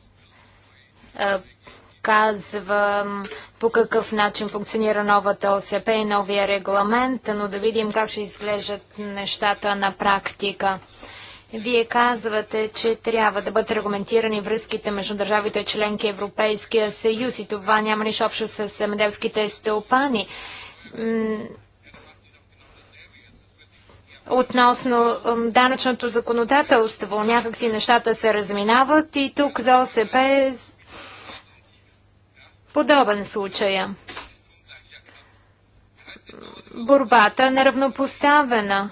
казвам по какъв начин функционира новата ОСП и новия регламент, но да видим как ще изглеждат нещата на практика. Вие казвате, че трябва да бъдат регламентирани връзките между държавите членки Европейския съюз и това няма нищо общо с земеделските стълпани относно данъчното законодателство. Някакси нещата се разминават и тук за ОСП е подобен случая. Е. Борбата е неравнопоставена.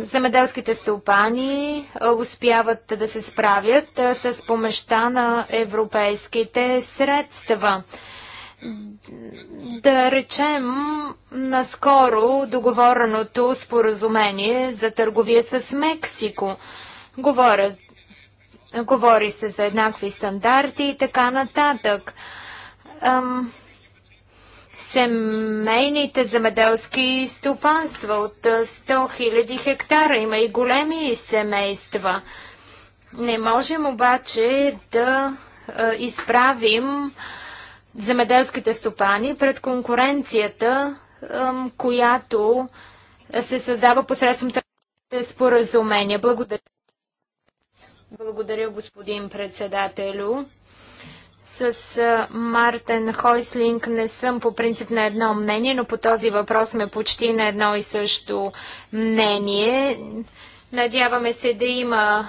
Земеделските стълпани успяват да се справят с помеща на европейските средства. Да речем наскоро договореното споразумение за търговия с Мексико. Говоря говори се за еднакви стандарти и така нататък. Ам, семейните замеделски стопанства от 100 000 хектара има и големи семейства. Не можем обаче да а, изправим земеделските стопани пред конкуренцията, която се създава посредством споразумения. Благодаря. Благодаря, господин председателю. С Мартен Хойслинг не съм по принцип на едно мнение, но по този въпрос сме почти на едно и също мнение. Надяваме се да има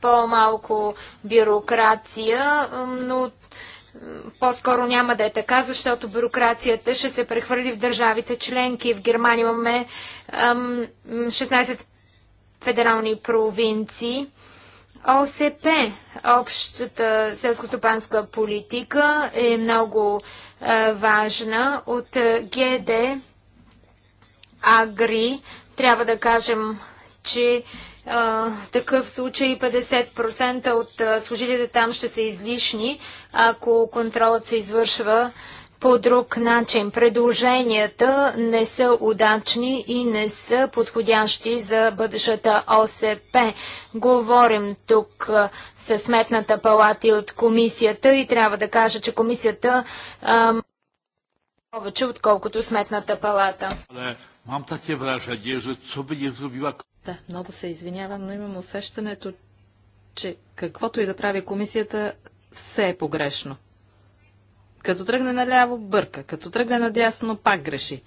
по-малко бюрокрация, но по-скоро няма да е така, защото бюрокрацията ще се прехвърли в държавите членки. В Германия имаме 16 федерални провинции. ОСП, общата селско-стопанска политика, е много важна. От ГД Агри трябва да кажем, че такъв случай 50% от а, служителите там ще са излишни, ако контролът се извършва по друг начин. Предложенията не са удачни и не са подходящи за бъдещата ОСП. Говорим тук с Сметната палата и от комисията и трябва да кажа, че комисията а, повече, отколкото Сметната палата. Е, мам такива е вражение, че би не да, много се извинявам, но имам усещането, че каквото и да прави комисията, все е погрешно. Като тръгне наляво, бърка. Като тръгне надясно, пак греши.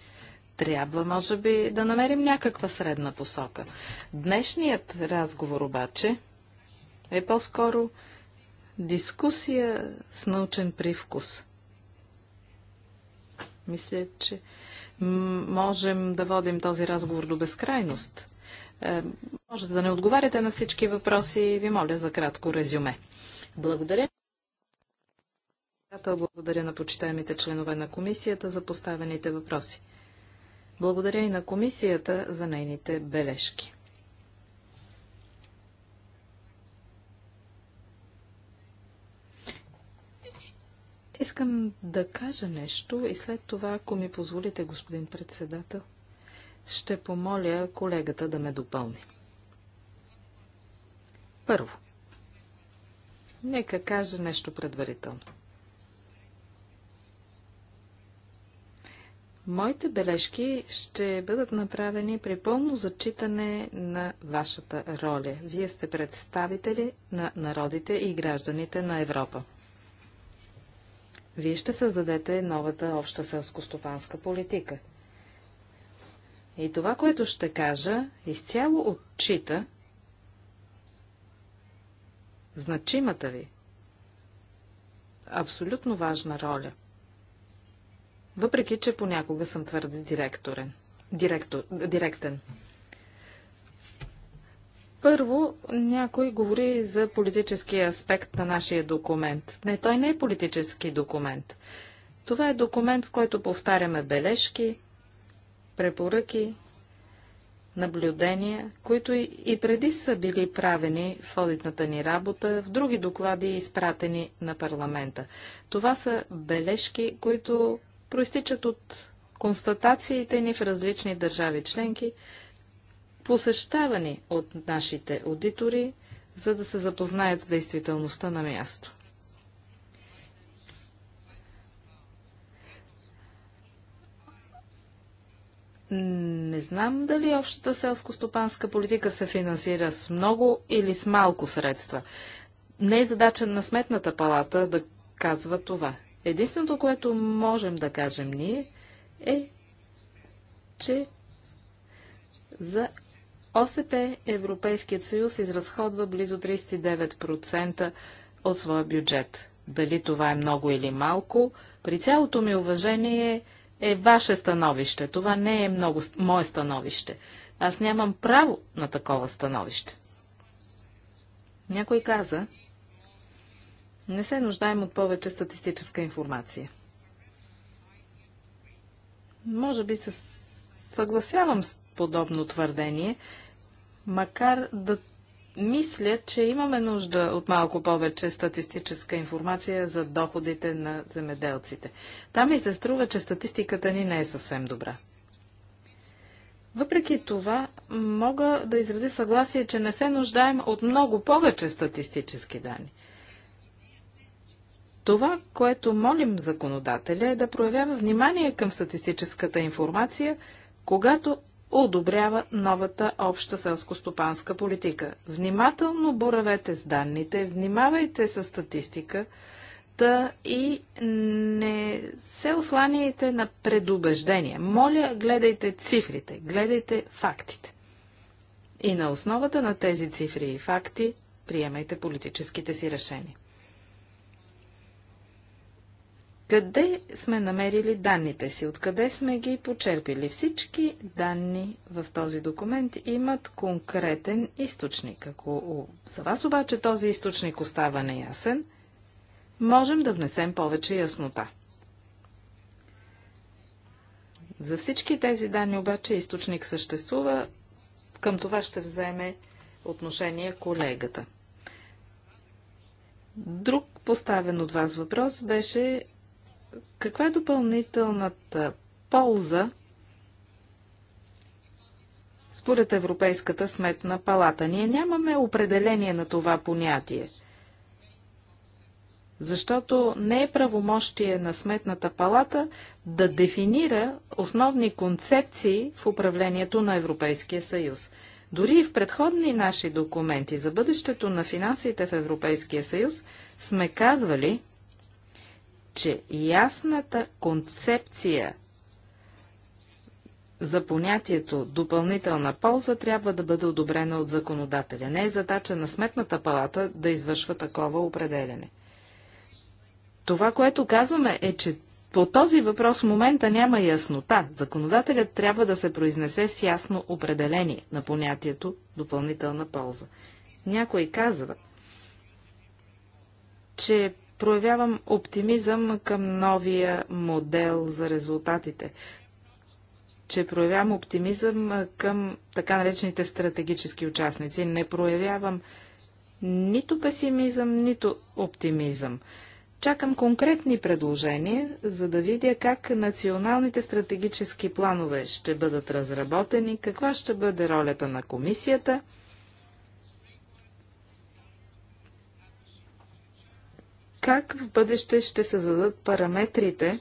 Трябва, може би, да намерим някаква средна посока. Днешният разговор обаче е по-скоро дискусия с научен привкус. Мисля, че можем да водим този разговор до безкрайност. Е, Може да не отговаряте на всички въпроси ви моля за кратко резюме. Благодаря. Благодаря на почитаемите членове на комисията за поставените въпроси. Благодаря и на комисията за нейните бележки. Искам да кажа нещо и след това, ако ми позволите, господин председател ще помоля колегата да ме допълни. Първо, нека кажа нещо предварително. Моите бележки ще бъдат направени при пълно зачитане на вашата роля. Вие сте представители на народите и гражданите на Европа. Вие ще създадете новата обща селско-стопанска политика – и това, което ще кажа, изцяло отчита значимата ви, абсолютно важна роля. Въпреки, че понякога съм твърде директорен. Директор, директен. Първо, някой говори за политическия аспект на нашия документ. Не, той не е политически документ. Това е документ, в който повтаряме бележки, препоръки, наблюдения, които и преди са били правени в одитната ни работа, в други доклади изпратени на парламента. Това са бележки, които проистичат от констатациите ни в различни държави членки, посещавани от нашите аудитори, за да се запознаят с действителността на място. Не знам дали общата селско-стопанска политика се финансира с много или с малко средства. Не е задача на Сметната палата да казва това. Единственото, което можем да кажем ние, е, че за ОСП Европейският съюз изразходва близо 39% от своя бюджет. Дали това е много или малко, при цялото ми уважение е е ваше становище. Това не е много мое становище. Аз нямам право на такова становище. Някой каза, не се нуждаем от повече статистическа информация. Може би се съгласявам с подобно твърдение, макар да мисля, че имаме нужда от малко повече статистическа информация за доходите на земеделците. Там ми се струва, че статистиката ни не е съвсем добра. Въпреки това, мога да изрази съгласие, че не се нуждаем от много повече статистически данни. Това, което молим законодателя е да проявява внимание към статистическата информация, когато одобрява новата обща селско-стопанска политика. Внимателно боравете с данните, внимавайте с статистика, та и не се осланяйте на предубеждения. Моля, гледайте цифрите, гледайте фактите. И на основата на тези цифри и факти приемайте политическите си решения. Къде сме намерили данните си? Откъде сме ги почерпили? Всички данни в този документ имат конкретен източник. Ако за вас обаче този източник остава неясен, можем да внесем повече яснота. За всички тези данни обаче източник съществува. Към това ще вземе отношение колегата. Друг поставен от вас въпрос беше каква е допълнителната полза според Европейската сметна палата? Ние нямаме определение на това понятие, защото не е правомощие на сметната палата да дефинира основни концепции в управлението на Европейския съюз. Дори и в предходни наши документи за бъдещето на финансите в Европейския съюз сме казвали, че ясната концепция за понятието допълнителна полза трябва да бъде одобрена от законодателя. Не е задача на Сметната палата да извършва такова определене. Това, което казваме е, че по този въпрос в момента няма яснота. Законодателят трябва да се произнесе с ясно определение на понятието допълнителна полза. Някой казва, че проявявам оптимизъм към новия модел за резултатите, че проявявам оптимизъм към така наречените стратегически участници. Не проявявам нито песимизъм, нито оптимизъм. Чакам конкретни предложения, за да видя как националните стратегически планове ще бъдат разработени, каква ще бъде ролята на комисията – Как в бъдеще ще се зададат параметрите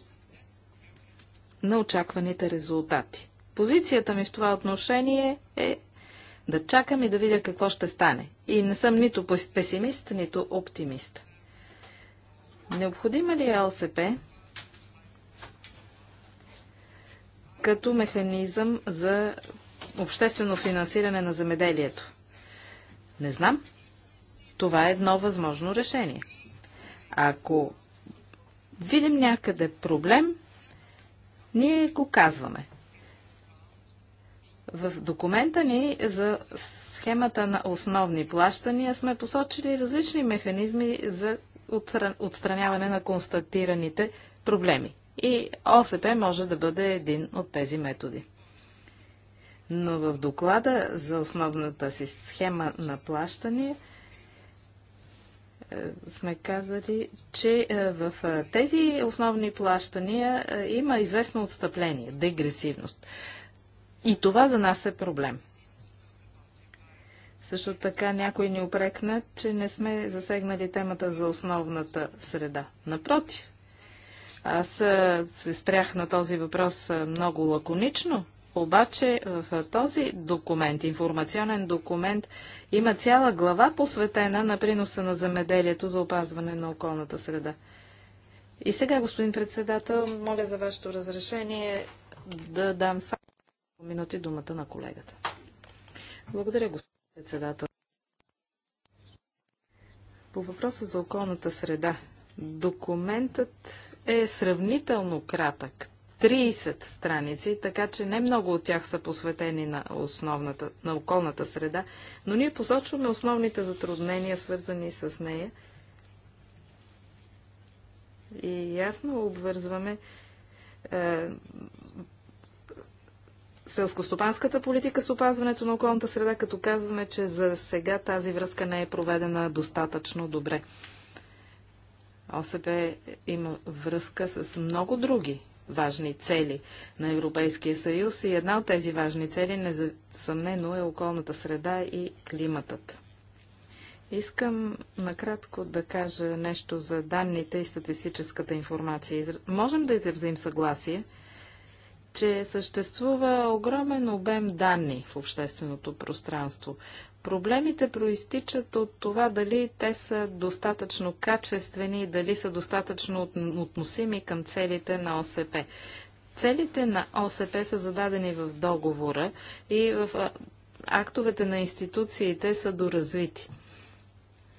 на очакваните резултати? Позицията ми в това отношение е да чакам и да видя какво ще стане. И не съм нито песимист, нито оптимист. Необходима ли е ЛСП като механизъм за обществено финансиране на земеделието? Не знам. Това е едно възможно решение. Ако видим някъде проблем, ние го казваме. В документа ни за схемата на основни плащания сме посочили различни механизми за отстраняване на констатираните проблеми. И ОСП може да бъде един от тези методи. Но в доклада за основната си схема на плащания – е, сме казали, че е, в е, тези основни плащания има известно отстъпление, дегресивност. И това за нас е проблем. Също така някой ни опрекна, че не сме засегнали темата за основната среда. Напротив, аз се спрях на този въпрос много лаконично, обаче в този документ, информационен документ, има цяла глава посветена на приноса на земеделието за опазване на околната среда. И сега, господин председател, моля за вашето разрешение да дам само минути думата на колегата. Благодаря, господин председател. По въпроса за околната среда, документът е сравнително кратък. 30 страници, така че не много от тях са посветени на, основната, на околната среда, но ние посочваме основните затруднения, свързани с нея. И ясно обвързваме е, селскостопанската политика с опазването на околната среда, като казваме, че за сега тази връзка не е проведена достатъчно добре. ОСП има връзка с много други важни цели на Европейския съюз и една от тези важни цели несъмнено е околната среда и климатът. Искам накратко да кажа нещо за данните и статистическата информация. Можем да изразим съгласие, че съществува огромен обем данни в общественото пространство. Проблемите проистичат от това дали те са достатъчно качествени и дали са достатъчно относими към целите на ОСП. Целите на ОСП са зададени в договора и в актовете на институциите са доразвити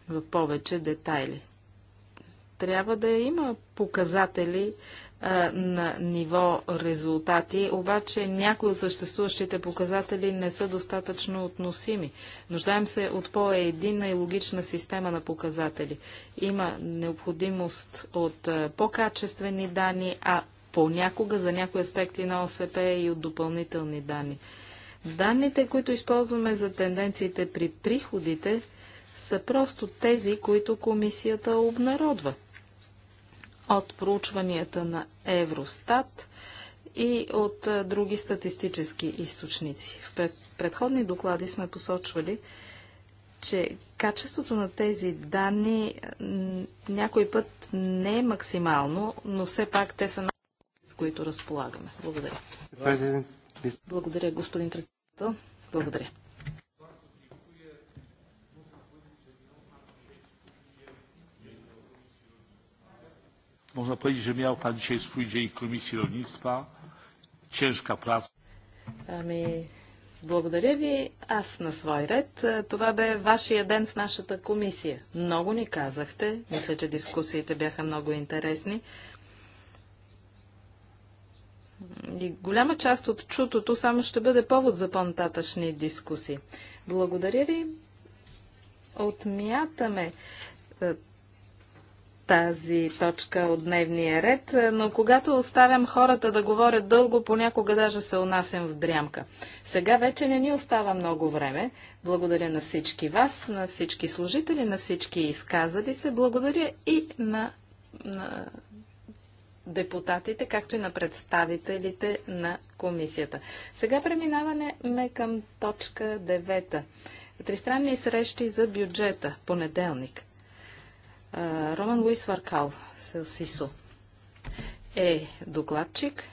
в повече детайли. Трябва да има показатели на ниво резултати, обаче някои от съществуващите показатели не са достатъчно относими. Нуждаем се от по-единна и логична система на показатели. Има необходимост от по-качествени данни, а понякога за някои аспекти на ОСП и от допълнителни данни. Данните, които използваме за тенденциите при приходите, са просто тези, които комисията обнародва от проучванията на Евростат и от други статистически източници. В предходни доклади сме посочвали, че качеството на тези данни някой път не е максимално, но все пак те са с които разполагаме. Благодаря. Благодаря, господин председател. Благодаря. Można powiedzieć, że miał Pan dzisiaj swój dzień Komisji Rolnictwa. Ciężka praca. Ами, благодаря ви. Аз на свой ред. Това бе вашия ден в нашата комисия. Много ни казахте. Мисля, че дискусиите бяха много интересни. И голяма част от чутото само ще бъде повод за по-нататъчни дискусии. Благодаря ви. Отмятаме е, тази точка от дневния ред, но когато оставям хората да говорят дълго, понякога даже се унасям в дрямка. Сега вече не ни остава много време. Благодаря на всички вас, на всички служители, на всички изказали се. Благодаря и на, на депутатите, както и на представителите на комисията. Сега преминаваме към точка 9. Тристранни срещи за бюджета, понеделник. Роман Луис Варкал с ИСО е докладчик.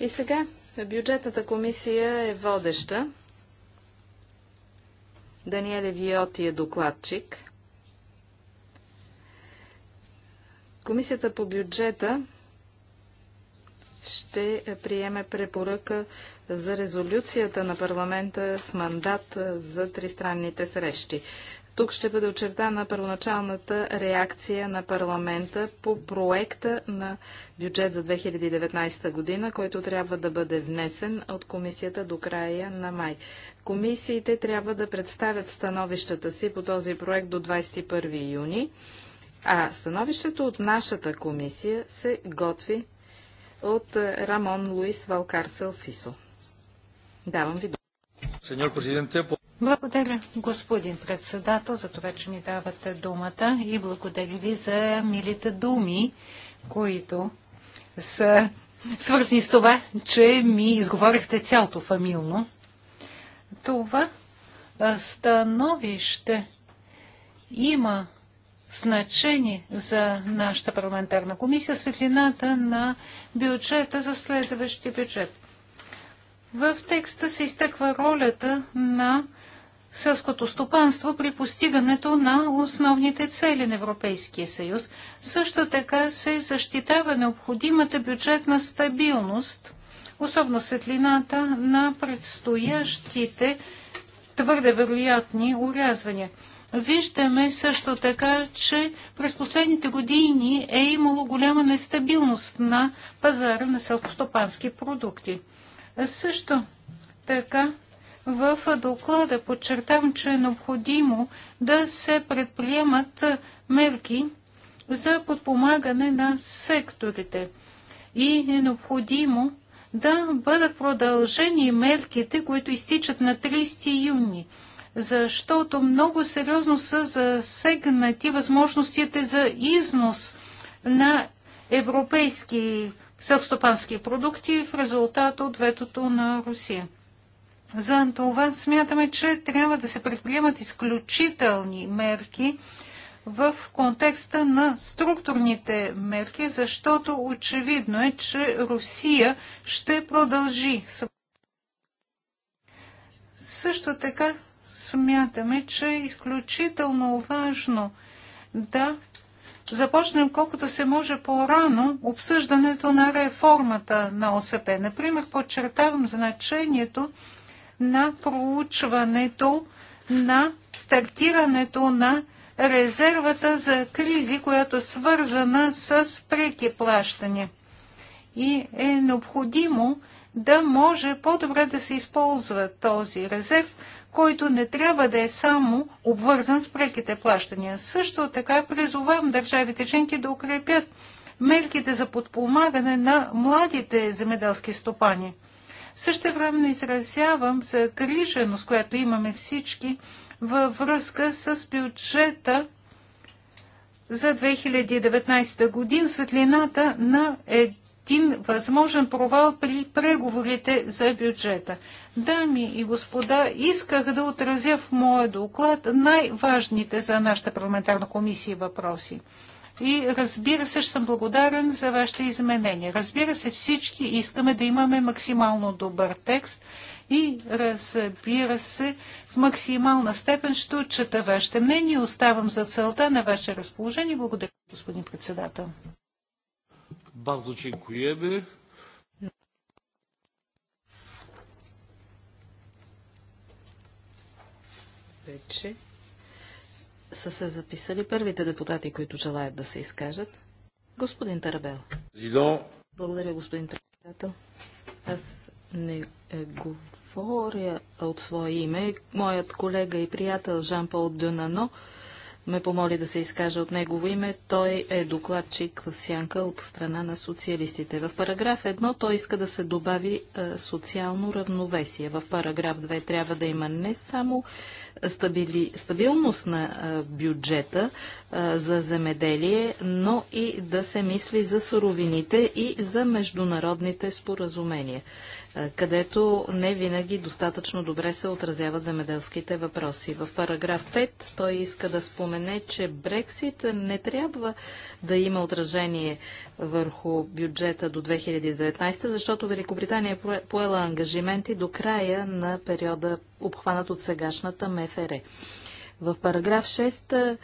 И сега бюджетната комисия е водеща. Даниеле Виоти е докладчик. Комисията по бюджета ще приеме препоръка за резолюцията на парламента с мандат за тристранните срещи. Тук ще бъде очертана първоначалната реакция на парламента по проекта на бюджет за 2019 година, който трябва да бъде внесен от комисията до края на май. Комисиите трябва да представят становищата си по този проект до 21 юни, а становището от нашата комисия се готви от Рамон Луис Валкар Сисо. Давам ви думата. Благодаря, господин председател, за това, че ни давате думата и благодаря ви за милите думи, които са свързани с това, че ми изговорихте цялото фамилно. Това становище има значение за нашата парламентарна комисия светлината на бюджета за следващия бюджет. В текста се изтъква ролята на сълското стопанство при постигането на основните цели на Европейския съюз. Също така се защитава необходимата бюджетна стабилност, особено светлината на предстоящите твърде вероятни урязвания. Виждаме също така, че през последните години е имало голяма нестабилност на пазара на селкостопански продукти. Също така в доклада подчертавам, че е необходимо да се предприемат мерки за подпомагане на секторите и е необходимо да бъдат продължени мерките, които изтичат на 30 юни защото много сериозно са засегнати възможностите за износ на европейски селстопански продукти в резултат от ветото на Русия. За това смятаме, че трябва да се предприемат изключителни мерки в контекста на структурните мерки, защото очевидно е, че Русия ще продължи. Също така смятаме, че е изключително важно да започнем колкото се може по-рано обсъждането на реформата на ОСП. Например, подчертавам значението на проучването на стартирането на резервата за кризи, която е свързана с преки плащания. И е необходимо да може по-добре да се използва този резерв, който не трябва да е само обвързан с преките плащания. Също така призовам държавите членки да укрепят мерките за подпомагане на младите земеделски стопани. Също време изразявам загриженост, която имаме всички във връзка с бюджета за 2019 година светлината на един един възможен провал при преговорите за бюджета. Дами и господа, исках да отразя в моя доклад най-важните за нашата парламентарна комисия въпроси. И разбира се, ще съм благодарен за вашите изменения. Разбира се, всички искаме да имаме максимално добър текст и разбира се, в максимална степен ще отчета вашите мнения. Оставам за целта на ваше разположение. Благодаря, господин председател. Bardzo dziękujemy. Вече са се записали първите депутати, които желаят да се изкажат. Господин Тарабел. Благодаря, господин председател. Аз не е, говоря от свое име. Моят колега и приятел Жан-Пол Дюнано ме помоли да се изкажа от негово име. Той е докладчик в сянка от страна на социалистите. В параграф 1 той иска да се добави е, социално равновесие. В параграф 2 трябва да има не само стабили, стабилност на е, бюджета е, за земеделие, но и да се мисли за суровините и за международните споразумения. Е, където не винаги достатъчно добре се отразяват замеделските въпроси. В параграф 5 той иска да спомене, че Брексит не трябва да има отражение върху бюджета до 2019, защото Великобритания поела ангажименти до края на периода обхванат от сегашната МФР. В параграф 6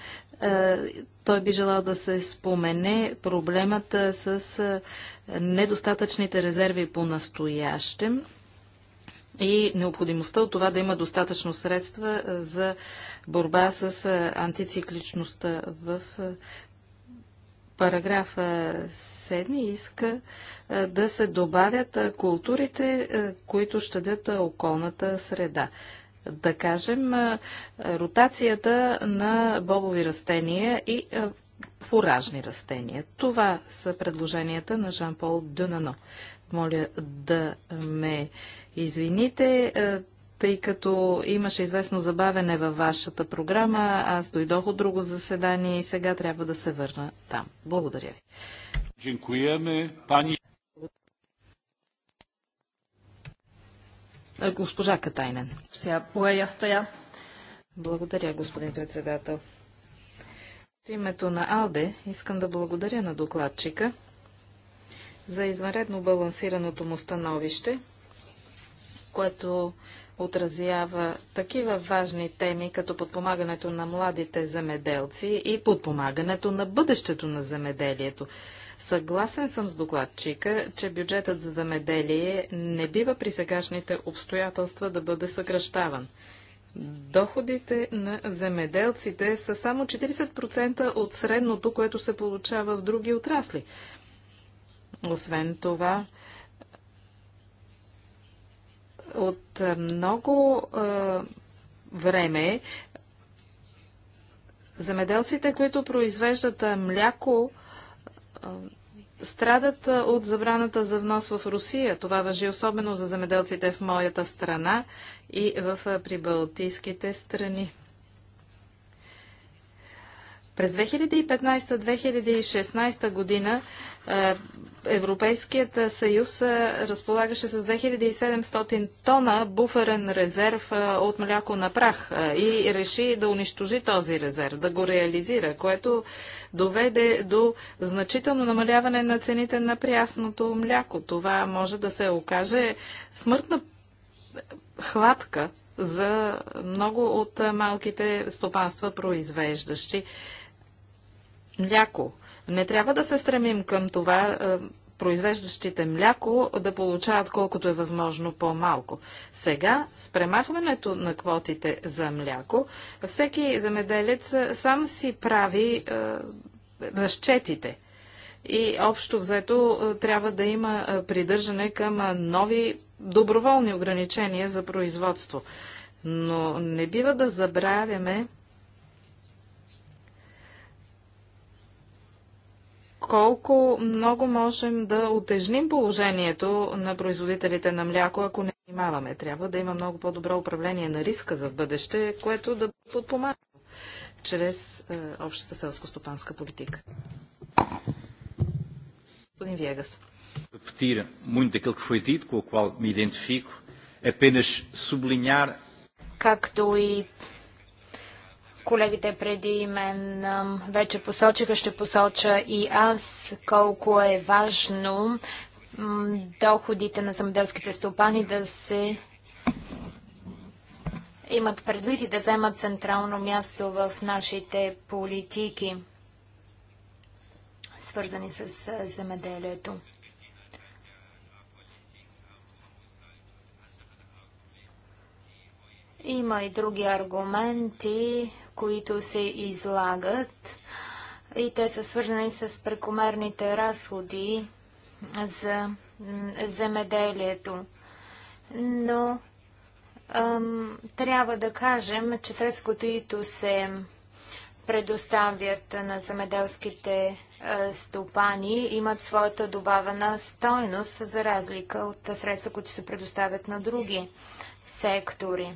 е, той би желал да се спомене проблемата с е, недостатъчните резерви по настоящем и необходимостта от това да има достатъчно средства е, за борба с антицикличността. В параграф 7 иска да се добавят културите, които щадят околната среда да кажем, ротацията на бобови растения и фуражни растения. Това са предложенията на Жан-Пол Дюнано. Моля да ме извините, тъй като имаше известно забавене във вашата програма. Аз дойдох от друго заседание и сега трябва да се върна там. Благодаря ви. Дякуваме, пани. Е, госпожа Катайнен. Благодаря, господин председател. В името на АЛДЕ искам да благодаря на докладчика за извънредно балансираното му становище, което отразява такива важни теми, като подпомагането на младите земеделци и подпомагането на бъдещето на земеделието. Съгласен съм с докладчика, че бюджетът за замеделие не бива при сегашните обстоятелства да бъде съкръщаван. Доходите на земеделците са само 40% от средното, което се получава в други отрасли. Освен това, от много е, време земеделците, които произвеждат мляко, е, страдат от забраната за внос в Русия. Това въжи особено за земеделците в моята страна и в прибалтийските страни. През 2015-2016 година е, Европейският съюз е, разполагаше с 2700 тона буферен резерв е, от мляко на прах и реши да унищожи този резерв, да го реализира, което доведе до значително намаляване на цените на прясното мляко. Това може да се окаже смъртна хватка за много от малките стопанства, произвеждащи мляко. Не трябва да се стремим към това е, произвеждащите мляко да получават колкото е възможно по-малко. Сега, с премахването на квотите за мляко, всеки земеделец сам си прави е, разчетите. И общо взето е, трябва да има е, придържане към нови доброволни ограничения за производство. Но не бива да забравяме колко много можем да отежним положението на производителите на мляко, ако не внимаваме. Трябва да има много по-добро управление на риска за бъдеще, което да подпомага чрез е, общата селско-стопанска политика. Господин Вегас. Repetir muito daquilo que foi dito, com o qual me identifico, apenas sublinhar. Както и Колегите преди мен вече посочиха, ще посоча и аз колко е важно доходите на земеделските стопани да се имат предвид и да вземат централно място в нашите политики, свързани с земеделието. Има и други аргументи, които се излагат и те са свързани с прекомерните разходи за земеделието. Но ам, трябва да кажем, че средства, които се предоставят на земеделските стопани имат своята добавена стойност за разлика от средства, които се предоставят на други сектори.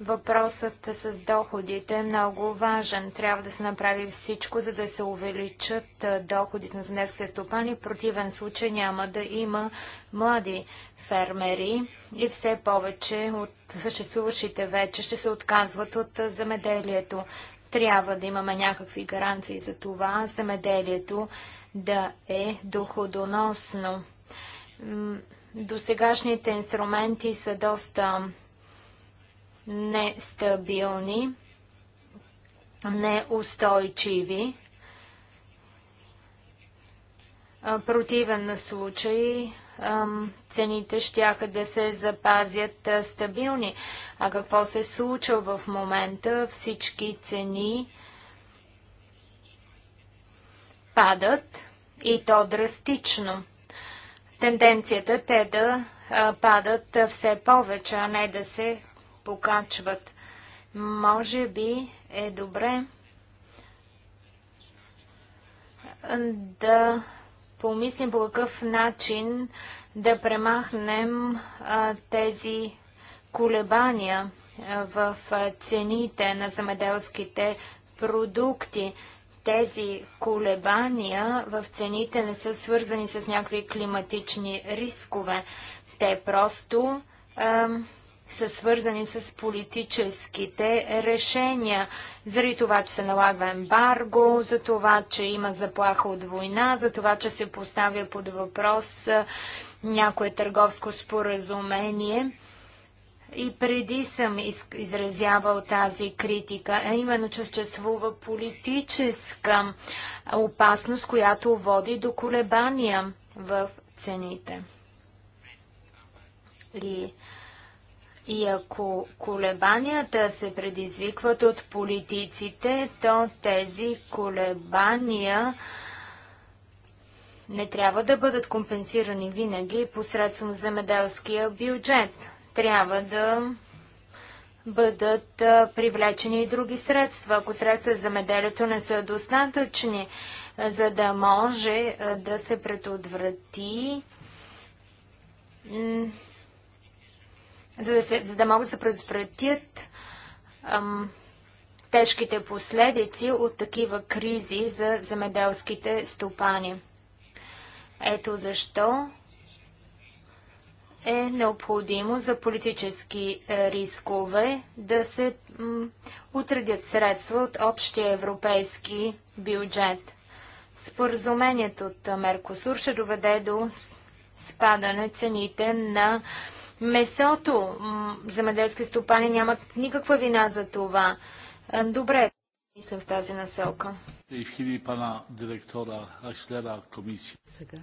Въпросът с доходите е много важен. Трябва да се направи всичко, за да се увеличат доходите на земеделските стопани. В противен случай няма да има млади фермери и все повече от съществуващите вече ще се отказват от земеделието. Трябва да имаме някакви гаранции за това земеделието да е доходоносно. До сегашните инструменти са доста нестабилни, неустойчиви. Противен на случай цените щяха да се запазят стабилни. А какво се случва в момента? Всички цени падат и то драстично. Тенденцията те да падат все повече, а не да се покачват. Може би е добре да помислим по какъв начин да премахнем а, тези колебания а, в а, цените на замеделските продукти. Тези колебания в цените не са свързани с някакви климатични рискове. Те просто са свързани с политическите решения. Заради това, че се налага ембарго, за това, че има заплаха от война, за това, че се поставя под въпрос някое търговско споразумение. И преди съм изразявал тази критика, а именно, че съществува политическа опасност, която води до колебания в цените. И и ако колебанията се предизвикват от политиците, то тези колебания не трябва да бъдат компенсирани винаги посредством земеделския бюджет. Трябва да бъдат привлечени и други средства. Ако средства за меделието не са достатъчни, за да може да се предотврати за да, се, за да могат да се предотвратят ам, тежките последици от такива кризи за земеделските стопани. Ето защо е необходимо за политически е, рискове да се отредят средства от общия европейски бюджет. Споразумението от Меркосур ще доведе до спадане цените на Месото, земеделски стопани нямат никаква вина за това. Е, добре, мисля в тази насока. Е, пана директора Ашлера комисия. Сега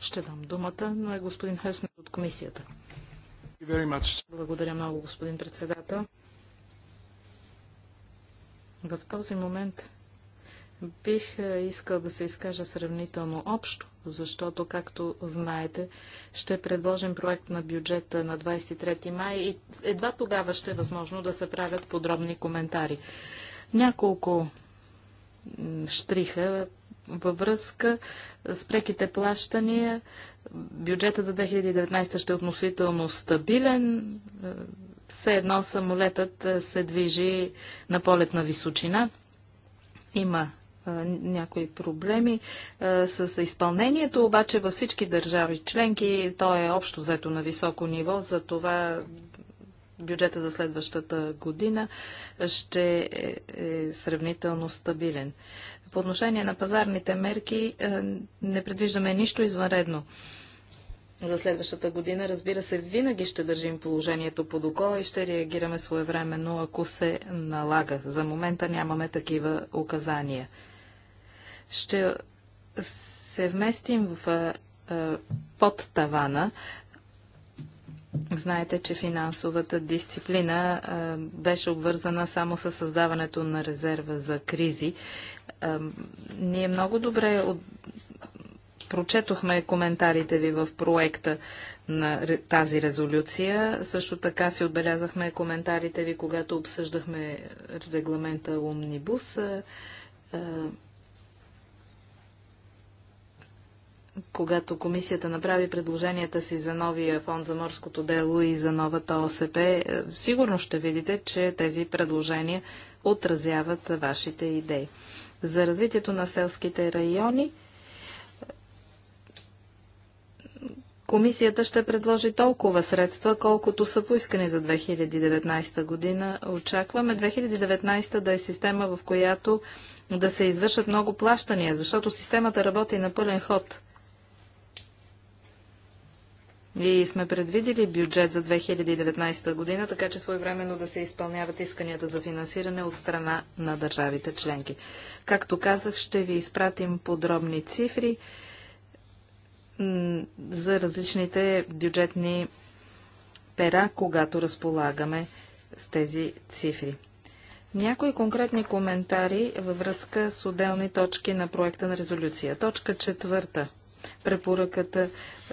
ще дам думата на господин Хеснер от комисията. Благодаря много, господин председател. В този момент бих е, искал да се изкажа сравнително общо защото, както знаете, ще предложим проект на бюджета на 23 май и едва тогава ще е възможно да се правят подробни коментари. Няколко штриха във връзка с преките плащания. Бюджета за 2019 ще е относително стабилен. Все едно самолетът се движи на полетна височина. Има някои проблеми с изпълнението, обаче във всички държави членки то е общо взето на високо ниво, за това бюджета за следващата година ще е, е сравнително стабилен. По отношение на пазарните мерки не предвиждаме нищо извънредно за следващата година. Разбира се, винаги ще държим положението под око и ще реагираме своевременно, ако се налага. За момента нямаме такива указания ще се вместим в под тавана. Знаете, че финансовата дисциплина а, беше обвързана само с създаването на резерва за кризи. А, ние много добре от... прочетохме коментарите ви в проекта на тази резолюция. Също така си отбелязахме коментарите ви, когато обсъждахме регламента Умнибус. А, когато комисията направи предложенията си за новия фонд за морското дело и за новата ОСП, е, сигурно ще видите, че тези предложения отразяват вашите идеи. За развитието на селските райони комисията ще предложи толкова средства, колкото са поискани за 2019 година. Очакваме 2019 да е система, в която да се извършат много плащания, защото системата работи на пълен ход – и сме предвидили бюджет за 2019 година, така че своевременно да се изпълняват исканията за финансиране от страна на държавите членки. Както казах, ще ви изпратим подробни цифри за различните бюджетни пера, когато разполагаме с тези цифри. Някои конкретни коментари във връзка с отделни точки на проекта на резолюция. Точка четвърта препоръката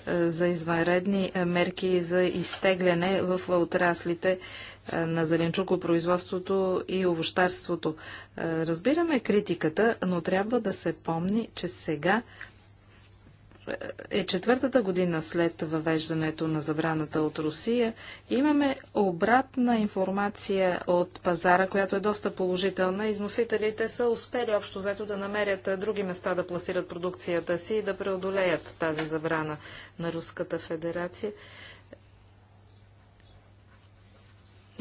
е, за извънредни е, мерки за изтегляне в отраслите е, на зеленчукопроизводството и овощарството. Разбираме критиката, но трябва да се помни, че сега е, е четвъртата година след въвеждането на забраната от Русия. Имаме обратна информация от пазара, която е доста положителна. Износителите са успели общо взето да намерят други места да пласират продукцията си и да преодолеят тази забрана на Руската федерация.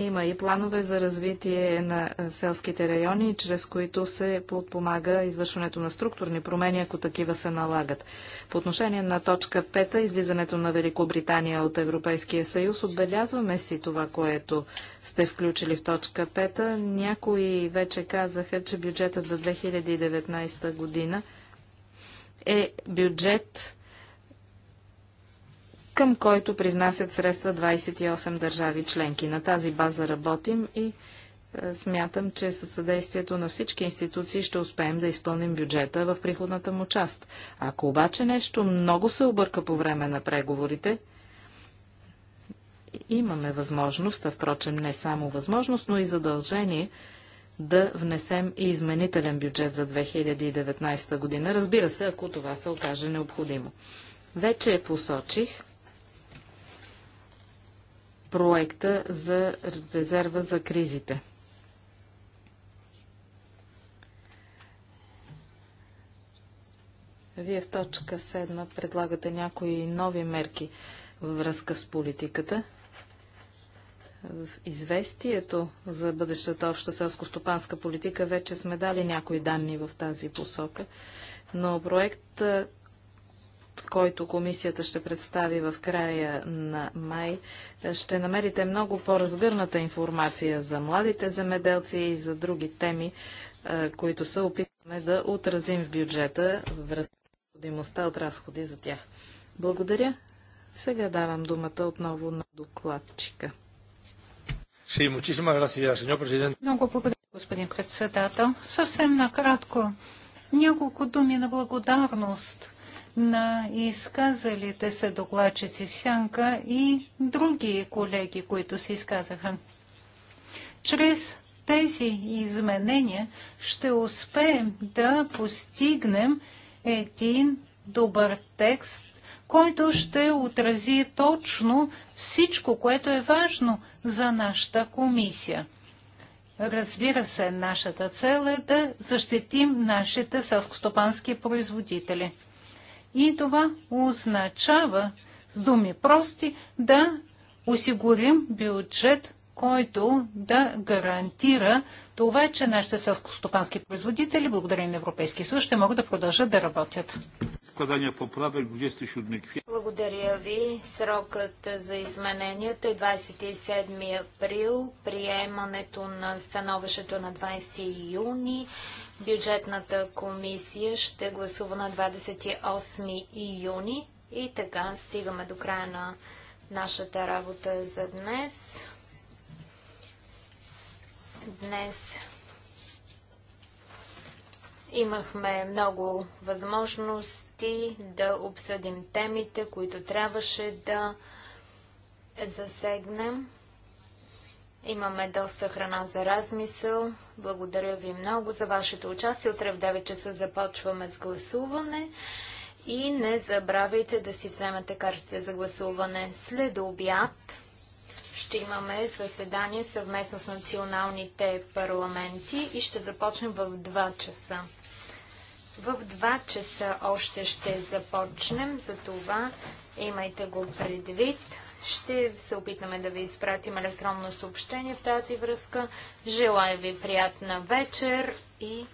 Има и планове за развитие на е, селските райони, чрез които се подпомага извършването на структурни промени, ако такива се налагат. По отношение на точка 5, излизането на Великобритания от Европейския съюз, отбелязваме си това, което сте включили в точка 5. Някои вече казаха, че бюджетът за 2019 година е бюджет към който привнасят средства 28 държави членки. На тази база работим и е, смятам, че със съдействието на всички институции ще успеем да изпълним бюджета в приходната му част. Ако обаче нещо много се обърка по време на преговорите, имаме възможност, а впрочем не само възможност, но и задължение да внесем и изменителен бюджет за 2019 година, разбира се, ако това се окаже необходимо. Вече посочих, проекта за резерва за кризите. Вие в точка 7 предлагате някои нови мерки във връзка с политиката. В известието за бъдещата обща селско-стопанска политика вече сме дали някои данни в тази посока, но проект който комисията ще представи в края на май, ще намерите много по-разгърната информация за младите земеделци и за други теми, е, които се опитваме да отразим в бюджета в необходимостта от разходи за тях. Благодаря. Сега давам думата отново на докладчика. Много благодаря, господин председател. Съвсем накратко. Няколко думи на благодарност на изказалите се докладчици в сянка и други колеги, които се изказаха. Чрез тези изменения ще успеем да постигнем един добър текст, който ще отрази точно всичко, което е важно за нашата комисия. Разбира се, нашата цел е да защитим нашите селскостопански производители. И това означава, с думи прости, да осигурим бюджет, който да гарантира това, че нашите селскостопански производители, благодарение на Европейския съюз, ще могат да продължат да работят. Складания 27 Благодаря ви. Срокът за измененията е 27 април, приемането на становището е на 20 юни, Бюджетната комисия ще гласува на 28 июни и така стигаме до края на нашата работа за днес. Днес имахме много възможности да обсъдим темите, които трябваше да засегнем. Имаме доста храна за размисъл. Благодаря ви много за вашето участие. Утре в 9 часа започваме с гласуване. И не забравяйте да си вземете картите за гласуване след обяд. Ще имаме заседание съвместно с националните парламенти и ще започнем в 2 часа. В 2 часа още ще започнем, за това имайте го предвид. Ще се опитаме да ви изпратим електронно съобщение в тази връзка. Желая ви приятна вечер и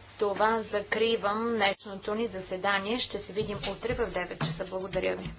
с това закривам днешното ни заседание. Ще се видим утре в 9 часа. Благодаря ви.